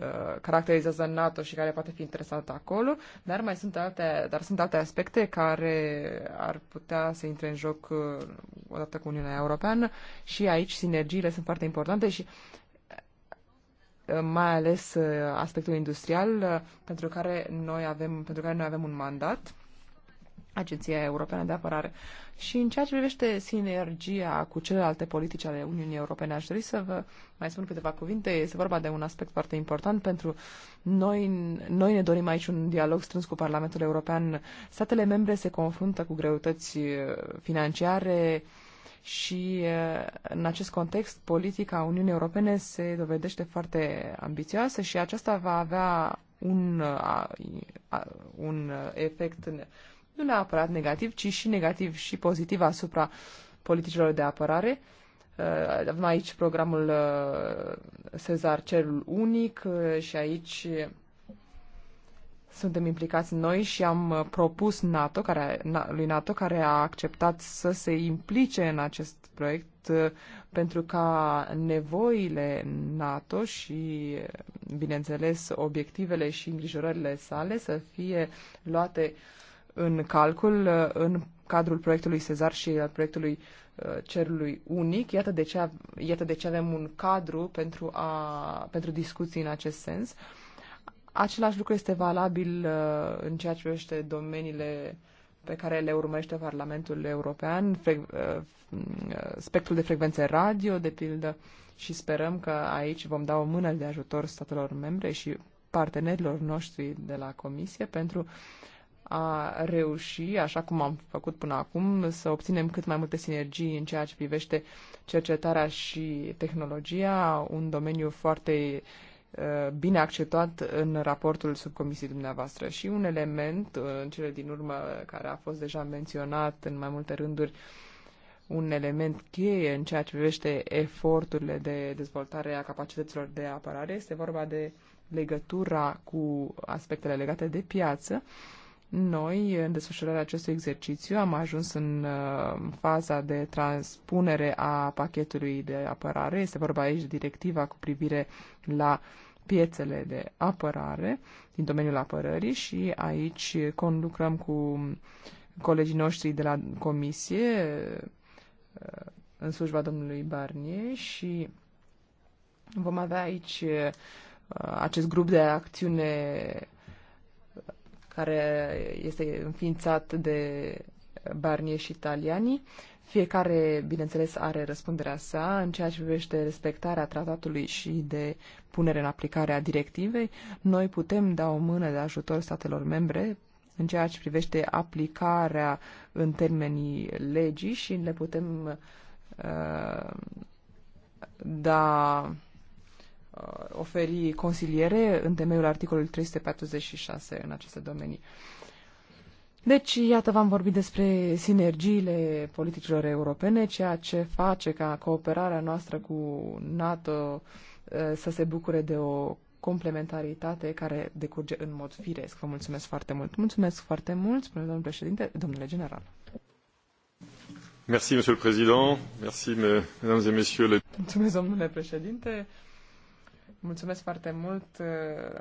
uh, caracterizează NATO și care poate fi interesată acolo, dar mai sunt alte, dar sunt alte aspecte care ar putea să intre în joc uh, odată cu Uniunea Europeană și aici sinergiile sunt foarte importante și uh, mai ales aspectul industrial pentru care noi avem, pentru care noi avem un mandat Agenția Europeană de Apărare. Și în ceea ce privește sinergia cu celelalte politici ale Uniunii Europene, aș dori să vă mai spun câteva cuvinte. Este vorba de un aspect foarte important pentru noi. Noi ne dorim aici un dialog strâns cu Parlamentul European. Statele membre se confruntă cu greutăți uh, financiare, și uh, în acest context politica Uniunii Europene se dovedește foarte ambițioasă și aceasta va avea un, uh, un efect nu neapărat negativ, ci și negativ și pozitiv asupra politicilor de apărare. Uh, avem aici programul Sezar uh, Cerul Unic uh, și aici suntem implicați noi și am propus NATO, care, lui NATO, care a acceptat să se implice în acest proiect pentru ca nevoile NATO și, bineînțeles, obiectivele și îngrijorările sale să fie luate uh, în calcul uh, în cadrul proiectului Cezar și al proiectului uh, cerului unic. Iată de ce, iată de ce avem un cadru pentru, a, pentru discuții în acest sens. Același lucru este valabil uh, în ceea ce privește domeniile pe care le urmărește Parlamentul European, mm, spectrul de frecvențe radio, de pildă, și sperăm că aici vom da o mână de ajutor statelor membre și partenerilor noștri de la Comisie pentru a reuși, așa cum am făcut până acum, să obținem cât mai multe sinergii în ceea ce privește cercetarea și tehnologia, un domeniu foarte uh, bine acceptat în raportul subcomisiei dumneavoastră. Și un element, uh, în cele din urmă, care a fost deja menționat în mai multe rânduri, un element cheie în ceea ce privește eforturile de dezvoltare a capacităților de apărare. Este vorba de legătura cu aspectele legate de piață. Uh, noi, în desfășurarea acestui exercițiu, am ajuns în uh, faza de transpunere a pachetului de apărare. Este vorba aici de directiva cu privire la piețele de apărare din domeniul apărării și aici conlucrăm cu colegii noștri de la comisie uh, în slujba domnului Barnier și vom avea aici uh, acest grup de acțiune care este înființat de Barnier și Italiani. Fiecare, bineînțeles, are răspunderea sa în ceea ce privește respectarea tratatului și de punere în aplicare a directivei. Noi putem da o mână de ajutor statelor membre în ceea ce privește aplicarea în termenii legii și le putem uh, da Uh, oferi consiliere în temeiul articolului 346 în aceste domenii. Deci, iată, v-am vorbit despre sinergiile politicilor europene, ceea ce face ca cooperarea noastră cu NATO uh, să se bucure de o complementaritate care decurge în mod firesc. Vă mulțumesc foarte mult. Mulțumesc foarte mult, spune domnul președinte, domnule general. Merci, monsieur le président. Merci, mesdames et messieurs les... Mulțumesc, domnule președinte. Mulțumesc foarte mult uh,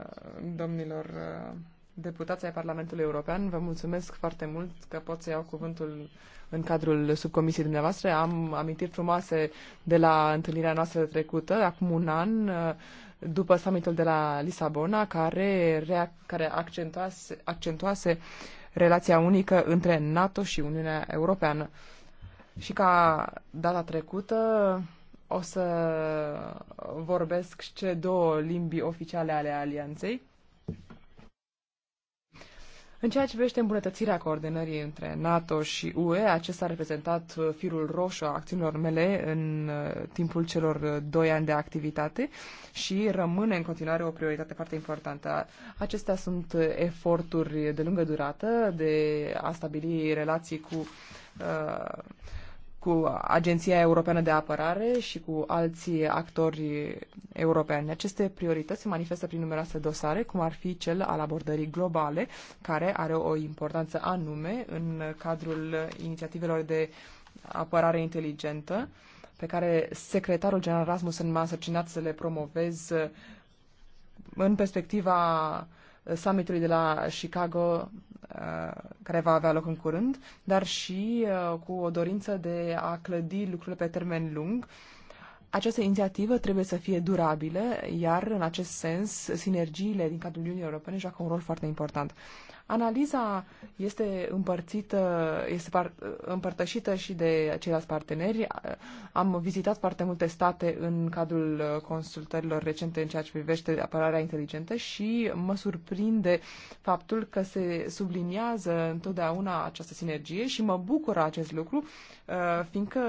domnilor uh, deputați ai Parlamentului European. Vă mulțumesc foarte mult că pot să iau cuvântul în cadrul subcomisiei dumneavoastră. Am amintiri frumoase de la întâlnirea noastră trecută, acum un an, uh, după summitul de la Lisabona, care, rea, care accentuase, accentuase relația unică între NATO și Uniunea Europeană. Și ca data trecută, o să vorbesc ce două limbi oficiale ale alianței. În ceea ce privește îmbunătățirea coordonării între NATO și UE, acesta a reprezentat firul roșu a acțiunilor mele în uh, timpul celor uh, doi ani de activitate și rămâne în continuare o prioritate foarte importantă. Acestea sunt eforturi de lungă durată de a stabili relații cu uh, cu Agenția Europeană de Apărare și cu alții actori europeni. Aceste priorități se manifestă prin numeroase dosare, cum ar fi cel al abordării globale, care are o importanță anume în cadrul inițiativelor de apărare inteligentă, pe care secretarul general Rasmus m-a însărcinat să le promovez în perspectiva summitului de la Chicago Uh, care va avea loc în curând, dar și uh, cu o dorință de a clădi lucrurile pe termen lung. Această inițiativă trebuie să fie durabilă, iar în acest sens sinergiile din cadrul Uniunii Europene joacă un rol foarte important. Analiza este împărțită, este par, împărtășită și de ceilalți parteneri. Am vizitat foarte multe state în cadrul consultărilor recente în ceea ce privește apărarea inteligentă și mă surprinde faptul că se subliniază întotdeauna această sinergie și mă bucură acest lucru, uh, fiindcă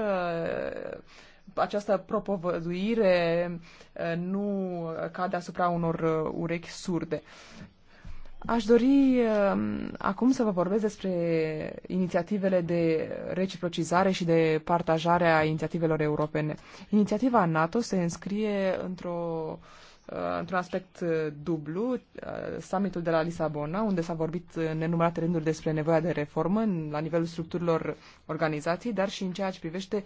această propovăduire uh, nu cade asupra unor uh, urechi surde. Aș dori um, acum să vă vorbesc despre inițiativele de reciprocizare și de partajare a inițiativelor europene. Inițiativa NATO se înscrie într-o uh, într-un aspect uh, dublu, uh, summitul de la Lisabona, unde s-a vorbit în nenumărate rânduri despre nevoia de reformă la nivelul structurilor organizației, dar și în ceea ce privește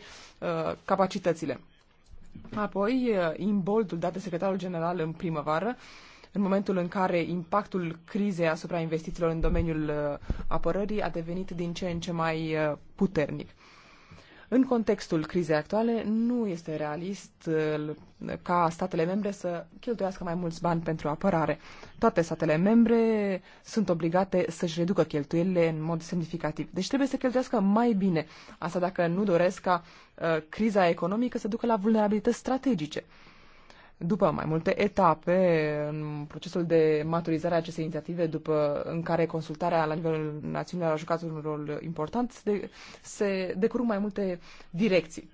capacitățile. Apoi, imboldul dat de secretarul general în primăvară în momentul în care impactul crizei asupra investițiilor în domeniul uh, apărării a devenit din ce în ce mai uh, puternic. În contextul crizei actuale, nu este realist uh, ca statele membre să cheltuiască mai mulți bani pentru apărare. Toate statele membre sunt obligate să-și reducă cheltuielile în mod semnificativ. Deci trebuie să cheltuiască mai bine. Asta dacă nu doresc ca uh, criza economică să ducă la vulnerabilități strategice. Uh, după mai multe etape în procesul de maturizare a acestei inițiative, după în care consultarea la nivelul națiunilor a jucat un rol important, se, se decurg mai multe direcții.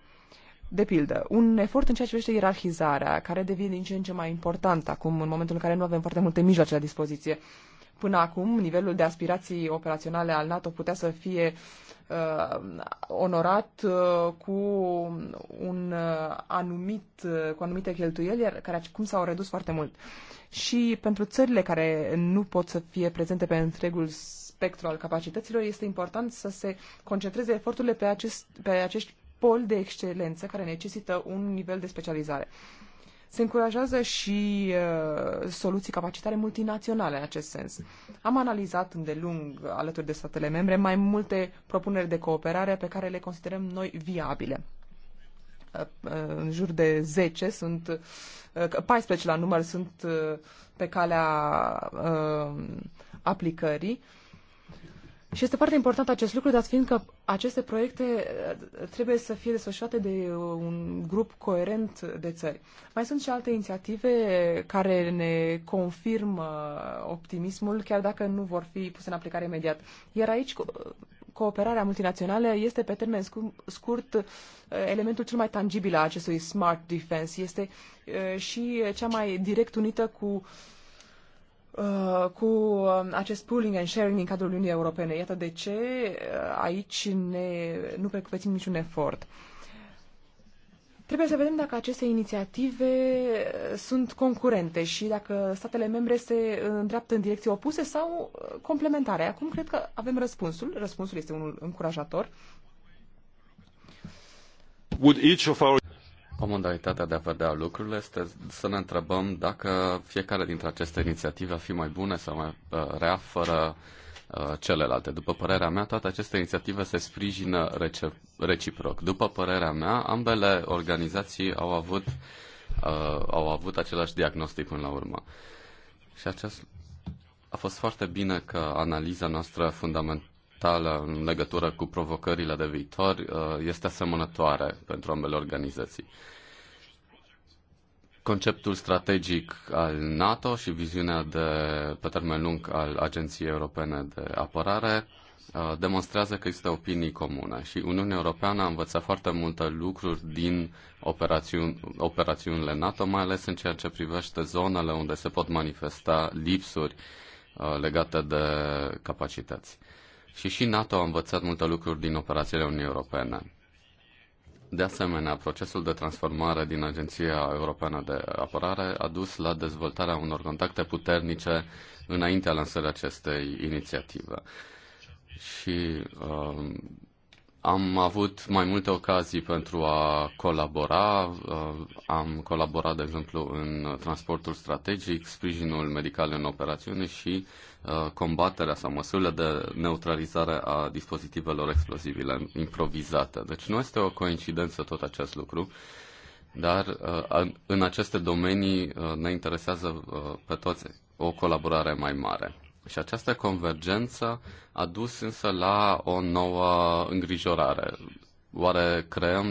De pildă, un efort în ceea ce privește ierarhizarea, care devine din ce în ce mai important acum, în momentul în care nu avem foarte multe mijloace la dispoziție. Uh, Până acum, nivelul de aspirații operaționale al NATO putea să fie uh, onorat uh, cu un uh, anumit, uh, cu anumite cheltuieli, iar care acum s-au redus foarte mult. Și pentru țările care nu pot să fie prezente pe întregul spectru al capacităților, este important să se concentreze eforturile pe, acest, pe acești pol de excelență care necesită un nivel de specializare. Uh, se încurajează și uh, soluții capacitare multinaționale în acest sens. Am analizat îndelung, alături de statele membre, mai multe propuneri de cooperare pe care le considerăm noi viabile uh, uh, în jur de 10 sunt, 14 uh, la număr sunt pe calea aplicării și este foarte important acest lucru, dar fiind că aceste proiecte eh, trebuie să fie desfășurate de eh, un grup coerent de țări. Mai sunt și alte inițiative care ne confirmă optimismul, chiar dacă nu vor fi puse în aplicare imediat. Iar aici cooperarea multinațională este pe termen scurt eh, elementul cel mai tangibil al acestui smart defense. Este și cea mai direct unită cu uh, Uh, cu um, acest pooling and sharing în cadrul Uniunii Europene. Iată de ce uh, aici ne, nu precupețim niciun efort. Trebuie să vedem dacă aceste inițiative uh, sunt concurente și dacă statele membre se îndreaptă în direcții opuse sau complementare. Acum cred că avem răspunsul. Răspunsul este unul încurajator. Would each of our o modalitate de a vedea lucrurile este să ne întrebăm dacă fiecare dintre aceste inițiative ar fi mai bune sau mai uh, rea fără uh, celelalte. După părerea mea, toate aceste inițiative se sprijină reciproc. După părerea mea, ambele organizații au avut, uh, au avut același diagnostic până la urmă. Și acest a fost foarte bine că analiza noastră fundament, mentală în legătură cu provocările de viitor uh, este asemănătoare pentru ambele organizații. Conceptul strategic al NATO și viziunea de, pe termen lung al Agenției Europene de Apărare uh, demonstrează că există opinii comune și Uniunea Europeană a învățat foarte multe lucruri din operațiuni, operațiunile NATO, mai ales în ceea ce privește zonele unde se pot manifesta lipsuri uh, legate de capacități. Și și NATO a învățat multe lucruri din operațiile Uniunii Europene. De asemenea, procesul de transformare din Agenția Europeană de Apărare a dus la dezvoltarea unor contacte puternice înaintea lansării acestei inițiative. Și uh, am avut mai multe ocazii pentru a colabora. Uh, am colaborat, de exemplu, în transportul strategic, sprijinul medical în operațiune și uh, Uh, combaterea sau măsurile de neutralizare a dispozitivelor explozibile improvizate. Deci nu este o coincidență tot acest lucru, dar uh, în aceste domenii uh, ne interesează pe toți o colaborare mai mare. Și această convergență a dus însă la o nouă îngrijorare. Oare creăm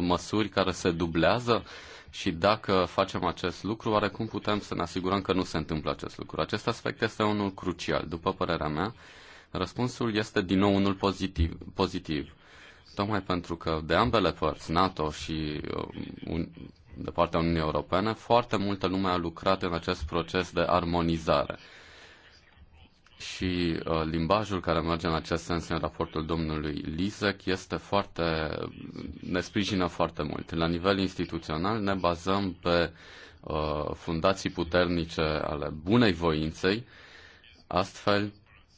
măsuri care se dublează? Uh, și dacă facem acest lucru, oare cum putem să ne asigurăm că nu se întâmplă acest lucru? Acest aspect este unul crucial. După părerea mea, răspunsul este din nou unul pozitiv. pozitiv. Tocmai pentru că de ambele părți, NATO și uh, de partea Uniunii Europene, foarte multă lume a lucrat în acest proces de armonizare și uh, limbajul care merge în acest sens în raportul domnului Lisek este foarte, ne sprijină foarte mult. La nivel instituțional ne bazăm pe uh, fundații puternice ale bunei voinței, astfel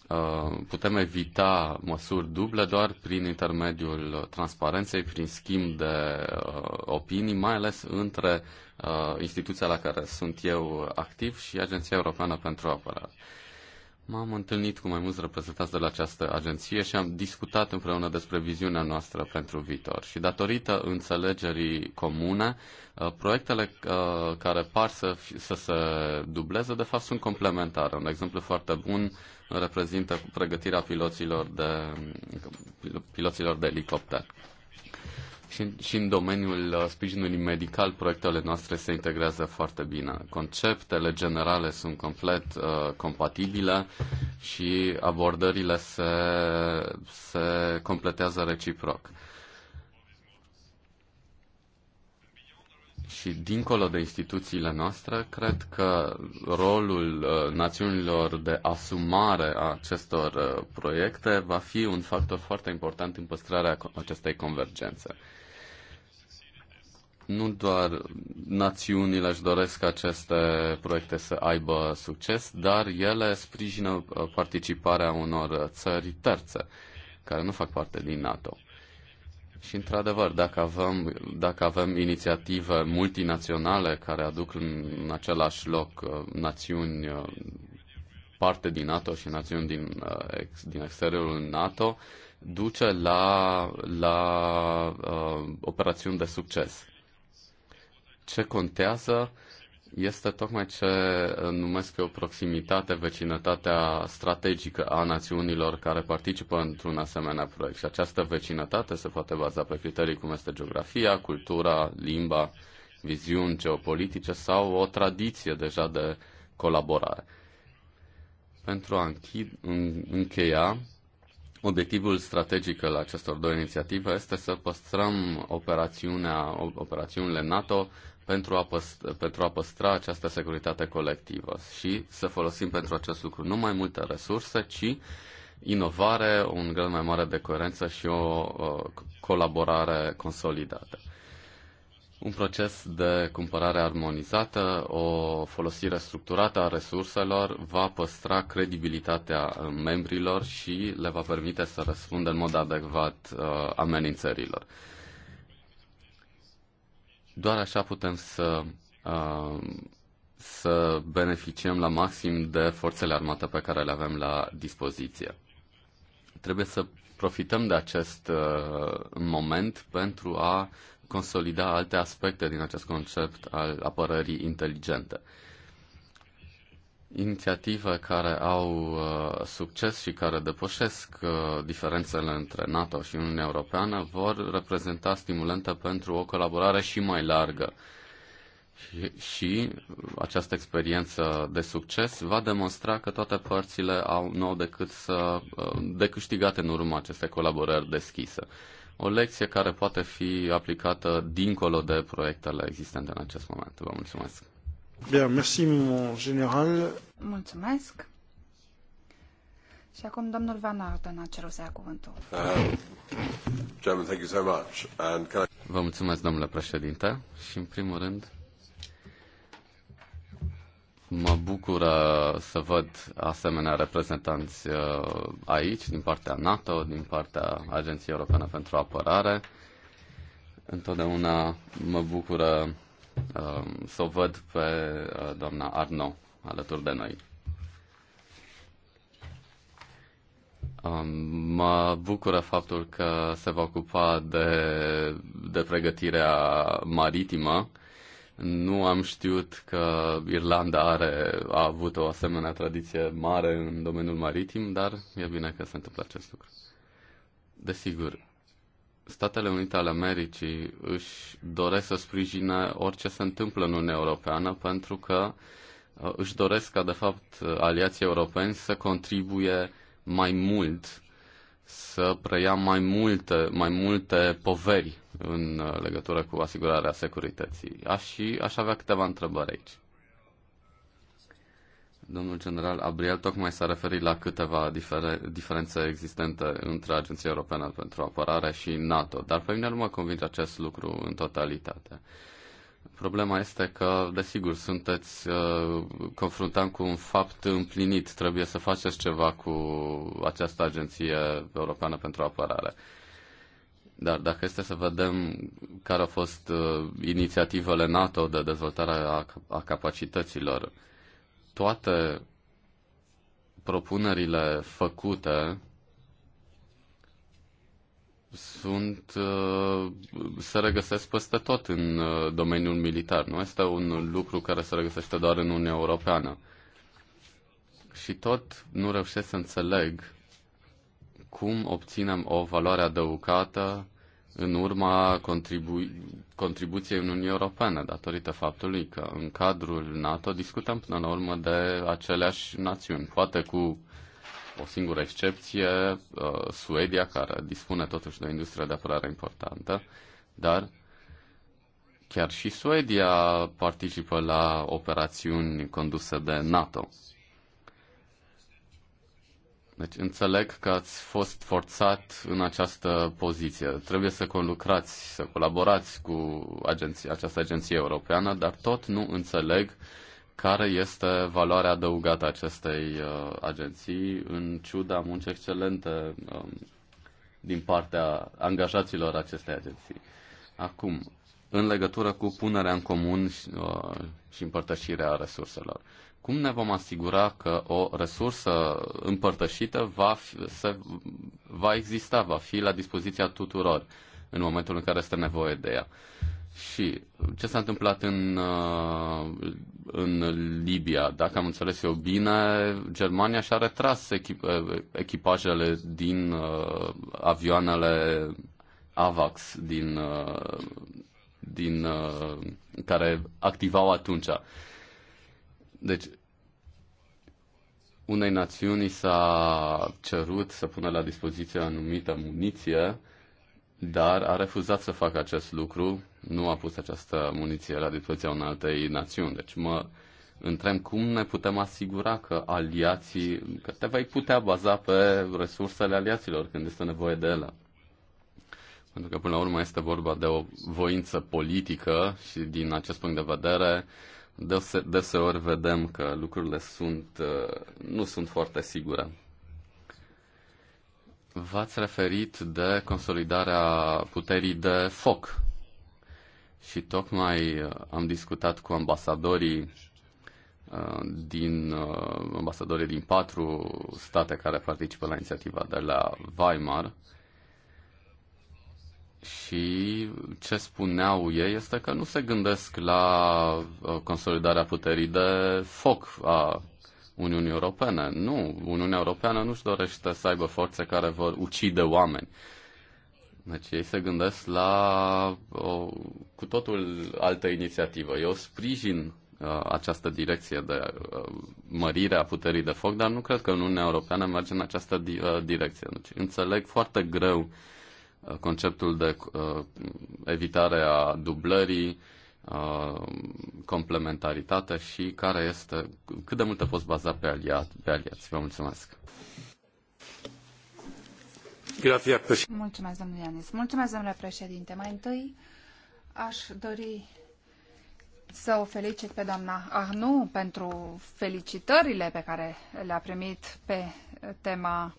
uh, putem evita măsuri duble doar prin intermediul transparenței, prin schimb de uh, opinii, mai ales între uh, instituția la care sunt eu activ și Agenția Europeană pentru Apărare. M-am întâlnit cu mai mulți reprezentanți de la această agenție și am discutat împreună despre viziunea noastră pentru viitor. Și datorită înțelegerii comune, uh, proiectele uh, care par să, să se dubleze, de fapt, sunt complementare. Un exemplu foarte bun reprezintă pregătirea piloților de, piloților de elicopter și, și în domeniul uh, sprijinului medical proiectele noastre se integrează foarte bine. Conceptele generale sunt complet uh, compatibile și abordările se, se completează reciproc. Și dincolo de instituțiile noastre, cred că rolul uh, națiunilor de asumare a acestor uh, proiecte va fi un factor foarte important în păstrarea acestei convergențe. Nu doar națiunile își doresc aceste proiecte să aibă succes, dar ele sprijină uh, participarea unor țări terțe care nu fac parte din NATO. Și într-adevăr, dacă avem, dacă avem inițiative multinaționale care aduc în același loc uh, națiuni uh, parte din NATO și națiuni din, din exteriorul NATO, duce la, la uh, operațiuni de succes. Ce contează este tocmai ce numesc eu proximitate, vecinătatea strategică a națiunilor care participă într-un asemenea proiect. Și această vecinătate se poate baza pe criterii cum este geografia, cultura, limba, viziuni geopolitice sau o tradiție deja de colaborare. Pentru a încheia, Obiectivul strategic al acestor două inițiative este să păstrăm operațiunea, operațiunile NATO pentru a, păstra, pentru a păstra această securitate colectivă și să folosim pentru acest lucru nu mai multe resurse, ci inovare, un grad mai mare de coerență și o uh, colaborare consolidată. Un proces de cumpărare armonizată, o folosire structurată a resurselor va păstra credibilitatea membrilor și le va permite să răspundă în mod adecvat uh, amenințărilor. Doar așa putem să, uh, să beneficiem la maxim de forțele armate pe care le avem la dispoziție. Trebuie să profităm de acest uh, moment pentru a consolida alte aspecte din acest concept al apărării inteligente inițiative care au uh, succes și care depășesc uh, diferențele între NATO și Uniunea Europeană vor reprezenta stimulente pentru o colaborare și mai largă. Și, și această experiență de succes va demonstra că toate părțile au, nou decât să, uh, de câștigat în urma acestei colaborări deschise. O lecție care poate fi aplicată dincolo de proiectele existente în acest moment. Vă mulțumesc! Mulțumesc. Și acum domnul Van Arden a cerut să ia cuvântul. Uh, Vă mulțumesc, domnule președinte, și în primul rând mă bucură să văd asemenea reprezentanți uh, aici, din partea NATO, din partea Agenției Europene pentru Apărare. Întotdeauna mă bucură Um, să o văd pe uh, doamna Arno alături de noi. Um, mă bucură faptul că se va ocupa de, de pregătirea maritimă. Nu am știut că Irlanda are, a avut o asemenea tradiție mare în domeniul maritim, dar e bine că se întâmplă acest lucru. Desigur, Statele Unite ale Americii își doresc să sprijine orice se întâmplă în Uniunea Europeană pentru că uh, își doresc ca, de fapt, uh, aliații europeni să contribuie mai mult, să preia mai multe, mai multe poveri în uh, legătură cu asigurarea securității. Aș, și, aș avea câteva întrebări aici. Domnul general Abriel tocmai s-a referit la câteva difere, diferențe existente între Agenția Europeană pentru Apărare și NATO, dar pe mine nu mă convinge acest lucru în totalitate. Problema este că, desigur, sunteți uh, confruntat cu un fapt împlinit, trebuie să faceți ceva cu această Agenție Europeană pentru Apărare. Dar dacă este să vedem care au fost uh, inițiativele NATO de dezvoltare a, a capacităților, uh, toate propunerile făcute sunt, uh, se regăsesc peste tot în uh, domeniul militar. Nu este un lucru care se regăsește doar în Uniunea Europeană. Și tot nu reușesc să înțeleg cum obținem o valoare adăugată în urma contribu- contribuției Uniunii Europene, datorită faptului că în cadrul NATO discutăm până la urmă de aceleași națiuni, poate cu o singură excepție, uh, Suedia, care dispune totuși de o industrie de apărare importantă, dar chiar și Suedia participă la operațiuni conduse de NATO. Deci înțeleg că ați fost forțat în această poziție. Trebuie să conlucrați, să colaborați cu agenția, această agenție europeană, dar tot nu înțeleg care este valoarea adăugată acestei uh, agenții în ciuda muncii excelente um, din partea angajaților acestei agenții. Acum, în legătură cu punerea în comun și, uh, și împărtășirea resurselor. Uh, cum ne vom asigura că o resursă împărtășită va, fi, se, va exista, va fi la dispoziția tuturor în momentul în care este nevoie de ea? Și ce s-a întâmplat în, uh, în Libia? Dacă am înțeles eu bine, Germania și-a retras echip- echipajele din uh, avioanele AVAX din, uh, din, care activau atunci. Deci, unei națiuni s-a cerut să pună la dispoziție anumită muniție, dar a refuzat să facă acest lucru, nu a pus această muniție la dispoziția unei altei națiuni. Deci mă întreb cum ne putem asigura că aliații, că te vei putea baza pe resursele aliaților când este nevoie de ele. Pentru că până la urmă este vorba de o voință politică și din acest punct de vedere Dese, deseori vedem că lucrurile sunt, uh, nu sunt foarte sigure. V-ați referit de consolidarea puterii de foc și tocmai uh, am discutat cu ambasadorii uh, din ambasadorii din patru state care participă la inițiativa de la Weimar și ce spuneau ei este că nu se gândesc la uh, consolidarea puterii de foc a Uniunii Europene. Nu, Uniunea Europeană nu-și dorește să aibă forțe care vor ucide oameni. Deci ei se gândesc la o, cu totul altă inițiativă. Eu sprijin uh, această direcție de uh, mărire a puterii de foc, dar nu cred că Uniunea Europeană merge în această direcție. Deci înțeleg foarte greu conceptul de uh, evitare a dublării, uh, complementaritate și care este, cât de mult te poți baza pe, aliat, pe aliați. Vă mulțumesc! Mulțumesc, domnule Ianis. Mulțumesc, domnule președinte. Mai întâi aș dori să o felicit pe doamna Arnu pentru felicitările pe care le-a primit pe tema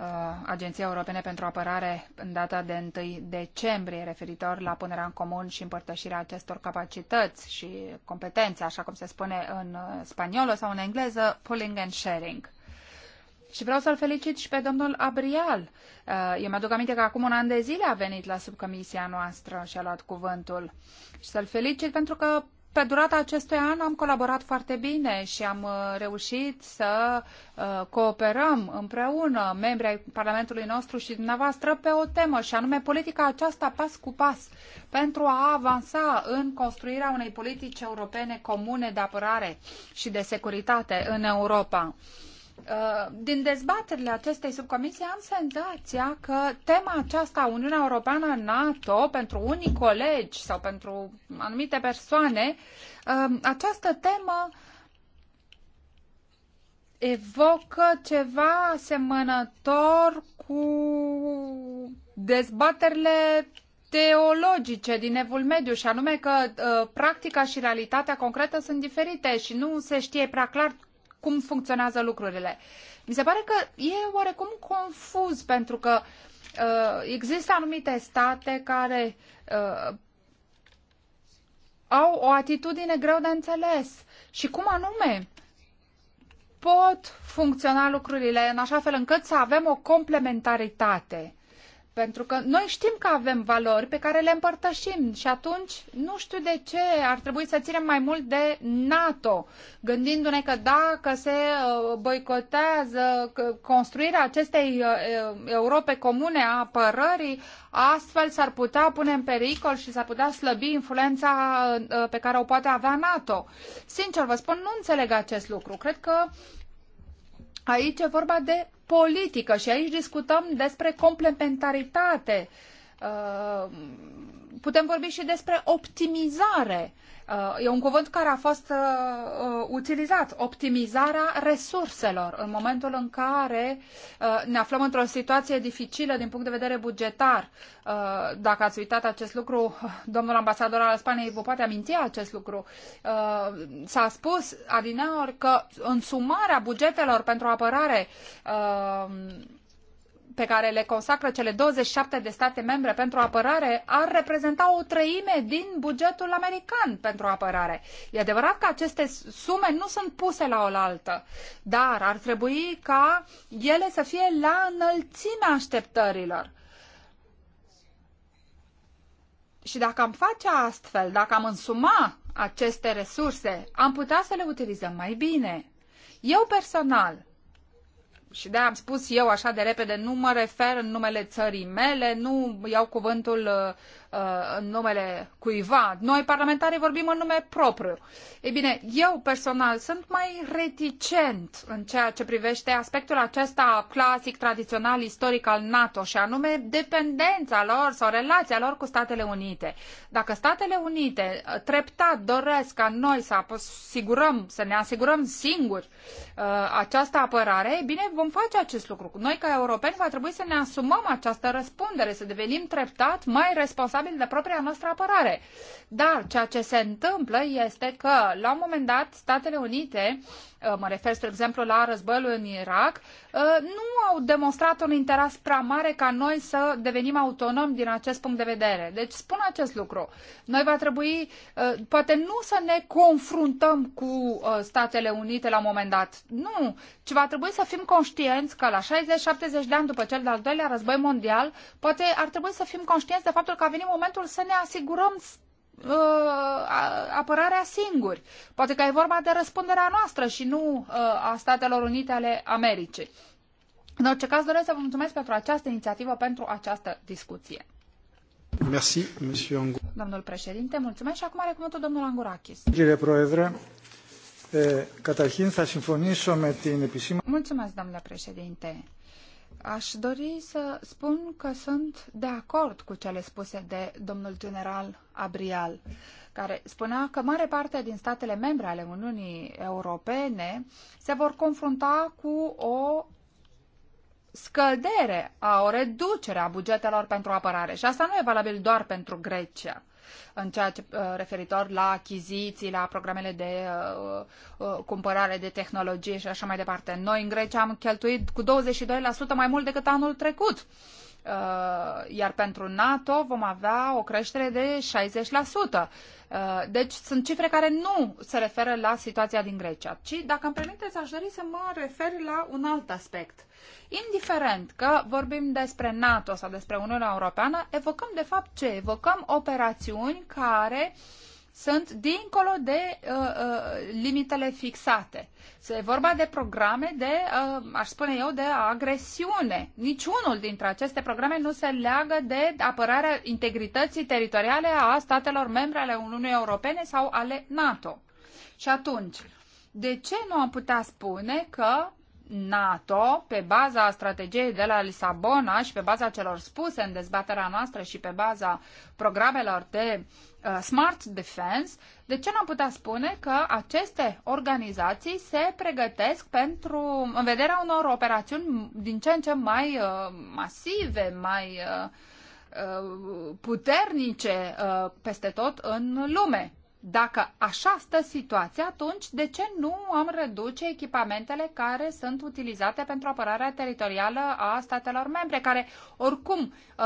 Uh, Agenția Europene pentru Apărare în data de 1 decembrie referitor la punerea în comun și împărtășirea acestor capacități și competențe, așa cum se spune în uh, spaniolă sau în engleză, pooling and sharing. Și vreau să-l felicit și pe domnul Abrial. Uh, eu mi-aduc aminte că acum un an de zile a venit la subcomisia noastră și a luat cuvântul. Și să-l felicit pentru că pe durata acestui an am colaborat foarte bine și am uh, reușit să uh, cooperăm împreună, membri ai Parlamentului nostru și dumneavoastră, pe o temă, și anume politica aceasta pas cu pas, pentru a avansa în construirea unei politici europene comune de apărare și de securitate în Europa. Uh, din dezbaterile acestei subcomisii am senzația că tema aceasta, Uniunea Europeană-NATO, pentru unii colegi sau pentru anumite persoane, uh, această temă evocă ceva asemănător cu dezbaterile teologice din Evul Mediu, și anume că uh, practica și realitatea concretă sunt diferite și nu se știe prea clar cum funcționează lucrurile. Mi se pare că e oarecum confuz pentru că uh, există anumite state care uh, au o atitudine greu de înțeles și cum anume pot funcționa lucrurile în așa fel încât să avem o complementaritate. Pentru că noi știm că avem valori pe care le împărtășim și atunci nu știu de ce ar trebui să ținem mai mult de NATO, gândindu-ne că dacă se uh, boicotează construirea acestei uh, uh, Europe comune a apărării, astfel s-ar putea pune în pericol și s-ar putea slăbi influența pe care o poate avea NATO. Sincer vă spun, nu înțeleg acest lucru. Cred că uh, Aici e vorba de politică și aici discutăm despre complementaritate Uh, putem vorbi și despre optimizare. Uh, e un cuvânt care a fost uh, utilizat, optimizarea resurselor. În momentul în care ne aflăm într-o situație dificilă din punct de vedere bugetar, dacă ați uitat acest lucru, domnul ambasador al Spaniei vă poate aminti acest lucru, s-a spus adineori că însumarea bugetelor pentru apărare pe care le consacră cele 27 de state membre pentru apărare ar reprezenta o treime din bugetul american pentru apărare. E adevărat că aceste sume nu sunt puse la oaltă, dar ar trebui ca ele să fie la înălțimea așteptărilor. Și dacă am face astfel, dacă am însuma aceste resurse, am putea să le utilizăm mai bine. Eu personal și de am spus eu așa de repede, nu mă refer în numele țării mele, nu iau cuvântul Uh, în numele cuiva. Noi, parlamentarii, vorbim în nume propriu. Ei bine, eu personal sunt mai reticent în ceea ce privește aspectul acesta clasic, tradițional, istoric al NATO și anume dependența lor sau relația lor cu Statele Unite. Dacă Statele Unite uh, treptat doresc ca noi să asigurăm, să ne asigurăm singuri uh, această apărare, ei bine, vom face acest lucru. Noi, ca europeni, va trebui să ne asumăm această răspundere, să devenim treptat mai responsabili responsabili de propria noastră apărare. Dar ceea ce se întâmplă este că, la un moment dat, Statele Unite Uh, mă refer, spre exemplu, la războiul în Irak, uh, nu au demonstrat un interes prea mare ca noi să devenim autonomi din acest punct de vedere. Deci spun acest lucru. Noi va trebui, uh, poate nu să ne confruntăm cu Statele Unite la un moment dat. Nu, ci va trebui să fim conștienți că la 60-70 de ani după cel de-al doilea război mondial, poate ar trebui să fim conștienți de faptul că a venit momentul să ne asigurăm Uh, apărarea singuri. Poate că e vorba de răspunderea noastră și nu uh, a Statelor Unite ale Americii. În orice caz, doresc să vă mulțumesc pentru această inițiativă, pentru această discuție. Merci, monsieur Domnul președinte, mulțumesc și acum are cuvântul domnul Angurakis. Mulțumesc, domnule președinte. Aș dori să spun că sunt de acord cu cele spuse de domnul general Abrial, care spunea că mare parte din statele membre ale Uniunii Europene se vor confrunta cu o scădere, a o reducere a bugetelor pentru apărare. Și asta nu e valabil doar pentru Grecia în ceea ce uh, referitor la achiziții, la programele de uh, uh, cumpărare de tehnologie și așa mai departe. Noi în Grecia am cheltuit cu 22% mai mult decât anul trecut. Uh, iar pentru NATO vom avea o creștere de 60%. Uh, deci sunt cifre care nu se referă la situația din Grecia, ci, dacă îmi permiteți, aș dori să mă refer la un alt aspect. Indiferent că vorbim despre NATO sau despre Uniunea Europeană, evocăm de fapt ce? Evocăm operațiuni care uh, sunt dincolo de uh, uh, limitele fixate. Se e vorba de programe de, uh, aș spune eu, de agresiune. Niciunul dintre aceste programe nu se leagă de apărarea integrității teritoriale a statelor membre ale Uniunii Europene sau ale NATO. Și atunci, de ce nu am putea spune că NATO, pe baza strategiei de la Lisabona și pe baza celor spuse în dezbaterea noastră și pe baza programelor de Uh, smart Defense, de ce n-am putea spune că aceste organizații se pregătesc pentru, în vederea unor operațiuni din ce în ce mai uh, masive, mai uh, puternice peste tot în lume? Dacă așa stă situația, atunci de ce nu am reduce echipamentele care sunt utilizate pentru apărarea teritorială a statelor membre, care oricum uh,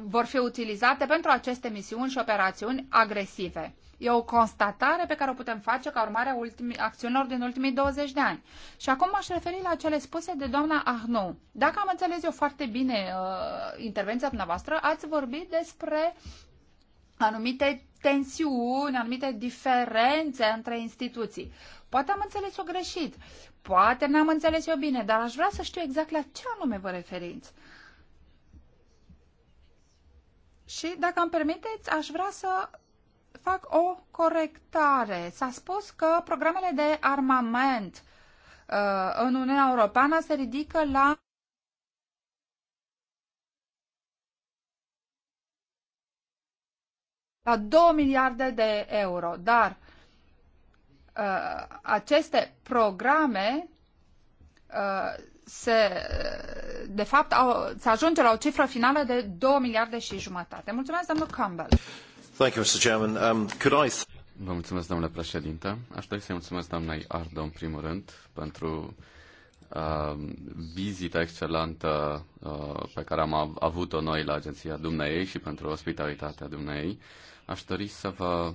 vor fi utilizate pentru aceste misiuni și operațiuni agresive? E o constatare pe care o putem face ca urmare a ultimii, acțiunilor din ultimii 20 de ani. Și acum m-aș referi la cele spuse de doamna Arnou. Dacă am înțeles eu foarte bine uh, intervenția dumneavoastră, ați vorbit despre anumite tensiuni, anumite diferențe între instituții. Poate am înțeles-o greșit, poate n-am înțeles eu bine, dar aș vrea să știu exact la ce anume vă referiți. Și, dacă îmi permiteți, aș vrea să fac o corectare. S-a spus că programele de armament uh, în Uniunea Europeană se ridică la la 2 miliarde de euro, dar uh, aceste programe uh, se, de fapt au, se ajunge la o cifră finală de 2 miliarde și jumătate. Mulțumesc, domnul Campbell. Thank you, Mr. Chairman. Um, could I... Vă mulțumesc, domnule președinte. Aș dori să-i mulțumesc doamnei Ardo, în primul rând, pentru Uh, vizită excelentă uh, pe care am avut-o noi la agenția dumneei și pentru ospitalitatea dumneei, aș dori să vă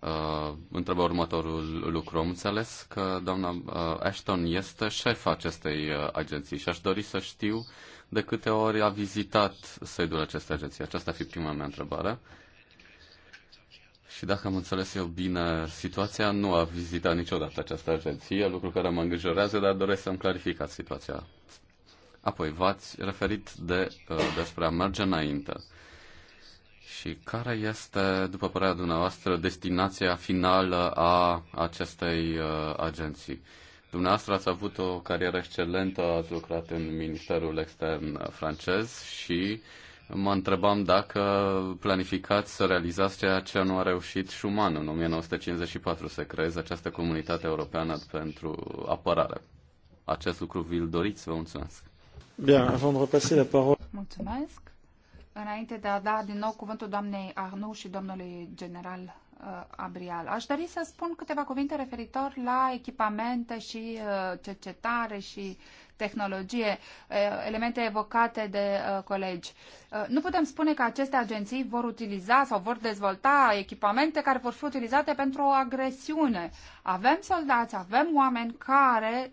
uh, întreb următorul lucru. Am înțeles că doamna uh, Ashton este șefa acestei uh, agenții și aș dori să știu de câte ori a vizitat sediul acestei agenții. Aceasta ar fi prima mea întrebare. Uh, și dacă am înțeles eu bine situația, nu a vizitat niciodată această agenție, lucru care mă îngrijorează, dar doresc să-mi clarificat situația. Apoi, v-ați referit de, uh, despre a merge înainte. Și care este, după părerea dumneavoastră, destinația finală a acestei uh, agenții? Dumneavoastră ați avut o carieră excelentă, ați lucrat în Ministerul Extern francez și uh, mă întrebam dacă planificați să realizați ceea ce nu a reușit Schuman în 1954 să creeze această comunitate europeană pentru apărare. Acest lucru vi-l doriți? Vă mulțumesc. Bien, avant de repasser la parole. Mulțumesc. Înainte de a da din nou cuvântul doamnei Arnou și domnului general uh, Abrial. Aș dori să spun câteva cuvinte referitor la echipamente și uh, cercetare și uh, tehnologie, elemente evocate de colegi. Nu putem spune că aceste agenții vor utiliza sau vor dezvolta echipamente care vor fi utilizate pentru o agresiune. Avem soldați, avem oameni care,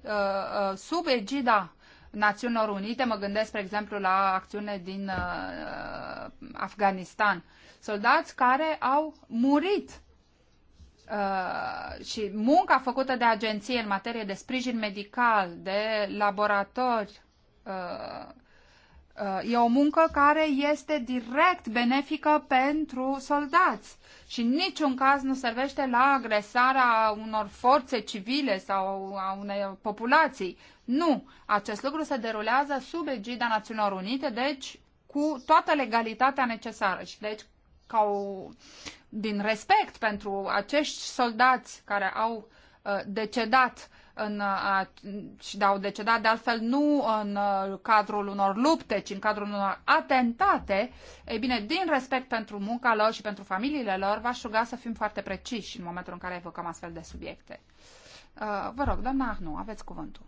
sub egida Națiunilor Unite, mă gândesc, spre exemplu, la acțiune din Afganistan, soldați care au murit Uh, și munca făcută de agenție în materie de sprijin medical, de laboratori, uh, uh, e o muncă care este direct benefică pentru soldați și în niciun caz nu servește la agresarea unor forțe civile sau a unei populații. Nu, acest lucru se derulează sub egida Națiunilor Unite, deci cu toată legalitatea necesară. Și deci, ca o din respect pentru acești soldați care au uh, decedat în, uh, și au decedat de altfel nu în uh, cadrul unor lupte, ci în cadrul unor atentate, ei bine, din respect pentru munca lor și pentru familiile lor, v-aș ruga să fim foarte preciși în momentul în care evocăm astfel de subiecte. Vă rog, doamna Arnu, aveți cuvântul.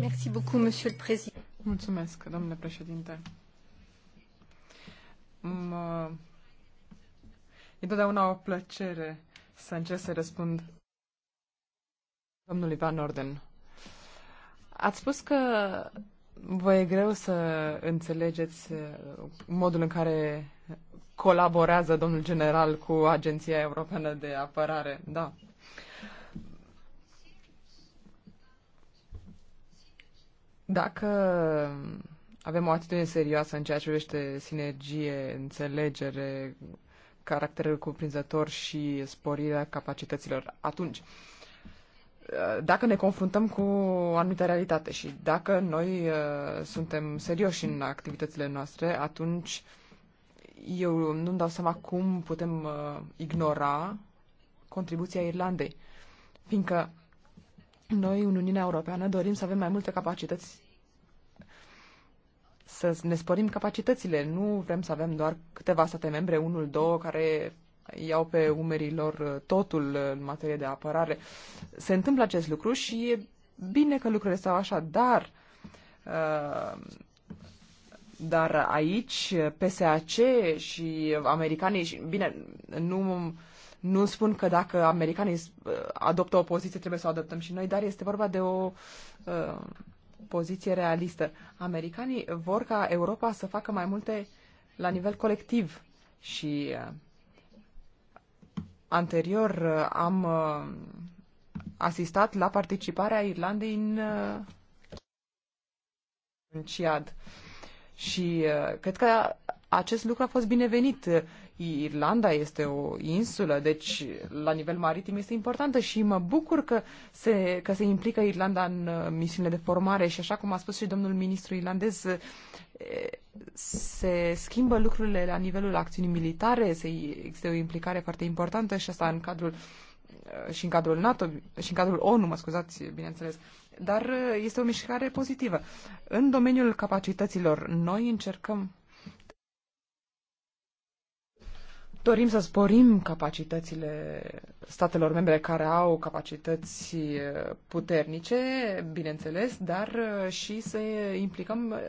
Merci beaucoup, monsieur le président. Mulțumesc, domnule președinte totdeauna o plăcere să încerc să răspund domnului Van Orden. Ați spus că vă e greu să înțelegeți uh, modul în care colaborează domnul general cu Agenția Europeană de Apărare. Da. Dacă avem o atitudine serioasă în ceea ce privește sinergie, înțelegere, caracterul cuprinzător și sporirea capacităților. Atunci, dacă ne confruntăm cu o anumită realitate și dacă noi uh, suntem serioși în activitățile noastre, atunci eu nu-mi dau seama cum putem uh, ignora contribuția Irlandei. Fiindcă noi, în Uniunea Europeană, dorim să avem mai multe capacități să ne sporim capacitățile. Nu vrem să avem doar câteva state membre, unul, două, care iau pe umerii lor totul în materie de apărare. Se întâmplă acest lucru și e bine că lucrurile stau așa, dar uh, dar aici PSAC și americanii, și, bine, nu, nu spun că dacă americanii uh, adoptă o poziție trebuie să o adoptăm și noi, dar este vorba de o uh, poziție realistă. Americanii vor ca Europa să facă mai multe la nivel colectiv și uh, anterior uh, am uh, asistat la participarea Irlandei în, în CIAD. Și cred că acest lucru a fost binevenit. Irlanda este o insulă, deci la nivel maritim este importantă și mă bucur că se, că se implică Irlanda în uh, misiunile de formare și așa cum a spus și domnul ministru irlandez, uh, se schimbă lucrurile la nivelul acțiunii militare, se, există o implicare foarte importantă și asta în cadrul uh, și în cadrul NATO și în cadrul ONU, mă scuzați, bineînțeles, dar este o mișcare pozitivă. În domeniul capacităților, noi încercăm Dorim să sporim capacitățile statelor membre care au capacități puternice, bineînțeles, dar și să implicăm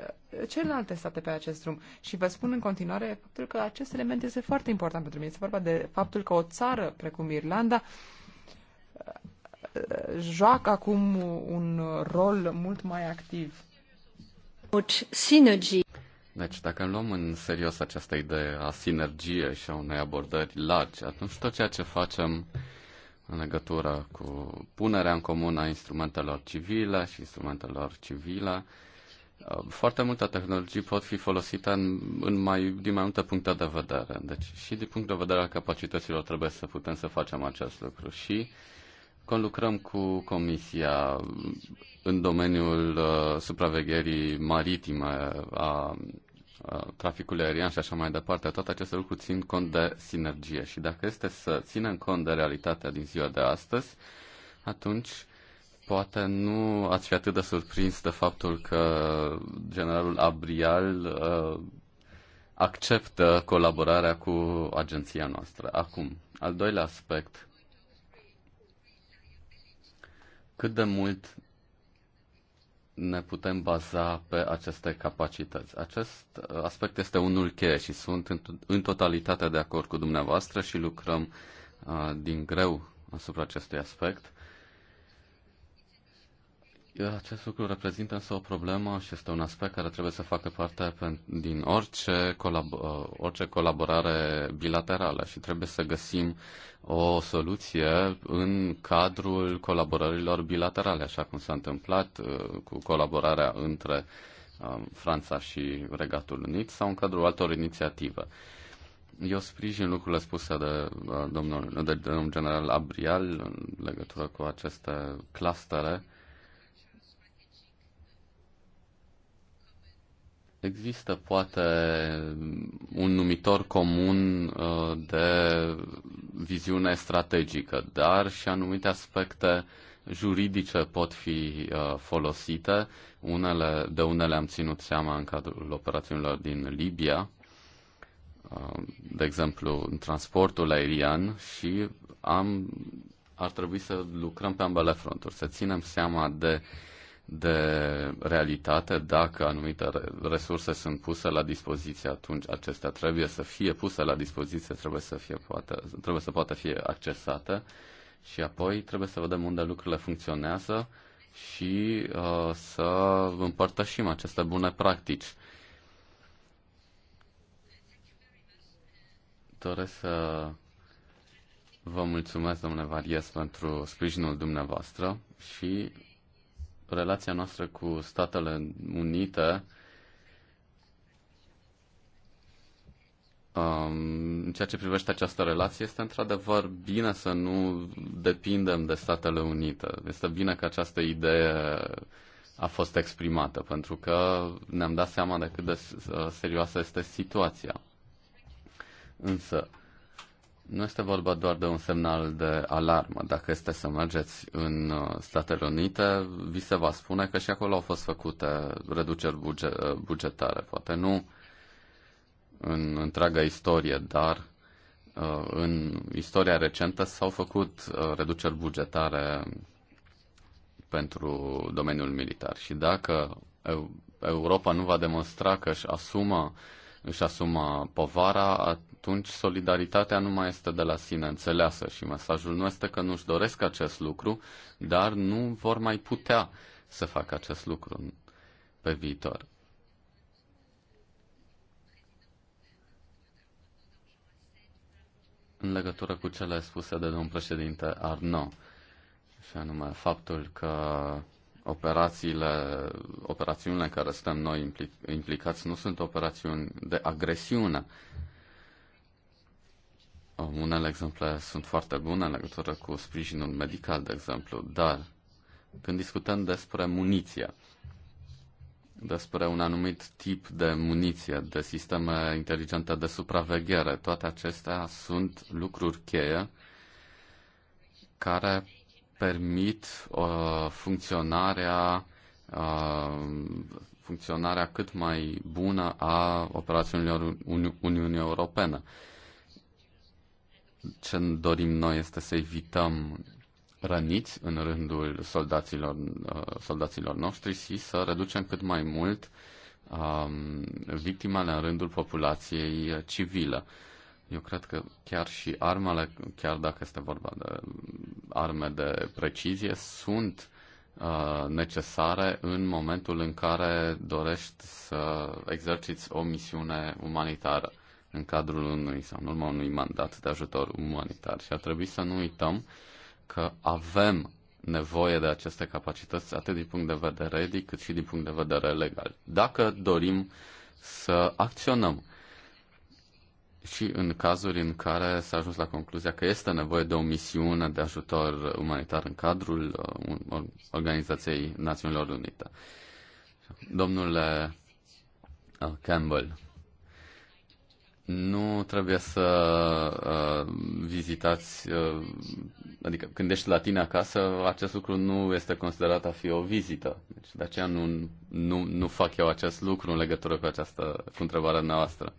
celelalte state pe acest drum. Și vă spun în continuare faptul că acest element este foarte important pentru mine. Este vorba de faptul că o țară precum Irlanda joacă acum un rol mult mai activ. Synergy. Deci, dacă luăm în serios această idee a sinergie și a unei abordări largi, atunci tot ceea ce facem în legătură cu punerea în comun a instrumentelor civile și instrumentelor civile, uh, foarte multe tehnologii pot fi folosite în, în mai, din mai multe puncte de vedere. Deci și din punct de vedere al capacităților trebuie să putem să facem acest lucru. Și uh, Conlucrăm cu Comisia în domeniul uh, supravegherii maritime a traficului aerian și așa mai departe, toate aceste lucruri țin cont de sinergie și dacă este să ținem cont de realitatea din ziua de astăzi, atunci poate nu ați fi atât de surprins de faptul că generalul Abrial uh, acceptă colaborarea cu agenția noastră. Acum, al doilea aspect cât de mult ne putem baza pe aceste capacități. Acest uh, aspect este unul cheie și sunt în totalitate de acord cu dumneavoastră și lucrăm uh, din greu asupra acestui aspect. Acest lucru reprezintă însă o problemă și este un aspect care trebuie să facă parte din orice, colab- uh, orice colaborare bilaterală și trebuie să găsim o soluție în cadrul colaborărilor bilaterale, așa cum s-a întâmplat uh, cu colaborarea între um, Franța și Regatul Unit sau în cadrul altor inițiative. Eu sprijin lucrurile spuse de uh, domnul, de domnul general Abrial în legătură cu aceste clustere Există poate un numitor comun uh, de viziune strategică, dar și anumite aspecte juridice pot fi uh, folosite. Unele, de unele am ținut seama în cadrul operațiunilor din Libia, uh, de exemplu, în transportul aerian și am, ar trebui să lucrăm pe ambele fronturi, să ținem seama de uh, de realitate. Dacă anumite resurse sunt puse la dispoziție, atunci acestea trebuie să fie puse la dispoziție, trebuie să, fie poate trebuie să poată fi accesate și apoi trebuie să vedem unde lucrurile funcționează și uh, să împărtășim aceste bune practici. Doresc să vă mulțumesc, domnule Varies, pentru sprijinul dumneavoastră și relația noastră cu Statele Unite um, în ceea ce privește această relație, este într-adevăr bine să nu depindem de Statele Unite. Este bine că această idee a fost exprimată, pentru că ne-am dat seama de cât de uh, serioasă este situația. Însă, nu este vorba doar de un semnal de alarmă. Dacă este să mergeți în uh, Statele Unite, vi se va spune că și acolo au fost făcute reduceri uh, bugetare. Poate nu în întreaga istorie, dar uh, în istoria recentă s-au făcut reduceri bugetare pentru domeniul militar. Și dacă Europa nu va demonstra că își asumă uh, își asuma povara, atunci solidaritatea nu mai este de la sine înțeleasă și mesajul nu este că nu-și doresc acest lucru, dar nu vor mai putea să facă acest lucru pe viitor. În legătură cu cele spuse de domnul președinte Arnaud, și anume faptul că operațiile, operațiunile în care suntem noi implicați nu sunt operațiuni de agresiune. Unele exemple sunt foarte bune în legătură cu sprijinul medical, de exemplu, dar când discutăm despre muniție, despre un anumit tip de muniție, de sisteme inteligente de supraveghere, toate acestea sunt lucruri cheie care permit uh, funcționarea uh, funcționarea cât mai bună a operațiunilor Uni- Uniunii Europene. Ce dorim noi este să evităm răniți în rândul soldaților, uh, soldaților noștri și să reducem cât mai mult um, victimele în rândul populației civile. Uh, eu cred că chiar și armele, chiar dacă este vorba de arme de precizie, sunt uh, necesare în momentul în care dorești să exerciți o misiune umanitară în cadrul unui sau în urma unui mandat de ajutor umanitar. Și ar trebui să nu uităm că avem nevoie de aceste capacități atât din punct de vedere etic cât și din punct de vedere legal. Dacă dorim să acționăm și în cazuri în care s-a ajuns la concluzia că este nevoie de o misiune de ajutor umanitar în cadrul uh, Organizației Națiunilor Unite. Domnule uh, Campbell, nu trebuie să uh, vizitați, adică când ești la tine acasă, acest lucru nu este considerat a fi o vizită. Deci de aceea nu, nu, nu fac eu acest lucru în legătură cu această cu întrebarea noastră.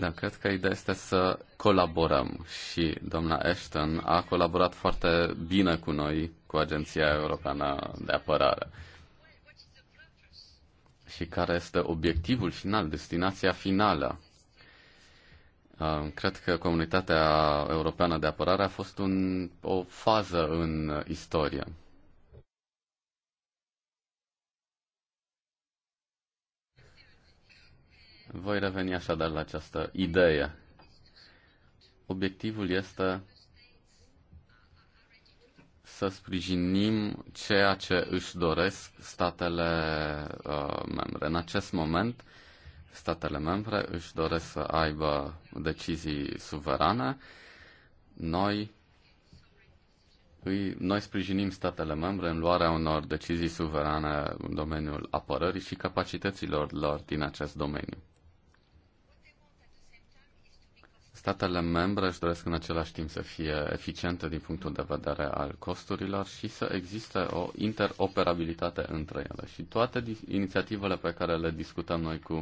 Da, cred că ideea este să colaborăm și doamna Ashton a colaborat foarte bine cu noi, cu Agenția Europeană de Apărare. Și care este obiectivul final, destinația finală? Uh, cred că comunitatea europeană de apărare a fost un, o fază în istorie Voi reveni așadar la această idee. Obiectivul este să sprijinim ceea ce își doresc statele uh, membre. În acest moment, statele membre își doresc să aibă decizii suverane. Noi, îi, noi sprijinim statele membre în luarea unor decizii suverane în domeniul apărării și capacităților lor din acest domeniu. Statele membre își doresc în același timp să fie eficiente din punctul de vedere al costurilor și să existe o interoperabilitate între ele. Și toate inițiativele pe care le discutăm noi cu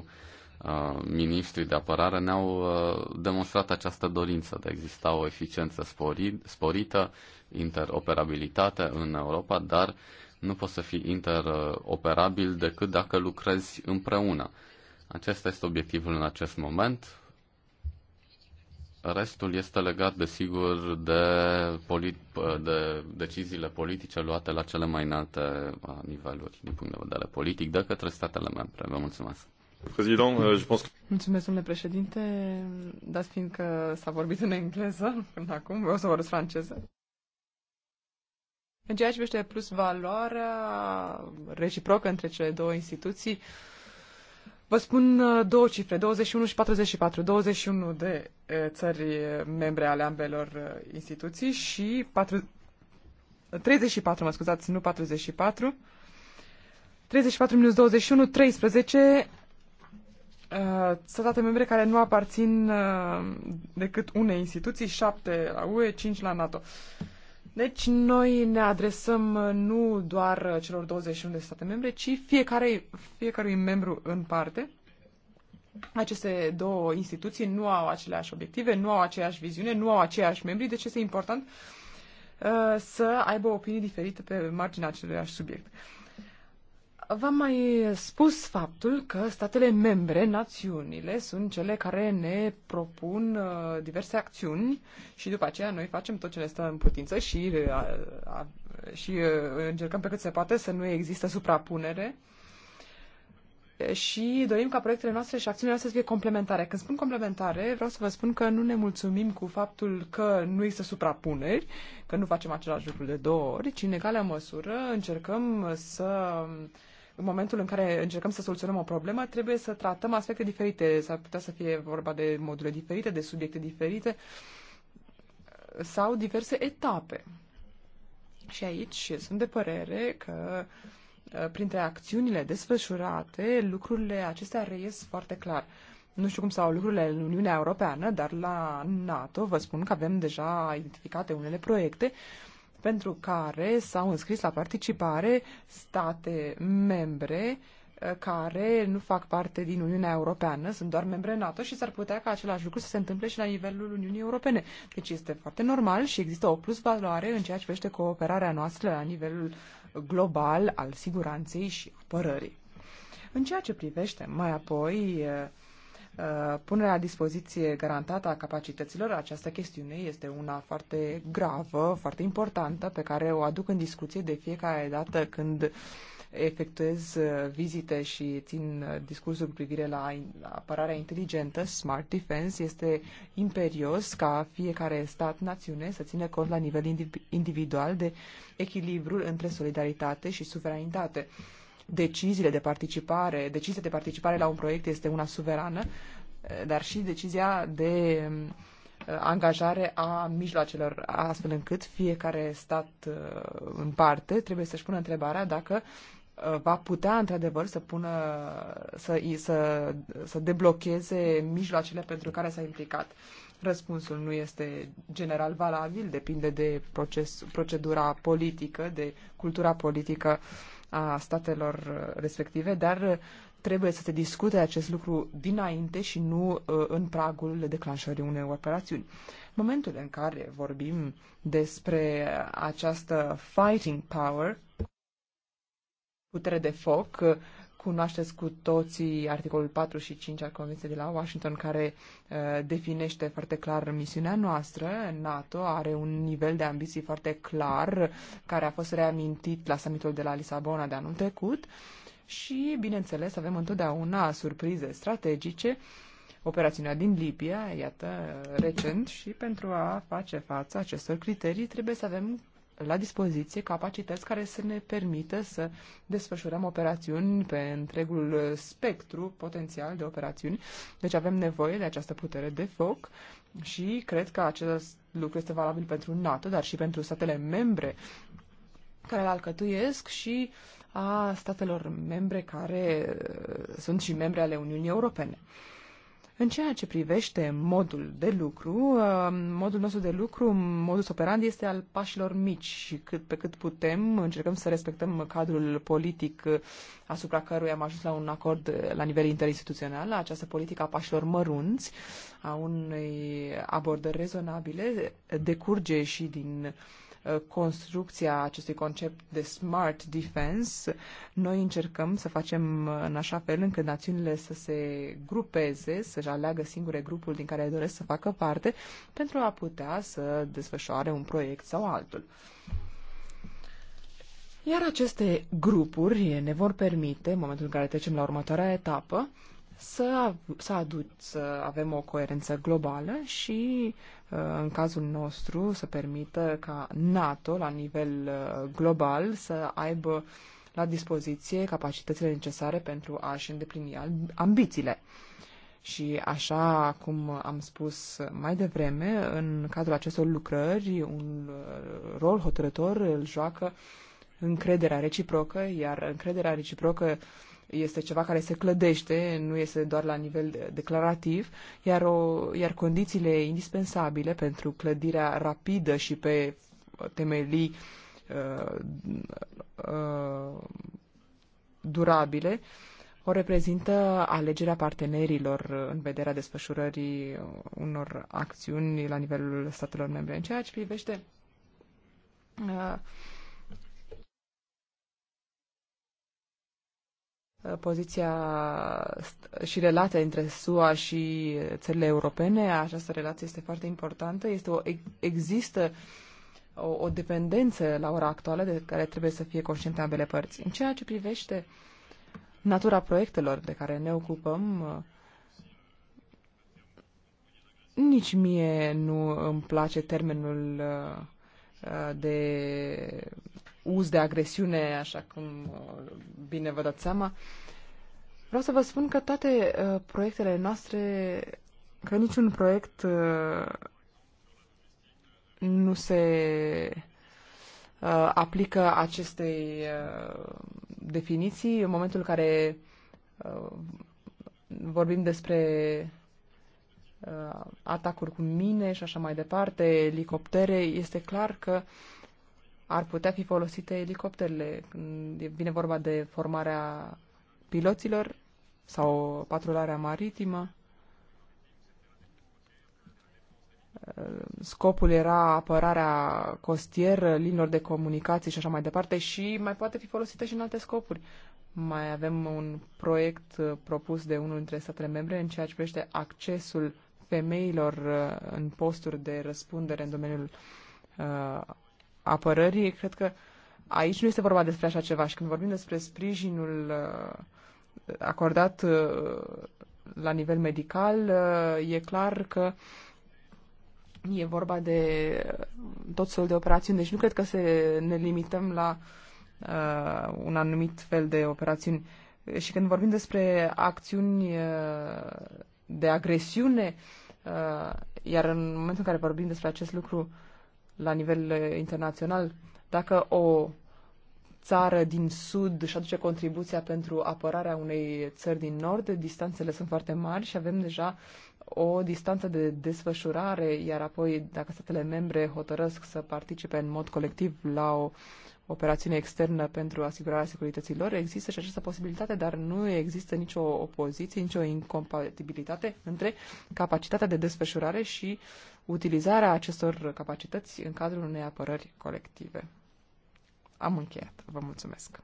uh, ministrii de apărare ne-au uh, demonstrat această dorință de a exista o eficiență sporid, sporită, interoperabilitate în Europa, dar nu poți să fii interoperabil decât dacă lucrezi împreună. Acesta este obiectivul în acest moment Restul este legat, desigur, de, polit- de deciziile politice luate la cele mai înalte niveluri, din punct de vedere politic, de către statele membre. Vă mulțumesc. Président, uh, je pense que... Mulțumesc, domnule președinte, dar fiindcă s-a vorbit în engleză până acum, vreau să vorbesc franceză. În ceea ce privește plus valoarea reciprocă între cele două instituții, Vă spun uh, două cifre, 21 și 44. 21 de uh, țări uh, membre ale ambelor instituții și 4, 34, mă scuzați, nu 44. 34 minus 21, 13 uh, state membre care nu aparțin uh, decât unei instituții, 7 la UE, 5 la NATO. Uh, deci noi ne adresăm uh, nu doar uh, celor 21 de state membre, ci fiecare, fiecărui membru în parte. Aceste două instituții nu au aceleași obiective, nu au aceeași viziune, nu au aceiași membri, deci este important uh, să aibă opinii diferite pe marginea acelui subiect. Uh, V-am mai spus faptul că statele membre, națiunile, sunt cele care ne propun uh, diverse acțiuni și după aceea noi facem tot ce ne stă în putință și, uh, uh, și uh, încercăm pe cât se poate să nu există suprapunere și dorim ca proiectele noastre și acțiunile noastre să fie complementare. Când spun complementare, vreau să vă spun că nu ne mulțumim cu faptul că nu există suprapuneri, că nu facem același lucru de două ori, ci în egală măsură încercăm să uh, în momentul în care încercăm să soluționăm o problemă, trebuie să tratăm aspecte diferite. S-ar putea să fie vorba de module diferite, de subiecte diferite sau diverse etape. Și aici sunt de părere că uh, printre acțiunile desfășurate, lucrurile acestea reies foarte clar. Nu știu cum stau lucrurile în Uniunea Europeană, dar la NATO vă spun că avem deja identificate unele proiecte uh, pentru care s-au înscris la participare state membre uh, care nu fac parte din Uniunea Europeană, sunt doar membre NATO și s-ar putea ca același lucru să se întâmple și la nivelul Uniunii Europene. Deci este foarte normal și există o plus valoare în ceea ce privește cooperarea noastră la nivelul global al siguranței și apărării. În ceea ce privește mai apoi uh, Uh, punerea la dispoziție garantată a capacităților, această chestiune este una foarte gravă, foarte importantă, pe care o aduc în discuție de fiecare dată când efectuez uh, vizite și țin uh, discursuri cu privire la apărarea inteligentă, smart defense, este imperios ca fiecare stat-națiune să țină cont la nivel individual de echilibrul între solidaritate și suveranitate deciziile de participare, decizia de participare la un proiect este una suverană, dar și decizia de uh, angajare a mijloacelor, astfel încât fiecare stat uh, în parte trebuie să-și pună întrebarea dacă uh, va putea într-adevăr să pună, să, să, să deblocheze mijloacele pentru care s-a implicat. Răspunsul nu este general valabil, depinde de proces, procedura politică, de cultura politică uh, a statelor respective, dar uh, trebuie să se discute acest lucru dinainte și nu uh, în pragul declanșării unei operațiuni. Momentul în care vorbim despre această fighting power, putere de foc, uh, Cunoașteți cu toții articolul 4 și 5 al Convenției de la Washington, care uh, definește foarte clar misiunea noastră. NATO are un nivel de ambiții foarte clar, care a fost reamintit la summitul de la Lisabona de anul trecut. Și, bineînțeles, avem întotdeauna surprize strategice operațiunea din Libia, iată, recent, și pentru a face față acestor criterii trebuie să avem la dispoziție capacități care să ne permită să desfășurăm operațiuni pe întregul spectru potențial de operațiuni. Deci avem nevoie de această putere de foc și cred că acest lucru este valabil pentru NATO, dar și pentru statele membre care îl alcătuiesc și a statelor membre care uh, sunt și membre ale Uniunii Europene. În ceea ce privește modul de lucru, uh, modul nostru de lucru, modul operandi este al pașilor mici și cât pe cât putem încercăm să respectăm cadrul politic uh, asupra căruia am ajuns la un acord uh, la nivel interinstituțional, la această politică a pașilor mărunți, a unei abordări rezonabile, decurge și din uh, construcția acestui concept de smart defense, noi încercăm să facem în așa fel încât națiunile să se grupeze, să-și aleagă singure grupul din care doresc să facă parte, pentru a putea să desfășoare un proiect sau altul. Iar aceste grupuri ne vor permite, în momentul în care trecem la următoarea etapă, să, să, aduc, să avem o coerență globală și, uh, în cazul nostru, să permită ca NATO, la nivel uh, global, să aibă la dispoziție capacitățile necesare pentru a-și îndeplini ambițiile. Și așa cum am spus mai devreme, în cadrul acestor lucrări, un uh, rol hotărător îl joacă încrederea reciprocă, iar încrederea reciprocă uh, este ceva care se clădește, nu este doar la nivel declarativ, iar, o, iar condițiile indispensabile pentru clădirea rapidă și pe temelii uh, uh, durabile o reprezintă alegerea partenerilor în vederea desfășurării unor acțiuni la nivelul statelor membre. În ceea ce privește uh, Uh, poziția și relația între SUA și țările europene. Această relație este foarte importantă. Este o, există o, o dependență la ora actuală de care trebuie să fie conștiente ambele părți. În ceea ce privește natura proiectelor de care ne ocupăm, uh, nici mie nu îmi place termenul uh, de uz de agresiune, așa cum uh, bine vă dați seama. Vreau să vă spun că toate uh, proiectele noastre, că niciun proiect uh, nu se uh, aplică acestei uh, definiții. În momentul în care uh, vorbim despre uh, atacuri cu mine și așa mai departe, elicoptere, este clar că uh, ar putea fi folosite elicopterele. Când vine vorba de formarea piloților sau patrularea maritimă, scopul era apărarea costieră, linilor de comunicații și așa mai departe și mai poate fi folosită și în alte scopuri. Mai avem un proiect uh, propus de unul dintre statele membre în ceea ce privește accesul femeilor uh, în posturi de răspundere în domeniul uh, apărării, cred că aici nu este vorba despre așa ceva. Și când vorbim despre sprijinul uh, acordat uh, la nivel medical, uh, e clar că e vorba de tot felul de operațiuni. Deci nu cred că se, ne limităm la uh, un anumit fel de operațiuni. Și când vorbim despre acțiuni uh, de agresiune, uh, iar în momentul în care vorbim despre acest lucru, uh, la nivel eh, internațional, dacă o țară din sud își aduce contribuția pentru apărarea unei țări din nord, distanțele sunt foarte mari și avem deja o distanță de desfășurare, iar apoi dacă statele membre hotărăsc să participe în mod colectiv la o operațiune externă pentru asigurarea securității lor, există și această posibilitate, dar nu există nicio opoziție, nicio incompatibilitate între capacitatea de desfășurare și utilizarea acestor capacități în cadrul unei apărări colective. Am încheiat. Vă mulțumesc.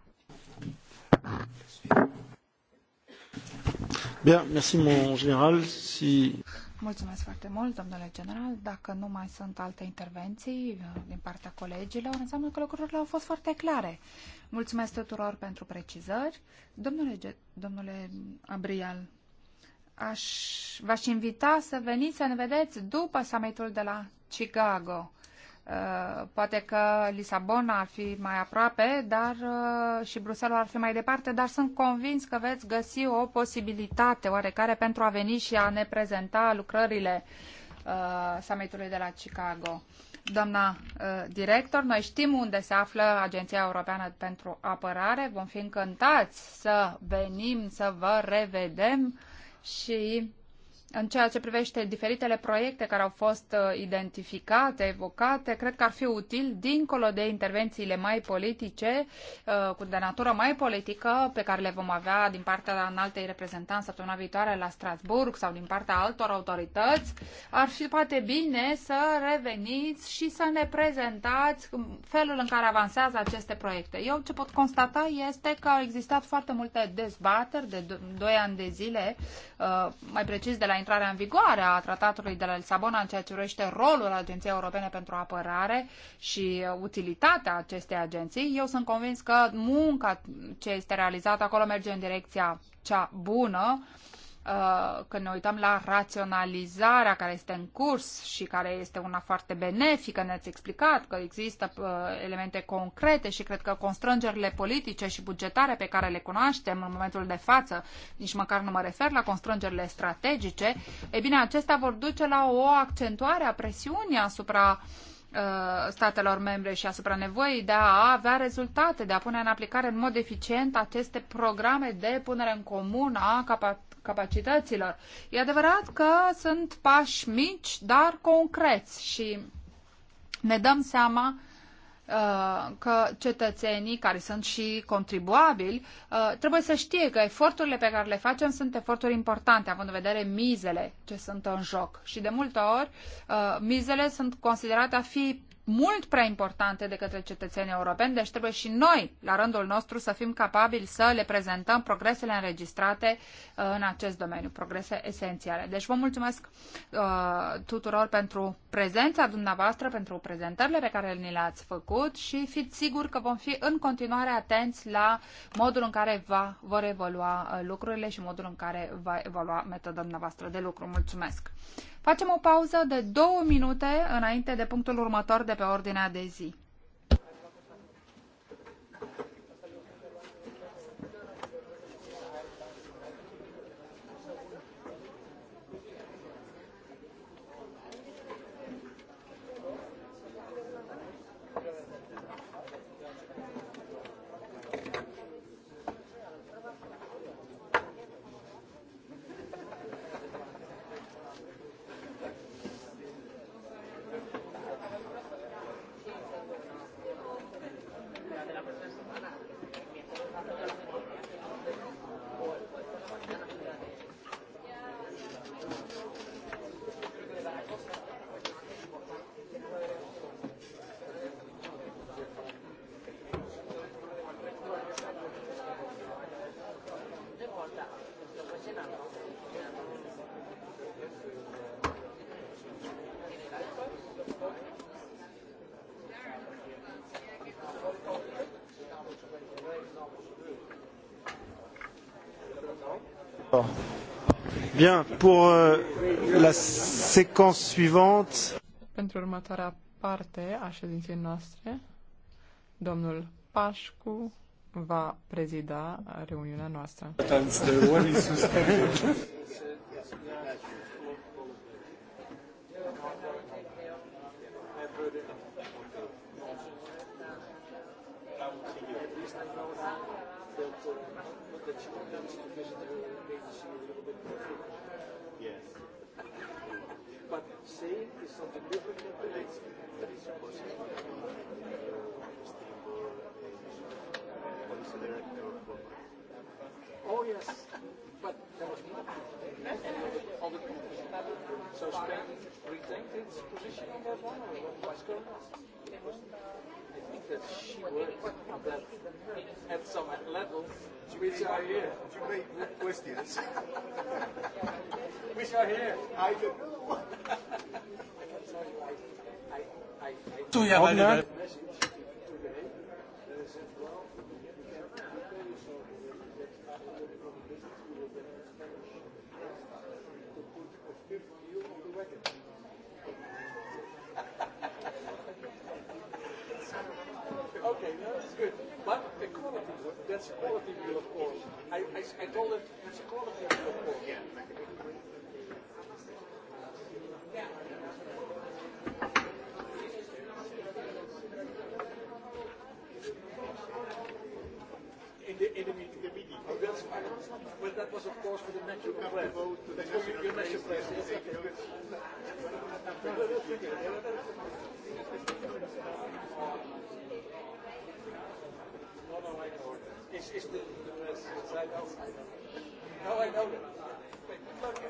Bien, merci mon général. Si... Mulțumesc foarte mult, domnule general. Dacă nu mai sunt alte intervenții uh, din partea colegilor, înseamnă că lucrurile au fost foarte clare. Mulțumesc tuturor pentru precizări. Domnule, domnule Abrial, aș, v-aș invita să veniți să ne vedeți după summitul de la Chicago. Uh, poate că Lisabona ar fi mai aproape dar uh, și Bruxelles ar fi mai departe, dar sunt convins că veți găsi o posibilitate oarecare pentru a veni și a ne prezenta lucrările uh, summitului de la Chicago. Doamna uh, director, noi știm unde se află Agenția Europeană pentru Apărare, vom fi încântați să venim să vă revedem și în ceea ce privește diferitele proiecte care au fost uh, identificate, evocate, cred că ar fi util, dincolo de intervențiile mai politice, uh, de natură mai politică, pe care le vom avea din partea înaltei reprezentanți săptămâna viitoare la Strasburg sau din partea altor autorități, ar fi poate bine să reveniți și să ne prezentați felul în care avansează aceste proiecte. Eu ce pot constata este că au existat foarte multe dezbateri de 2 ani de zile, uh, mai precis de la intrarea în vigoare a tratatului de la Lisabona în ceea ce privește rolul Agenției Europene pentru Apărare și uh, utilitatea acestei agenții, eu sunt convins că munca ce este realizată acolo merge în direcția cea bună Uh, când ne uităm la raționalizarea care este în curs și care este una foarte benefică, ne-ați explicat că există uh, elemente concrete și cred că constrângerile politice și bugetare pe care le cunoaștem în momentul de față, nici măcar nu mă refer la constrângerile strategice, e bine, acestea vor duce la o accentuare a presiunii asupra uh, statelor membre și asupra nevoii de a avea rezultate, de a pune în aplicare în mod eficient aceste programe de punere în comun a capacităților. E adevărat că sunt pași mici, dar concreți și ne dăm seama uh, că cetățenii care sunt și contribuabili uh, trebuie să știe că eforturile pe care le facem sunt eforturi importante, având în vedere mizele ce sunt în joc. Și de multe ori uh, mizele sunt considerate a fi mult prea importante de către cetățenii europeni, deci trebuie și noi, la rândul nostru, să fim capabili să le prezentăm progresele înregistrate uh, în acest domeniu, progrese esențiale. Deci vă mulțumesc uh, tuturor pentru prezența dumneavoastră, pentru prezentările pe care ni le-ați făcut și fiți siguri că vom fi în continuare atenți la modul în care va, vor evolua uh, lucrurile și modul în care va evolua metoda dumneavoastră de lucru. Mulțumesc! Facem o pauză de două minute înainte de punctul următor de pe ordinea de zi. Bien, pour euh, la séquence suivante. Pentru următoarea parte a ședinței noastre, domnul Pașcu va prezida reuniunea noastră. Thank you. Yes. But saying is something different than doing. That is possible. Uh, oh yes, but there was no on the conclusion. So Spain retained its position on that one, or what was going on? is because she works at some level which are here. You make questions. which are here. I don't know. I, I, I, I, I, I, I, I, I, I, that's a quality view, of course. I, I, I told it that's a quality view, of course. Yeah. Yeah. In the, in the meeting. The meeting. Oh, that's fine. But that was, of course, for the national press. Vote to the national for your, your national press. Yes, okay. That's okay. No, no, I know. English is the, the worst. I know. No, good luck.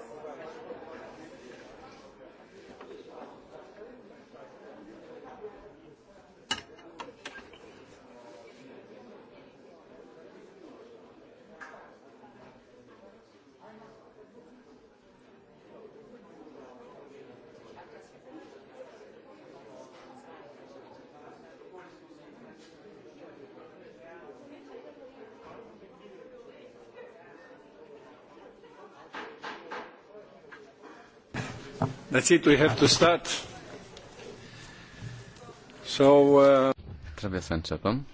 That's it, we have to start. So, uh... Trebuie să începem.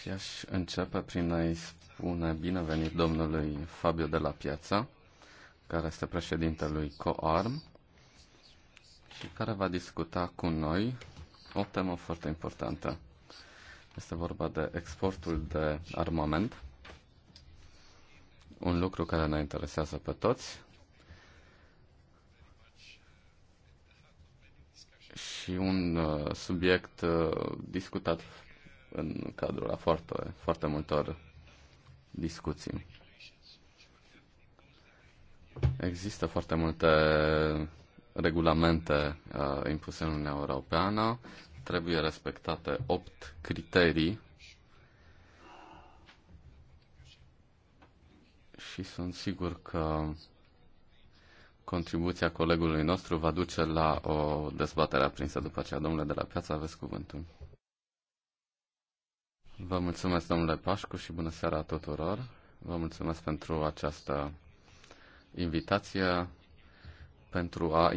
Și aș începe prin a-i spune binevenit domnului Fabio de la Piața, care este președintelui COARM și care va discuta cu noi o temă foarte importantă. Este vorba de exportul de armament un lucru care ne interesează pe toți și un uh, subiect uh, discutat în cadrul a foarte, foarte multor discuții. Există foarte multe regulamente uh, impuse în Uniunea Europeană. Trebuie respectate opt criterii și sunt sigur că contribuția colegului nostru va duce la o dezbatere aprinsă după aceea. Domnule de la piață, aveți cuvântul. Vă mulțumesc, domnule Pașcu, și bună seara tuturor. Vă mulțumesc pentru această invitație pentru a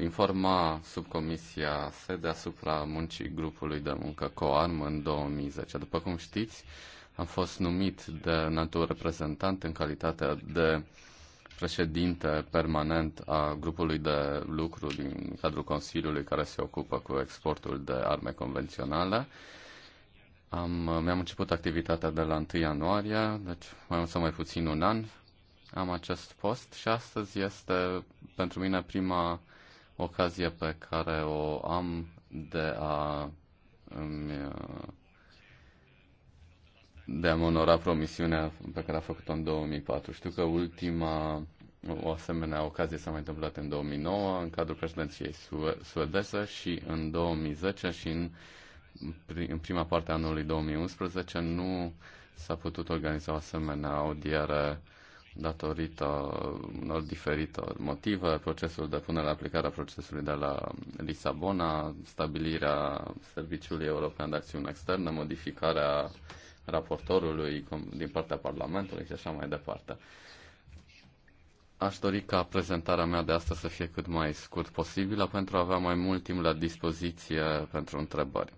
informa subcomisia SED asupra muncii grupului de muncă COARM în 2010. După cum știți, am fost numit de NATO reprezentant în calitate de președinte permanent a grupului de lucru din cadrul Consiliului care se ocupă cu exportul de arme convenționale. Am, mi-am început activitatea de la 1 ianuarie, deci mai mult sau mai puțin un an am acest post și astăzi este pentru mine prima ocazie pe care o am de a îmi de a-mi onora promisiunea pe care a făcut-o în 2004. Știu că ultima o asemenea ocazie s-a mai întâmplat în 2009 în cadrul președinției suedeze și în 2010 și în, în prima parte a anului 2011 nu s-a putut organiza o asemenea audiere datorită unor diferite motive, procesul de punere la aplicare a procesului de la Lisabona, stabilirea Serviciului European de Acțiune Externă, modificarea raportorului din partea Parlamentului și așa mai departe. Aș dori ca prezentarea mea de astăzi să fie cât mai scurt posibilă pentru a avea mai mult timp la dispoziție pentru întrebări.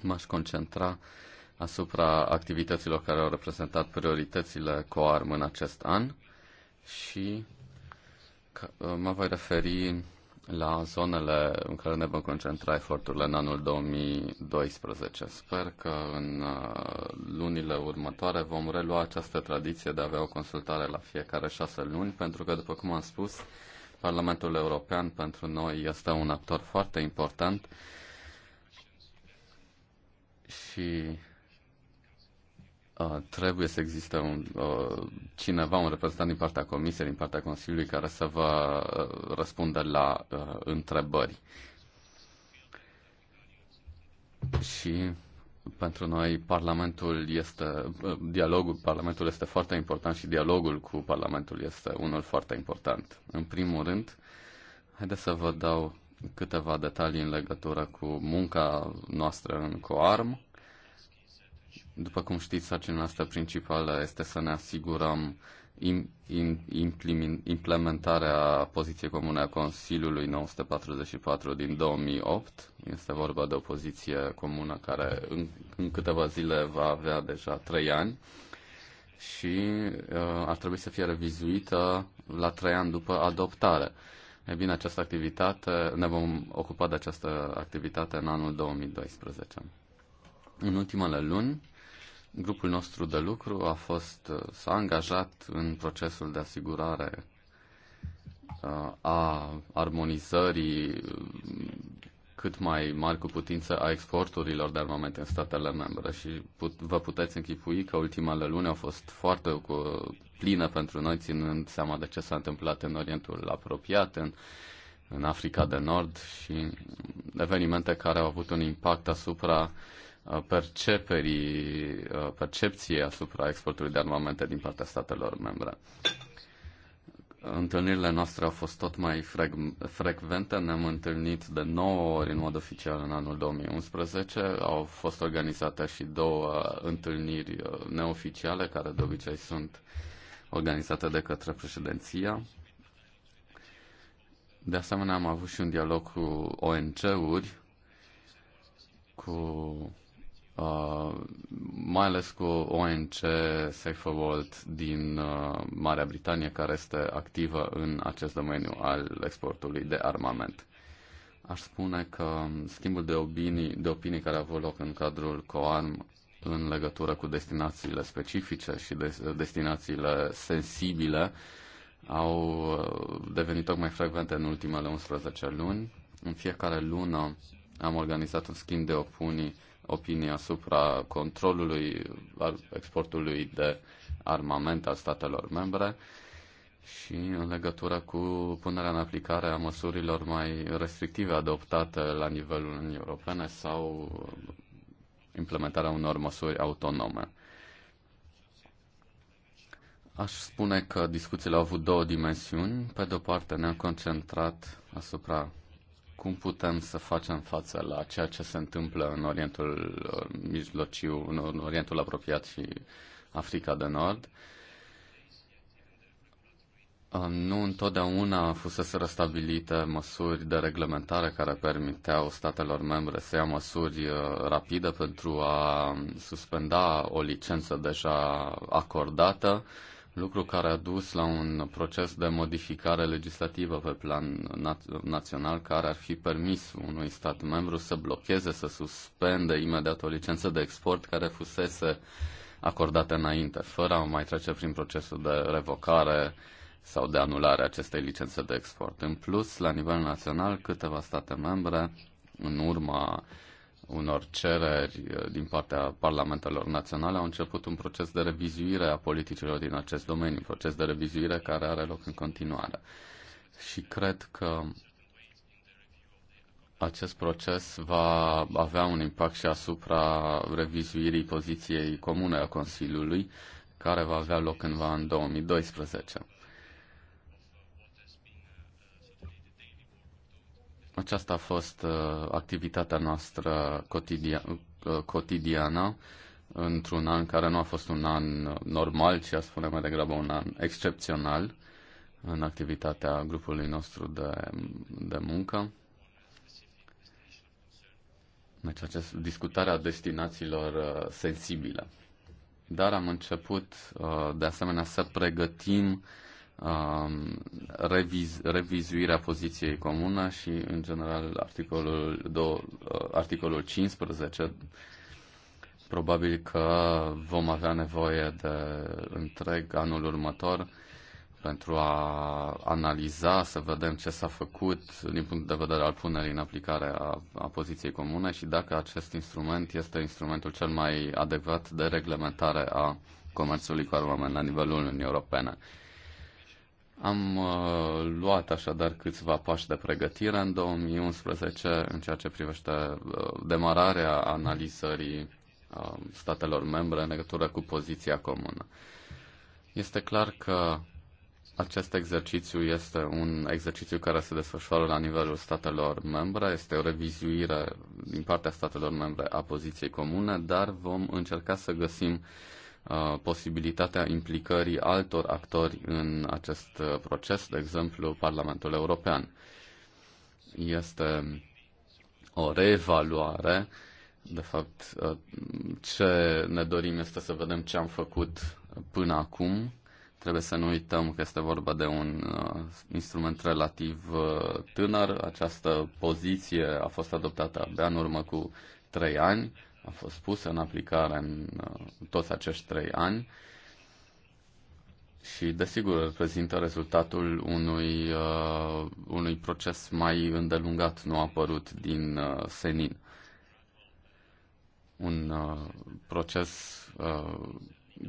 M-aș concentra asupra activităților care au reprezentat prioritățile COARM în acest an și mă voi referi la zonele în care ne vom concentra eforturile în anul 2012. Sper că în uh, lunile următoare vom relua această tradiție de a avea o consultare la fiecare șase luni, pentru că, după cum am spus, Parlamentul European pentru noi este un actor foarte important și Uh, trebuie să existe un, uh, cineva, un reprezentant din partea Comisiei, din partea Consiliului, care să vă uh, răspundă la întrebări. Și pentru noi Parlamentul este, dialogul Parlamentul este foarte important și dialogul cu Parlamentul este unul foarte important. În primul rând, haideți să vă dau câteva detalii în legătură cu munca noastră în COARM după cum știți, sarcina noastră principală este să ne asigurăm implementarea poziției comune a Consiliului 944 din 2008. Este vorba de o poziție comună care în, în câteva zile va avea deja trei ani și uh, ar trebui să fie revizuită la trei ani după adoptare. E bine, această activitate, ne vom ocupa de această activitate în anul 2012. În ultimele luni, Grupul nostru de lucru a fost, uh, s-a angajat în procesul de asigurare uh, a armonizării uh, cât mai mari cu putință a exporturilor de armament în statele membre și put, vă puteți închipui că ultimele luni au fost foarte cu, plină pentru noi, ținând seama de ce s-a întâmplat în Orientul apropiat, în, în Africa de Nord și evenimente care au avut un impact asupra uh, Uh, perceperii, uh, percepției asupra exportului de armamente din partea statelor membre. Întâlnirile noastre au fost tot mai frecvente, ne-am întâlnit de 9 ori în mod oficial în anul 2011, au fost organizate și două întâlniri uh, neoficiale, care de obicei sunt organizate de către președinția. De asemenea, am avut și un dialog cu ONG-uri, cu uh, mai ales cu ONG Safe World din uh, Marea Britanie, care este activă în acest domeniu al exportului de armament. Aș spune că schimbul de opinii, de opinii care a avut loc în cadrul COARM în legătură cu destinațiile specifice și de, destinațiile sensibile au uh, devenit tocmai frecvente în ultimele 11 luni. În fiecare lună am organizat un schimb de opinii opinii asupra controlului al exportului de armament al statelor membre și în legătură cu punerea în aplicare a măsurilor mai restrictive adoptate la nivelul Uniunii Europene sau implementarea unor măsuri autonome. Aș spune că discuțiile au avut două dimensiuni. Pe de o parte ne-am concentrat asupra cum putem să facem față la ceea ce se întâmplă în Orientul uh, Mijlociu, în Orientul apropiat și Africa de Nord. Uh, nu întotdeauna fusese restabilite măsuri de reglementare care permiteau statelor membre să ia măsuri uh, rapide pentru a suspenda o licență deja acordată lucru care a dus la un proces de modificare legislativă pe plan național care ar fi permis unui stat membru să blocheze, să suspende imediat o licență de export care fusese acordată înainte, fără a mai trece prin procesul de revocare sau de anulare acestei licențe de export. În plus, la nivel național, câteva state membre, în urma uh, unor cereri uh, din partea parlamentelor naționale, a început un proces de revizuire a politicilor din acest domeniu, un proces de revizuire care are loc în continuare. Și cred că acest proces va avea un impact și asupra revizuirii poziției comune a Consiliului, care va avea loc cândva în 2012. Aceasta a fost uh, activitatea noastră cotidia- uh, cotidiană într-un an care nu a fost un an uh, normal, ci a spune mai degrabă un an excepțional în activitatea grupului nostru de, de muncă. Deci acest, discutarea destinațiilor uh, sensibile. Dar am început uh, de asemenea să pregătim uh, Um, reviz, revizuirea poziției comune și, în general, articolul, 2, uh, articolul 15. Probabil că vom avea nevoie de întreg anul următor pentru a analiza, să vedem ce s-a făcut din punct de vedere al punerii în aplicare a, a poziției comune și dacă acest instrument este instrumentul cel mai adecvat de reglementare a comerțului cu armament la nivelul Uniunii Europene. Am uh, luat așadar câțiva pași de pregătire în 2011 în ceea ce privește uh, demararea analizării uh, statelor membre în legătură cu poziția comună. Este clar că acest exercițiu este un exercițiu care se desfășoară la nivelul statelor membre, este o revizuire din partea statelor membre a poziției comune, dar vom încerca să găsim uh, Uh, posibilitatea implicării altor actori în acest uh, proces, de exemplu Parlamentul European. Este o reevaluare. De fapt, uh, ce ne dorim este să vedem ce am făcut până acum. Trebuie să nu uităm că este vorba de un instrument relativ tânăr. Această poziție a fost adoptată abia în urmă cu trei ani a fost pusă în aplicare în uh, toți acești trei ani și, desigur, reprezintă rezultatul unui, uh, unui proces mai îndelungat, nu apărut din uh, senin. Un uh, proces uh,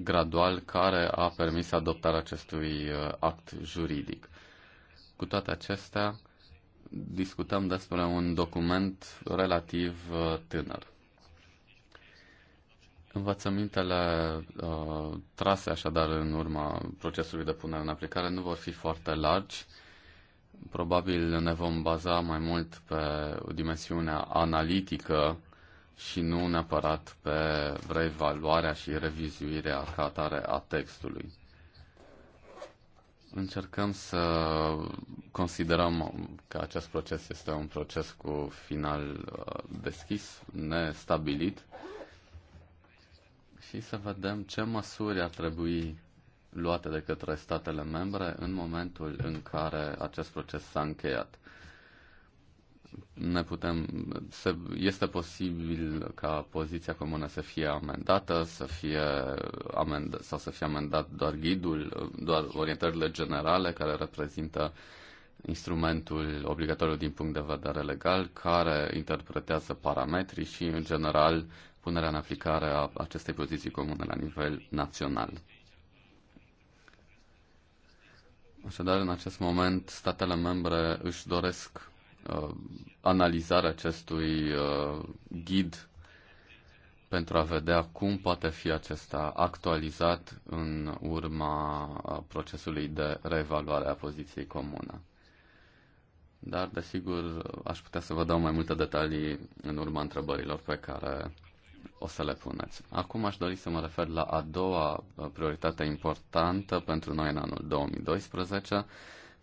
gradual care a permis adoptarea acestui uh, act juridic. Cu toate acestea, discutăm despre un document relativ uh, tânăr. Învățămintele uh, trase așadar în urma procesului de punere în aplicare nu vor fi foarte largi. Probabil ne vom baza mai mult pe o dimensiune analitică și nu neapărat pe reevaluarea și revizuirea ca atare a textului. Încercăm să considerăm că acest proces este un proces cu final uh, deschis, nestabilit și să vedem ce măsuri ar trebui luate de către statele membre în momentul în care acest proces s-a încheiat. Ne putem, se, este posibil ca poziția comună să fie amendată, să fie amend, sau să fie amendat doar ghidul, doar orientările generale care reprezintă instrumentul obligatoriu din punct de vedere legal, care interpretează parametrii și, în general, punerea în aplicare a acestei poziții comune la nivel național. Așadar, în acest moment, statele membre își doresc uh, analizarea acestui uh, ghid pentru a vedea cum poate fi acesta actualizat în urma uh, procesului de reevaluare a poziției comune. Dar, desigur, aș putea să vă dau mai multe detalii în urma întrebărilor pe care o să le puneți. Acum aș dori să mă refer la a doua uh, prioritate importantă pentru noi în anul 2012.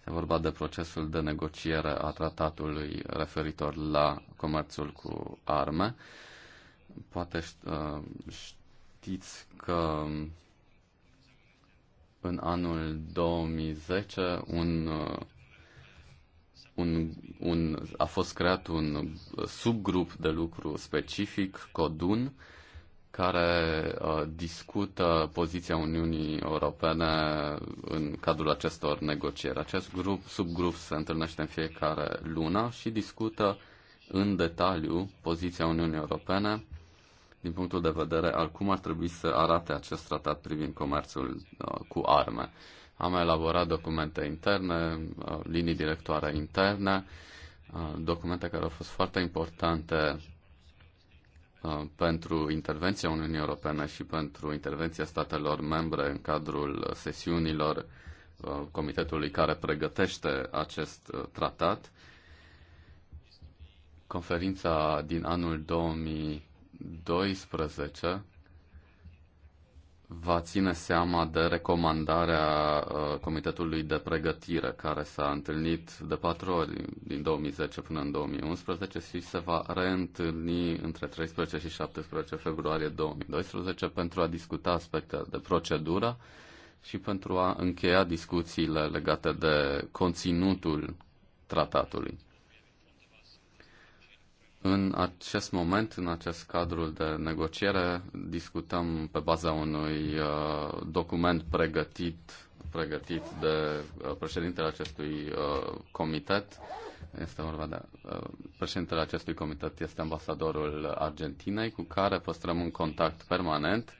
Se vorba de procesul de negociere a tratatului referitor la comerțul cu arme. Poate uh, știți că în anul 2010 un uh, un, un, a fost creat un subgrup de lucru specific, CODUN, care uh, discută poziția Uniunii Europene în cadrul acestor negocieri. Acest grup, subgrup se întâlnește în fiecare lună și discută în detaliu poziția Uniunii Europene din punctul de vedere al cum ar trebui să arate acest tratat privind comerțul uh, cu arme. Uh, am elaborat documente interne, uh, linii directoare interne, uh, documente care au fost foarte importante uh, pentru intervenția Uniunii Europene și pentru intervenția statelor membre în cadrul sesiunilor comitetului care pregătește acest tratat. Conferința din anul 2012 va ține seama de recomandarea uh, Comitetului de Pregătire, care s-a întâlnit de patru ori din 2010 până în 2011 și se va reîntâlni între 13 și 17 februarie 2012 pentru a discuta aspecte de procedură și pentru a încheia discuțiile legate de conținutul tratatului. În acest moment, în acest cadru de negociere, discutăm pe baza unui uh, document pregătit, pregătit de uh, președintele acestui uh, comitet. Este vorba de, președintele acestui comitet este ambasadorul Argentinei, cu care păstrăm un contact permanent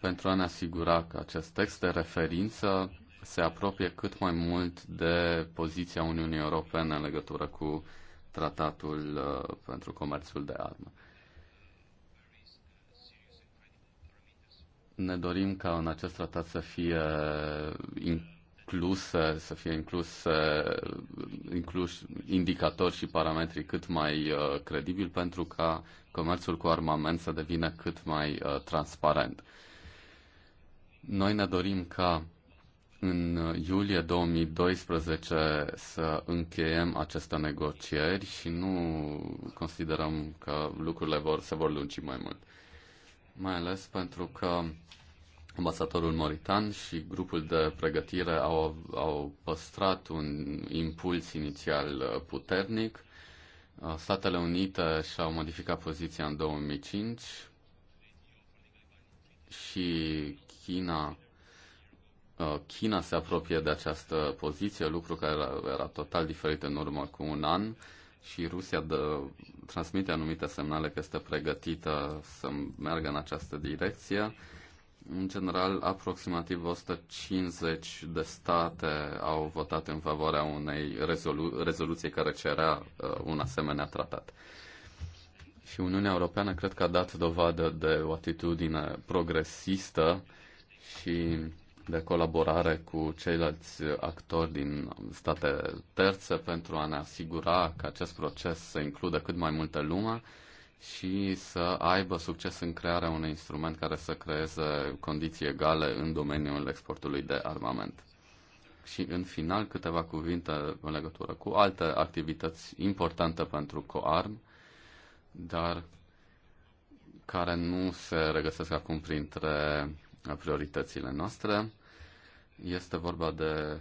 pentru a ne asigura că acest text de referință se apropie cât mai mult de poziția Uniunii Europene în legătură cu uh, tratatul uh, pentru comerțul de armă. Ne dorim ca în acest tratat să fie incluse, să fie incluse, inclus indicatori și parametri cât mai uh, credibil pentru ca comerțul cu armament să devină cât mai uh, transparent. Noi ne dorim ca în iulie 2012 să încheiem aceste negocieri și nu considerăm că lucrurile vor, se vor lungi mai mult. Mai ales pentru că ambasadorul Moritan și grupul de pregătire au, au păstrat un impuls inițial puternic. Statele Unite și-au modificat poziția în 2005 și China Uh, China se apropie de această poziție, lucru care era, era total diferit în urmă cu un an și Rusia dă, transmite anumite semnale că este pregătită să meargă în această direcție. În general, aproximativ 150 de state au votat în favoarea unei rezolu- rezoluții care cerea uh, un asemenea tratat. Și Uniunea Europeană cred că a dat dovadă de o atitudine progresistă și de colaborare cu ceilalți actori din state terțe pentru a ne asigura că acest proces să includă cât mai multă lume și să aibă succes în crearea unui instrument care să creeze condiții egale în domeniul exportului de armament. Și în final câteva cuvinte în legătură cu alte activități importante pentru COARM, dar care nu se regăsesc acum printre prioritățile noastre. Este vorba de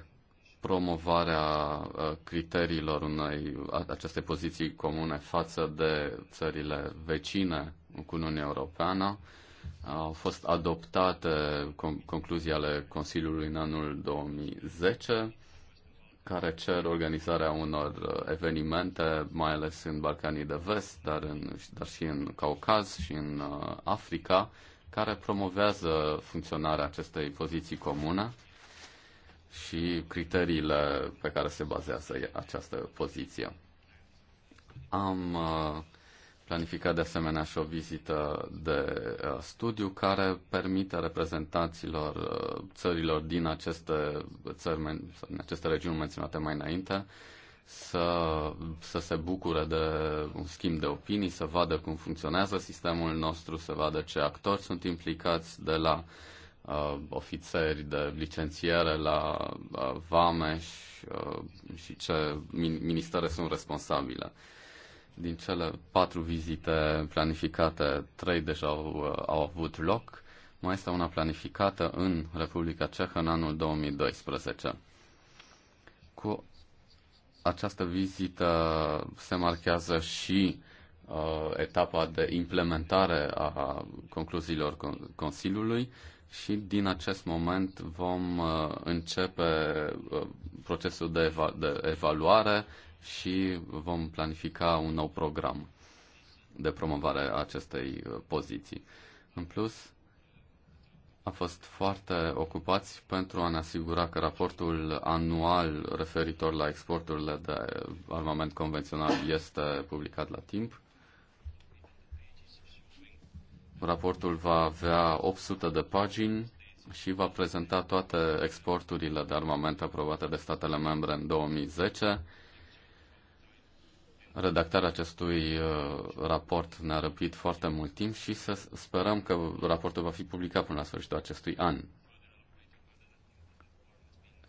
promovarea uh, criteriilor unei, acestei poziții comune față de țările vecine cu Uniunea Europeană. Au fost adoptate concluzii ale Consiliului în anul 2010, care cer organizarea unor uh, evenimente, mai ales în Balcanii de Vest, dar, în, dar și în Caucaz și în uh, Africa, care promovează funcționarea acestei poziții comune și criteriile pe care se bazează această poziție. Am uh, planificat de asemenea și o vizită de uh, studiu care permite reprezentanților uh, țărilor din aceste țări, din aceste regiuni menționate mai înainte, să, să se bucure de un schimb de opinii, să vadă cum funcționează sistemul nostru, să vadă ce actori sunt implicați de la uh, ofițeri de licențiere la uh, vame și, uh, și ce ministere sunt responsabile. Din cele patru vizite planificate, trei deja au, uh, au avut loc. Mai este una planificată în Republica Cehă în anul 2012. Cu această vizită se marchează și uh, etapa de implementare a concluziilor Consiliului și din acest moment vom uh, începe uh, procesul de, eva- de evaluare și vom planifica un nou program de promovare a acestei uh, poziții. În plus, a fost foarte ocupați pentru a ne asigura că raportul anual referitor la exporturile de armament convențional este publicat la timp. Raportul va avea 800 de pagini și va prezenta toate exporturile de armament aprobate de statele membre în 2010 Redactarea acestui uh, raport ne-a răpit foarte mult timp și să sperăm că raportul va fi publicat până la sfârșitul acestui an.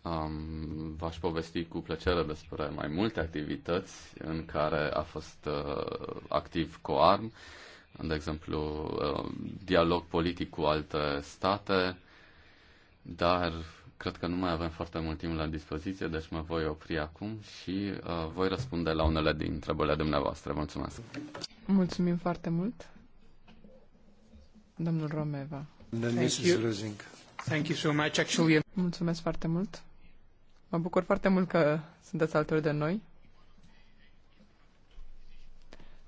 Um, v-aș povesti cu plăcere despre mai multe activități în care a fost uh, activ COARM, de exemplu, uh, dialog politic cu alte state, dar Cred că nu mai avem foarte mult timp la dispoziție, deci mă voi opri acum și uh, voi răspunde la unele din întrebările dumneavoastră. Mulțumesc! Mulțumim foarte mult! Domnul Romeva. Thank you. Thank you so much, actually. Mulțumesc foarte mult! Mă bucur foarte mult că sunteți alături de noi.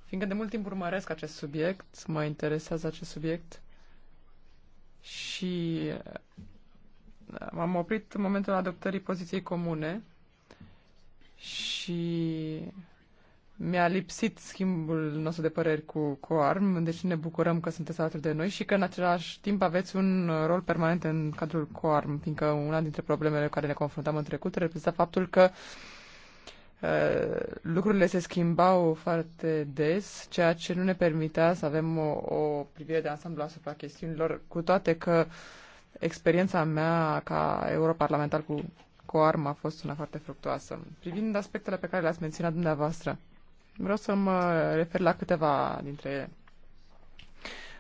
Fiindcă de mult timp urmăresc acest subiect, mă interesează acest subiect și m-am oprit în momentul adoptării poziției comune și mi-a lipsit schimbul nostru de păreri cu COARM, deci ne bucurăm că sunteți alături de noi și că în același timp aveți un rol permanent în cadrul COARM, fiindcă una dintre problemele cu care ne confruntam în trecut reprezintă faptul că uh, lucrurile se schimbau foarte des, ceea ce nu ne permitea să avem o, o privire de ansamblu asupra chestiunilor, cu toate că uh, experiența mea ca europarlamentar cu, cu armă a fost una foarte fructuoasă. Privind aspectele pe care le-ați menționat dumneavoastră, vreau să mă refer la câteva dintre ele.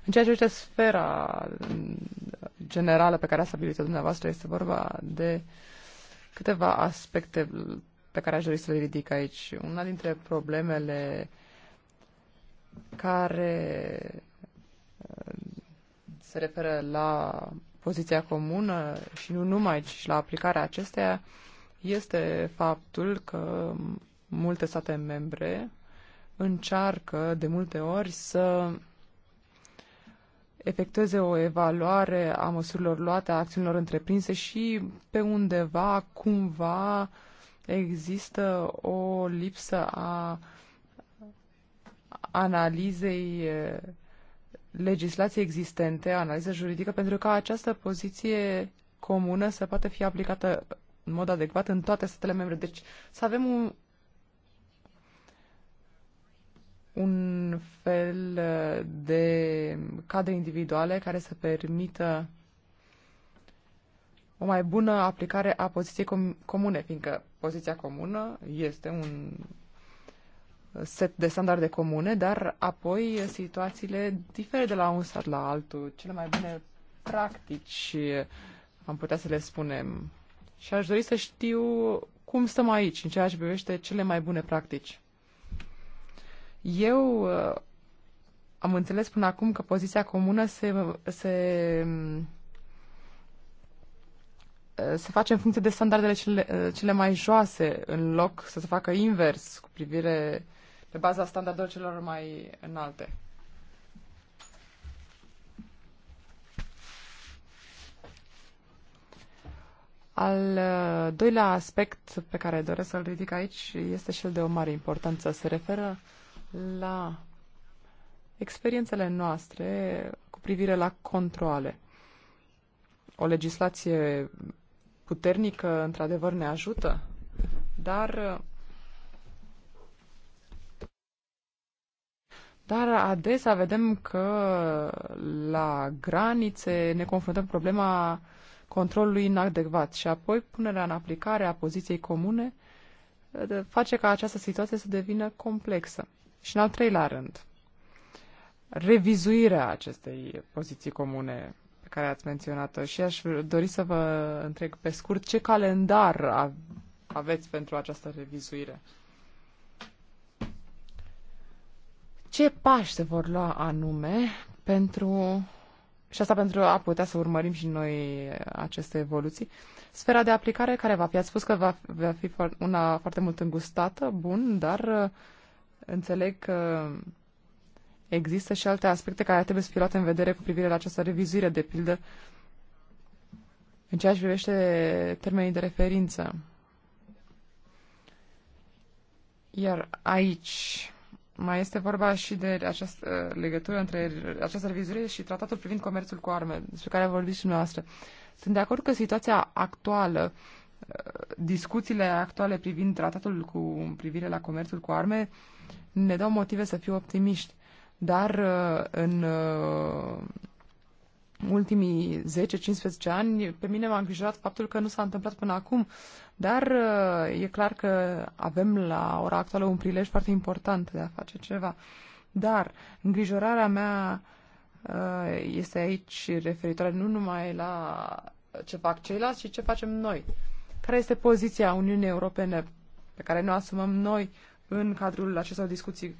În ceea ce este sfera generală pe care a stabilit-o dumneavoastră, este vorba de câteva aspecte pe care aș dori să le ridic aici. Una dintre problemele care uh, se referă la poziția comună și nu numai, ci și la aplicarea acesteia, este faptul că multe state membre încearcă de multe ori să efectueze o evaluare a măsurilor luate, a acțiunilor întreprinse și pe undeva, cumva, există o lipsă a analizei legislație existente, analiză juridică, pentru ca această poziție comună să poată fi aplicată în mod adecvat în toate statele membre. Deci să avem un, un fel uh, de cadre individuale care să permită o mai bună aplicare a poziției comune, fiindcă poziția comună este un set de standarde comune, dar apoi situațiile diferă de la un stat la altul. Cele mai bune practici, am putea să le spunem. Și aș dori să știu cum stăm aici, în ceea ce privește cele mai bune practici. Eu uh, am înțeles până acum că poziția comună se, se, uh, se face în funcție de standardele cele, uh, cele mai joase, în loc să se facă invers cu privire pe baza standardelor celor mai înalte. Al uh, doilea aspect pe care doresc să-l ridic aici este cel de o mare importanță. Se referă la experiențele noastre cu privire la controle. O legislație puternică, într-adevăr, ne ajută, dar uh, Dar adesea vedem că la granițe ne confruntăm cu problema controlului inadecvat și apoi punerea în aplicare a poziției comune face ca această situație să devină complexă. Și în al treilea rând, revizuirea acestei poziții comune pe care ați menționat-o și aș dori să vă întreg pe scurt ce calendar aveți pentru această revizuire. Ce pași se vor lua anume pentru și asta pentru a putea să urmărim și noi aceste evoluții. Sfera de aplicare care va fi, ați spus că va, va fi una foarte mult îngustată, bun, dar uh, înțeleg că există și alte aspecte care trebuie să fie luate în vedere cu privire la această revizuire, de pildă, în ceea ce privește termenii de referință. Iar aici mai este vorba și de această legătură între această revizuire și tratatul privind comerțul cu arme, despre care a vorbit și noastră. Sunt de acord că situația actuală, uh, discuțiile actuale privind tratatul cu privire la comerțul cu arme, ne dau motive să fiu optimiști. Dar uh, în uh, ultimii 10-15 ani, pe mine m-a îngrijorat faptul că nu s-a întâmplat până acum dar uh, e clar că avem la ora actuală un prilej foarte important de a face ceva. Dar îngrijorarea mea uh, este aici referitoare nu numai la ce fac ceilalți, ci ce facem noi. Care este poziția Uniunii Europene pe care ne asumăm noi în cadrul acestor discuții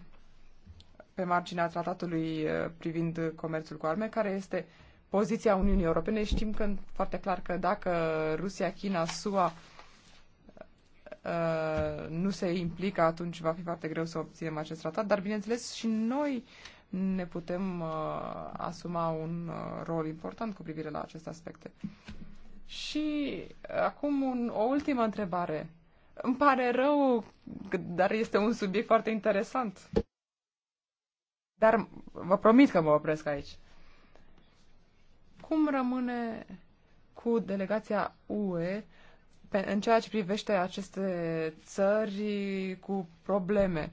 pe marginea tratatului uh, privind comerțul cu arme, care este poziția Uniunii Europene. Știm că foarte clar că dacă Rusia, China, SUA Uh, nu se implică, atunci va fi foarte greu să obținem acest tratat, dar bineînțeles și noi ne putem uh, asuma un uh, rol important cu privire la aceste aspecte. Și uh, acum un, o ultimă întrebare. Îmi pare rău, dar este un subiect foarte interesant. Dar vă promit că mă opresc aici. Cum rămâne cu delegația UE pe, în ceea ce privește aceste țări cu probleme.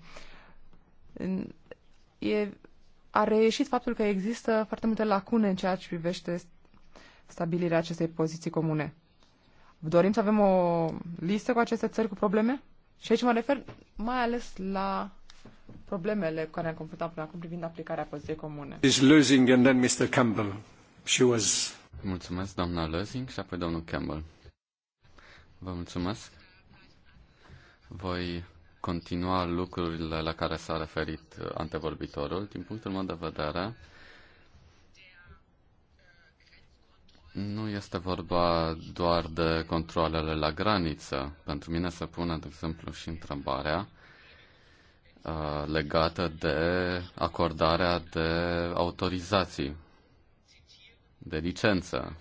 E, a reieșit faptul că există foarte multe lacune în ceea ce privește stabilirea acestei poziții comune. Dorim să avem o listă cu aceste țări cu probleme? Și aici mă refer mai ales la problemele cu care am confruntat până acum privind aplicarea poziției comune. Is losing and then Mr. Campbell. She was... Mulțumesc, doamna Lozing și apoi domnul Campbell. Vă mulțumesc. Voi continua lucrurile la care s-a referit uh, antevorbitorul. Din punctul meu de vedere, nu este vorba doar de controlele la graniță. Pentru mine se pune, de exemplu, și întrebarea uh, legată de acordarea de autorizații, de licență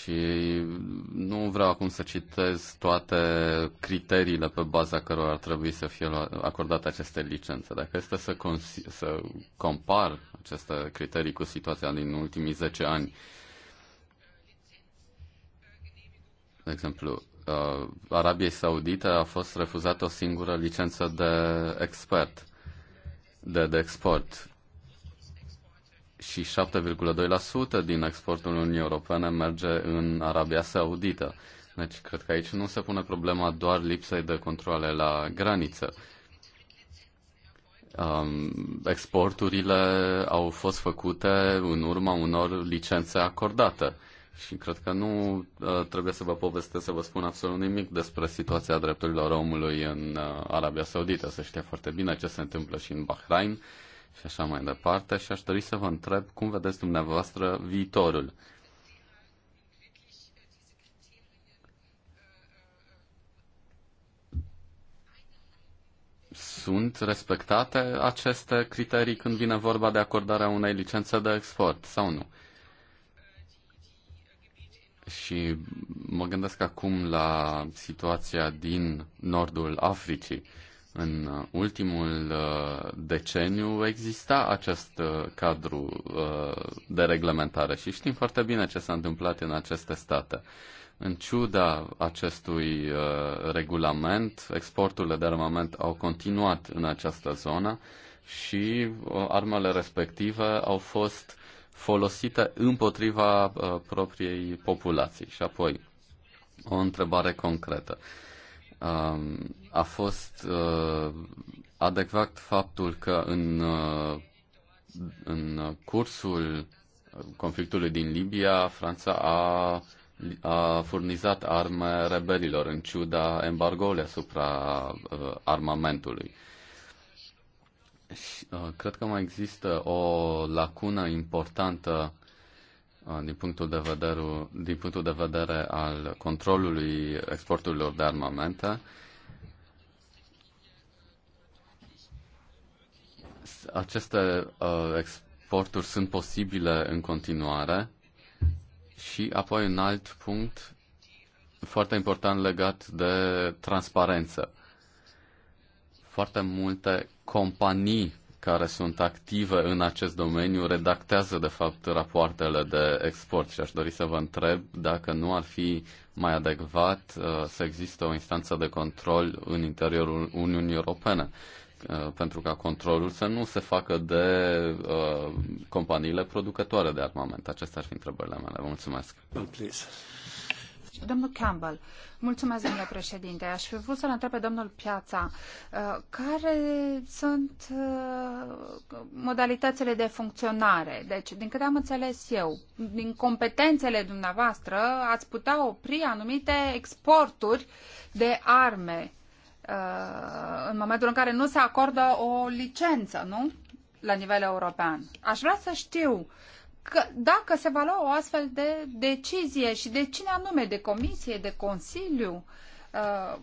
și nu vreau acum să citez toate criteriile pe baza cărora ar trebui să fie acordate aceste licențe. Dacă este să, să compar aceste criterii cu situația din ultimii 10 ani, de exemplu, uh, Arabiei Saudite a fost refuzată o singură licență de expert, de, de export și 7,2% din exportul Uniunii Europene merge în Arabia Saudită. Deci cred că aici nu se pune problema doar lipsei de controle la graniță. Um, exporturile au fost făcute în urma unor licențe acordate. Și cred că nu uh, trebuie să vă povestesc, să vă spun absolut nimic despre situația drepturilor omului în uh, Arabia Saudită. Se știe foarte bine ce se întâmplă și în Bahrain. Uh, și așa mai departe și aș dori să vă întreb cum vedeți dumneavoastră viitorul. sunt respectate aceste criterii când vine vorba de acordarea unei licențe de export sau nu? Și mă gândesc acum la situația din nordul Africii. În uh, ultimul uh, deceniu exista acest uh, cadru de reglementare și știm foarte bine ce s-a întâmplat în aceste state. În ciuda acestui regulament, exporturile de armament au continuat în această zonă și armele respective au fost folosite împotriva propriei populații. Și apoi, o întrebare concretă. Um, a fost uh, adecvat faptul că în, uh, în cursul conflictului din Libia, Franța a, a furnizat arme rebelilor, în ciuda embargoului asupra uh, armamentului. Și, uh, cred că mai există o lacună importantă uh, din punctul, de vedere, din punctul de vedere al controlului exporturilor de armamente. Uh, aceste uh, exporturi sunt posibile în continuare. Și apoi un alt punct foarte important legat de transparență. Foarte multe companii care sunt active în acest domeniu redactează, de fapt, rapoartele de export și aș dori să vă întreb dacă nu ar fi mai adecvat uh, să există o instanță de control în interiorul Uniunii Europene Uh, pentru ca controlul să nu se facă de uh, companiile producătoare de armament? Acestea ar fi întrebările mele. Vă mulțumesc. Please. Domnul Campbell, mulțumesc, domnule președinte. Aș fi vrut să-l întreb pe domnul Piața, uh, care sunt uh, modalitățile de funcționare? Deci, din câte am înțeles eu, din competențele dumneavoastră, ați putea opri anumite exporturi de arme Uh, în momentul în care nu se acordă o licență, nu? La nivel european. Aș vrea să știu că dacă se va lua o astfel de decizie și de cine anume, de comisie, de consiliu, uh,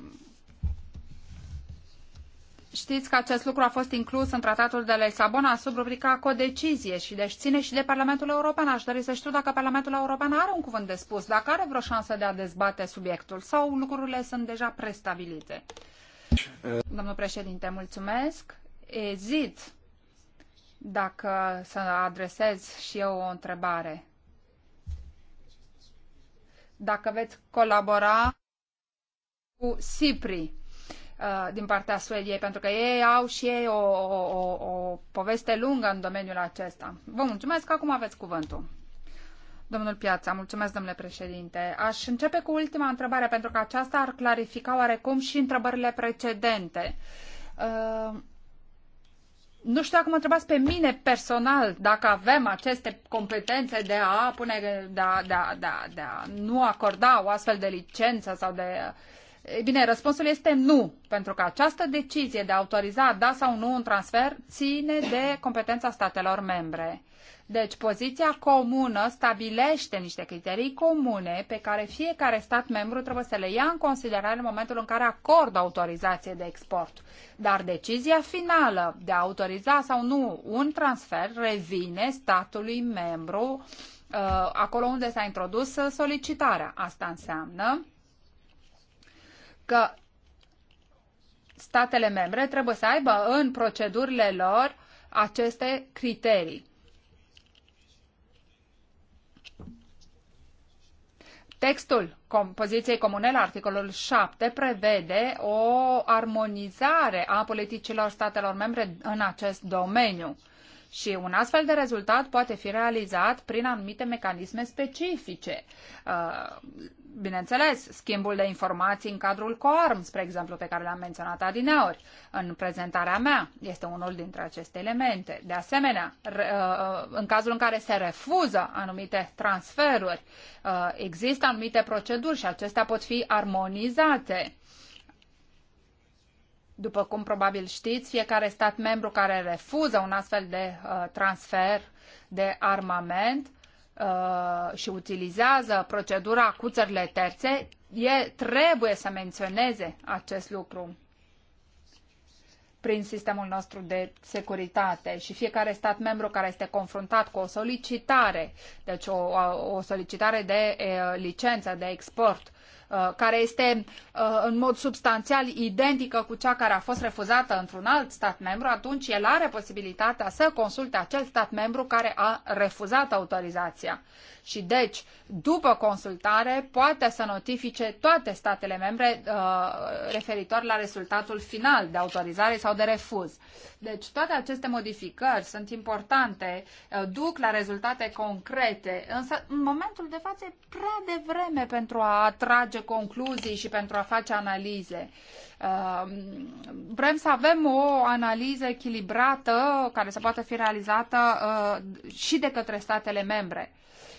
Știți că acest lucru a fost inclus în tratatul de la Lisabona sub rubrica codecizie și deci ține și de Parlamentul European. Aș dori să știu dacă Parlamentul European are un cuvânt de spus, dacă are vreo șansă de a dezbate subiectul sau lucrurile sunt deja prestabilite. Domnul președinte, mulțumesc. Ezit dacă să adresez și eu o întrebare. Dacă veți colabora cu SIPRI uh, din partea Suediei, pentru că ei au și ei o, o, o, o poveste lungă în domeniul acesta. Vă mulțumesc, acum aveți cuvântul. Domnul Piața, mulțumesc, domnule președinte. Aș începe cu ultima întrebare, pentru că aceasta ar clarifica oarecum și întrebările precedente. Uh, nu știu dacă mă întrebați pe mine personal dacă avem aceste competențe de a pune, de a, de a, de a, de a nu acorda o astfel de licență sau de. Ei bine, răspunsul este nu, pentru că această decizie de a autoriza da sau nu un transfer ține de competența statelor membre. Deci poziția comună stabilește niște criterii comune pe care fiecare stat membru trebuie să le ia în considerare în momentul în care acordă autorizație de export. Dar decizia finală de a autoriza sau nu un transfer revine statului membru uh, acolo unde s-a introdus solicitarea. Asta înseamnă că statele membre trebuie să aibă în procedurile lor aceste criterii. Textul compoziției comune la articolul 7 prevede o armonizare a politicilor statelor membre în acest domeniu și un astfel de rezultat poate fi realizat prin anumite mecanisme specifice. Uh, bineînțeles, schimbul de informații în cadrul COARM, spre exemplu, pe care l-am menționat adineori în prezentarea mea, este unul dintre aceste elemente. De asemenea, uh, uh, în cazul în care se refuză anumite transferuri, uh, există anumite proceduri și acestea pot fi armonizate. După cum probabil știți, fiecare stat membru care refuză un astfel de transfer de armament Uh, și utilizează procedura cu țările terțe, e, trebuie să menționeze acest lucru prin sistemul nostru de securitate și fiecare stat membru care este confruntat cu o solicitare, deci o, o solicitare de e, uh, licență de export Uh, care este uh, în mod substanțial identică cu cea care a fost refuzată într-un alt stat membru, atunci el are posibilitatea să consulte acel stat membru care a refuzat autorizația. Și deci, după consultare, poate să notifice toate statele membre uh, referitor la rezultatul final de autorizare sau de refuz. Deci, toate aceste modificări sunt importante, duc la rezultate concrete, însă, în momentul de față, e prea devreme pentru a atrage concluzii și pentru a face analize. Um, vrem să avem o analiză echilibrată care să poată fi realizată uh, și de către statele membre.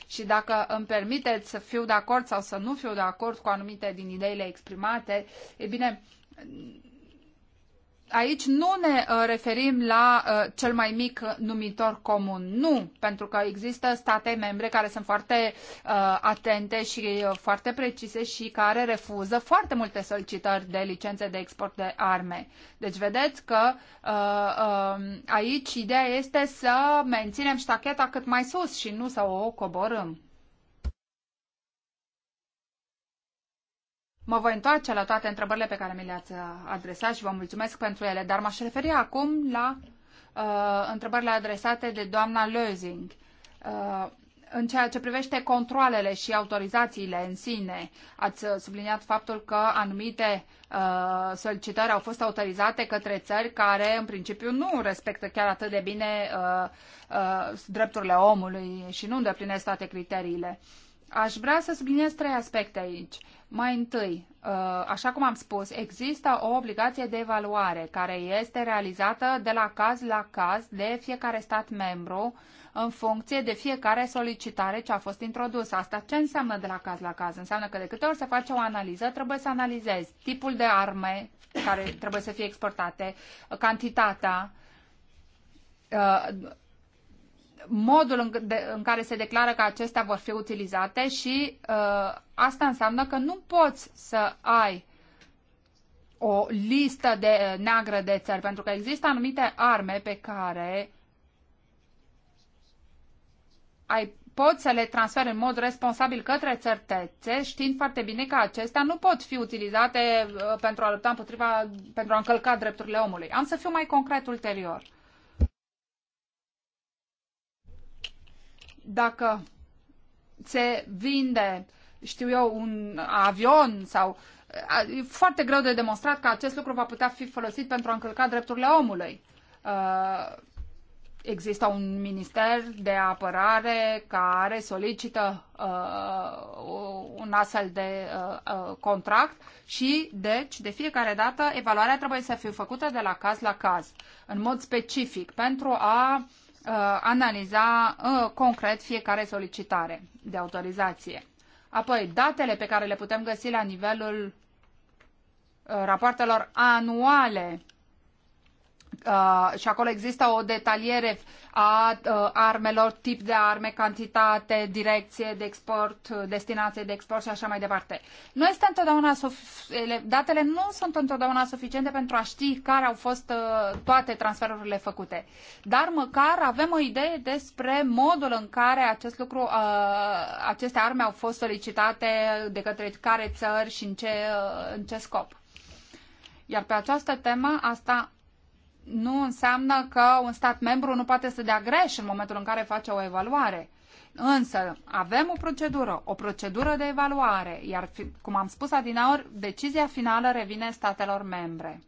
Și dacă îmi permiteți să fiu de acord sau să nu fiu de acord cu anumite din ideile exprimate, e bine, aici nu ne uh, referim la uh, cel mai mic numitor comun. Nu, pentru că există state membre care sunt foarte uh, atente și foarte precise și care refuză foarte multe solicitări de licențe de export de arme. Deci vedeți că um, aici ideea este să menținem ștacheta cât mai sus și nu să o coborâm. Mă voi întoarce la toate întrebările pe care mi le-ați uh, adresat și vă mulțumesc pentru ele, dar m-aș referi acum la uh, întrebările adresate de doamna Lözing. Uh, în ceea ce privește controlele și autorizațiile în sine, ați uh, subliniat faptul că anumite uh, solicitări au fost autorizate către țări care, în principiu, nu respectă chiar atât de bine uh, uh, drepturile omului și nu îndeplinesc toate criteriile. Aș vrea să subliniez trei aspecte aici. Uh, mai întâi, uh, așa cum am spus, există o obligație de evaluare care este realizată de la caz la caz de fiecare stat membru în funcție de fiecare solicitare ce a fost introdusă. Asta ce înseamnă de la caz la caz? Înseamnă că de câte ori se face o analiză, trebuie să analizezi tipul de arme care trebuie să fie exportate, cantitatea, uh, modul în, de, în care se declară că acestea vor fi utilizate și uh, asta înseamnă că nu poți să ai o listă de neagră de țări, pentru că există anumite arme pe care ai poți să le transferi în mod responsabil către țărtețe, știind foarte bine că acestea nu pot fi utilizate uh, pentru a lupta împotriva, pentru a încălca drepturile omului. Am să fiu mai concret ulterior. dacă se vinde, știu eu, un avion sau e foarte greu de demonstrat că acest lucru va putea fi folosit pentru a încălca drepturile omului. Uh, există un minister de apărare care solicită uh, un astfel de uh, uh, contract și, deci, de fiecare dată, evaluarea trebuie să fie făcută de la caz la caz, în mod specific, pentru a uh, Uh, analiza uh, concret fiecare solicitare de autorizație. Apoi, datele pe care le putem găsi la nivelul uh, rapoartelor anuale și acolo există o detaliere a uh, armelor, tip de arme, cantitate, direcție de export, destinație de export și așa mai departe. Nu este întotdeauna datele nu sunt întotdeauna suficiente pentru a ști care au fost uh, toate transferurile făcute, dar măcar avem o idee despre modul în care acest lucru, uh, aceste arme au fost solicitate de către care țări și în ce, uh, în ce scop. Iar pe această temă, asta nu înseamnă că un stat membru nu poate să dea greș în momentul în care face o evaluare. Însă avem o procedură, o procedură de evaluare, iar, cum am spus adinaori, decizia finală revine statelor membre.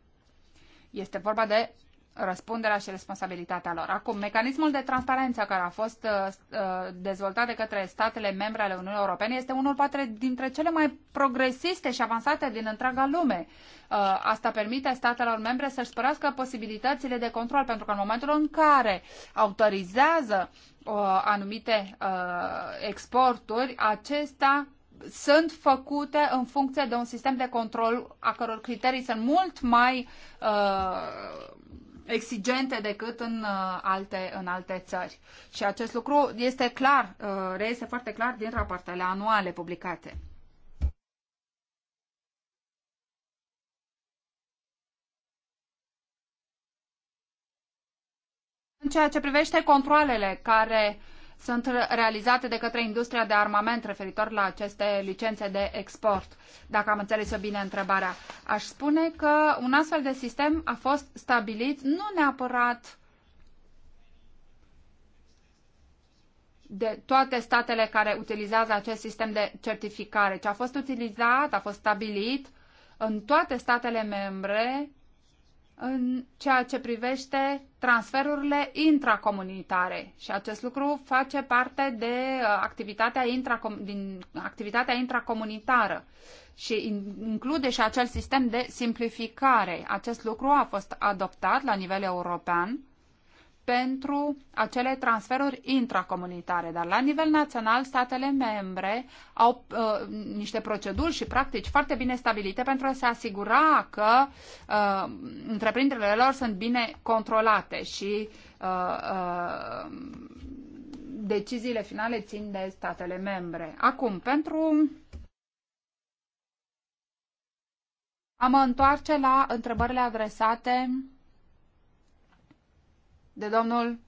Este vorba de răspunderea și responsabilitatea lor. Acum, mecanismul de transparență care a fost uh, uh, dezvoltat de către statele membre ale Uniunii Europene este unul poate dintre cele mai progresiste și avansate din întreaga lume. Uh, asta permite statelor membre să-și spărească posibilitățile de control, pentru că în momentul în care autorizează uh, anumite uh, exporturi, acesta sunt făcute în funcție de un sistem de control a căror criterii sunt mult mai uh, exigente decât în uh, alte, în alte țări. Și acest lucru este clar, uh, reiese foarte clar din rapoartele anuale publicate. În ceea ce privește controlele care sunt realizate de către industria de armament referitor la aceste licențe de export, dacă am înțeles-o bine întrebarea. Aș spune că un astfel de sistem a fost stabilit nu neapărat de toate statele care utilizează acest sistem de certificare, ci a fost utilizat, a fost stabilit în toate statele membre în ceea ce privește transferurile intracomunitare și acest lucru face parte de uh, activitatea, intracom- din activitatea intracomunitară și include și acel sistem de simplificare. Acest lucru a fost adoptat la nivel european pentru acele transferuri intracomunitare, dar la nivel național statele membre au uh, niște proceduri și practici foarte bine stabilite pentru a se asigura că uh, întreprinderile lor sunt bine controlate și uh, uh, deciziile finale țin de statele membre. Acum, pentru a mă întoarce la întrebările adresate de domnul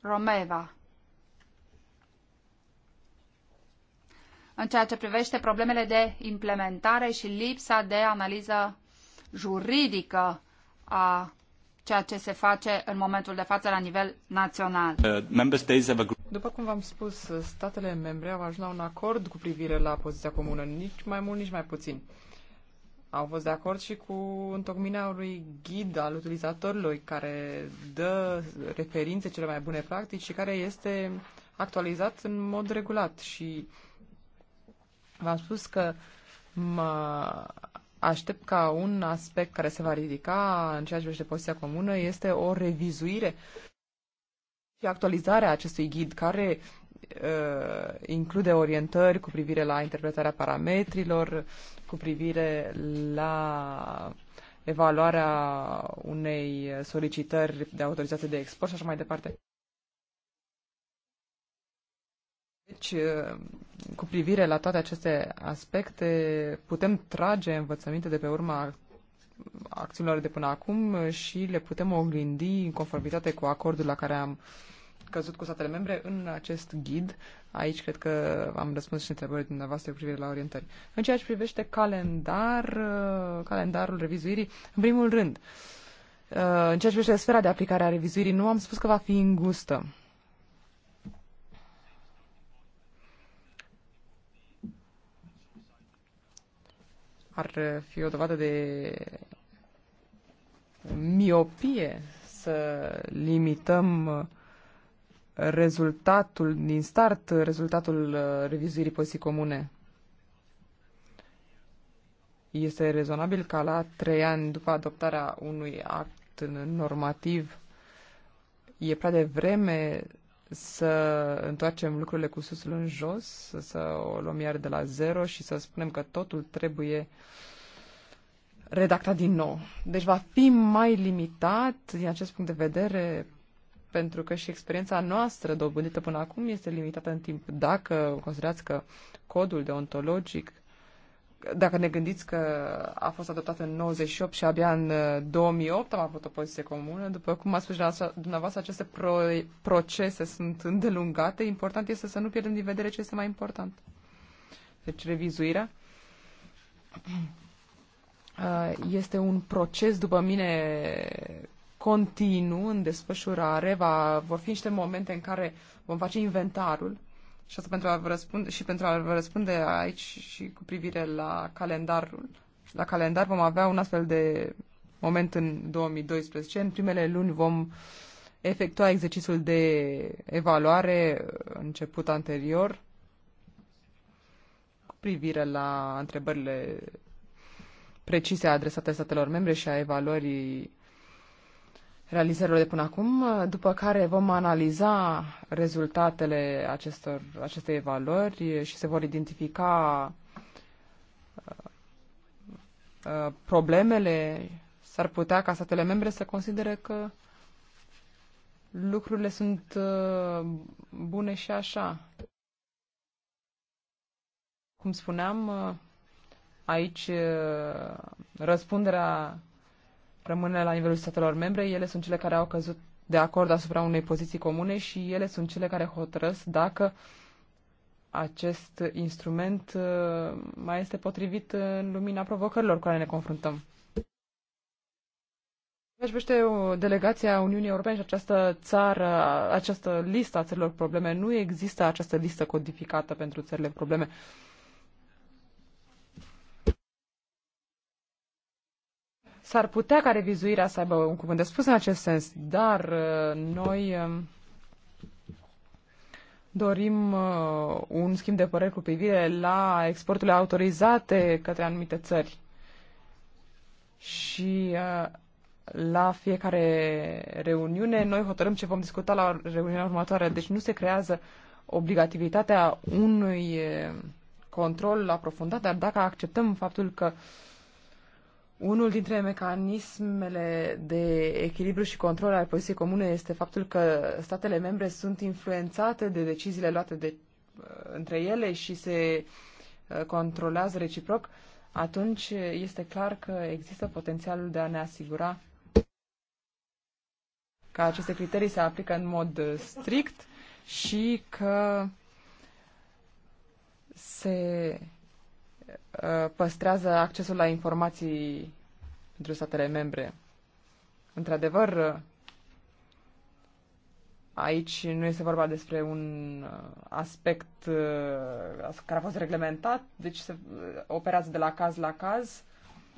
Romeva. În ceea ce privește problemele de implementare și lipsa de analiză juridică a ceea ce se face în momentul de față la nivel național. Uh, După cum v-am spus, statele membre au ajuns la un acord cu privire la poziția comună, nici mai mult, nici mai puțin. Au fost de acord și cu întocmina lui ghid al utilizatorilor care dă referințe cele mai bune practici și care este actualizat în mod regulat. Și v-am spus că mă aștept ca un aspect care se va ridica în ceea ce privește poziția comună este o revizuire și actualizarea acestui ghid care Uh, include orientări cu privire la interpretarea parametrilor, cu privire la evaluarea unei solicitări de autorizație de export și așa mai departe. Deci, uh, cu privire la toate aceste aspecte, putem trage învățăminte de pe urma acțiunilor de până acum și le putem oglindi în conformitate cu acordul la care am uh, căzut cu statele membre în acest ghid. Aici cred că am răspuns și întrebările dumneavoastră cu privire la orientări. În ceea ce privește calendar, uh, calendarul revizuirii, în primul rând, uh, în ceea ce privește sfera de aplicare a revizuirii, nu am spus că va fi îngustă. Ar fi o dovadă de miopie să limităm uh, rezultatul din start, rezultatul uh, revizuirii poziții comune. Este rezonabil ca la trei ani după adoptarea unui act normativ e prea vreme să întoarcem lucrurile cu susul în jos, să o luăm iar de la zero și să spunem că totul trebuie redactat din nou. Deci va fi mai limitat, din acest punct de vedere, pentru că și experiența noastră dobândită până acum este limitată în timp. Dacă considerați că codul deontologic, dacă ne gândiți că a fost adoptat în 98 și abia în 2008 uh, am avut o poziție comună, după cum a spus dumneavoastră, aceste pro- procese sunt îndelungate. Important este să nu pierdem din vedere ce este mai important. Deci revizuirea uh, este un proces, după mine, continuu, în desfășurare, va, vor fi niște momente în care vom face inventarul și asta pentru a vă răspunde, și pentru a vă răspunde aici și cu privire la calendarul. La calendar vom avea un astfel de moment în 2012. În primele luni vom efectua exercițiul de evaluare uh, început anterior cu privire la întrebările precise adresate statelor membre și a evaluării realizărilor de până acum, după care vom analiza rezultatele acestor, acestei evaluări și se vor identifica uh, uh, problemele. S-ar putea ca statele membre să considere că lucrurile sunt uh, bune și așa. Cum spuneam, aici răspunderea rămâne la nivelul statelor membre. Ele sunt cele care au căzut de acord asupra unei poziții comune și ele sunt cele care hotărăsc dacă acest instrument uh, mai este potrivit în lumina provocărilor cu care ne confruntăm. Aș vește o uh, delegație a Uniunii Europene și această țară, această listă a țărilor probleme. Nu există această listă codificată pentru țările probleme. Uh, S-ar putea ca revizuirea să aibă un cuvânt de spus în acest sens, dar uh, noi um, dorim uh, un schimb de păreri cu privire la exporturile autorizate către anumite țări și uh, la fiecare reuniune noi hotărâm ce vom discuta la reuniunea următoare. Deci nu se creează obligativitatea unui control aprofundat, dar dacă acceptăm faptul că uh, unul dintre mecanismele de echilibru și control al poziției comune este faptul că statele membre sunt influențate de deciziile luate de, uh, între ele și se uh, controlează reciproc, atunci uh, este clar că există potențialul de a ne asigura că aceste criterii se aplică în mod strict și că se Uh, păstrează accesul la informații pentru statele membre. Într-adevăr, uh, aici nu este vorba despre un uh, aspect care a fost reglementat, deci se operează de la caz la caz,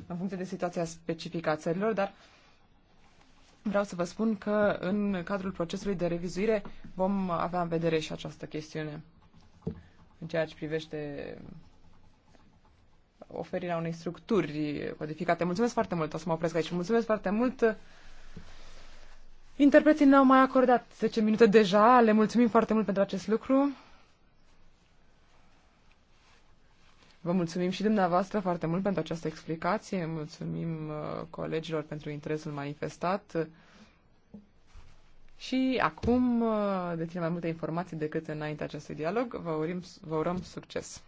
în funcție de situația specifică a țărilor, dar vreau să vă spun că în cadrul procesului de revizuire vom avea în vedere și această chestiune în ceea ce privește oferirea unei structuri codificate. Mulțumesc foarte mult, o să mă opresc aici. Mulțumesc foarte mult. Interpreții ne-au mai acordat 10 minute deja. Le mulțumim foarte mult pentru acest lucru. Vă mulțumim și dumneavoastră foarte mult pentru această explicație. Mulțumim uh, colegilor pentru interesul manifestat. Și acum uh, deținem mai multe informații decât înainte acestui dialog. Vă, urăm, vă urăm succes!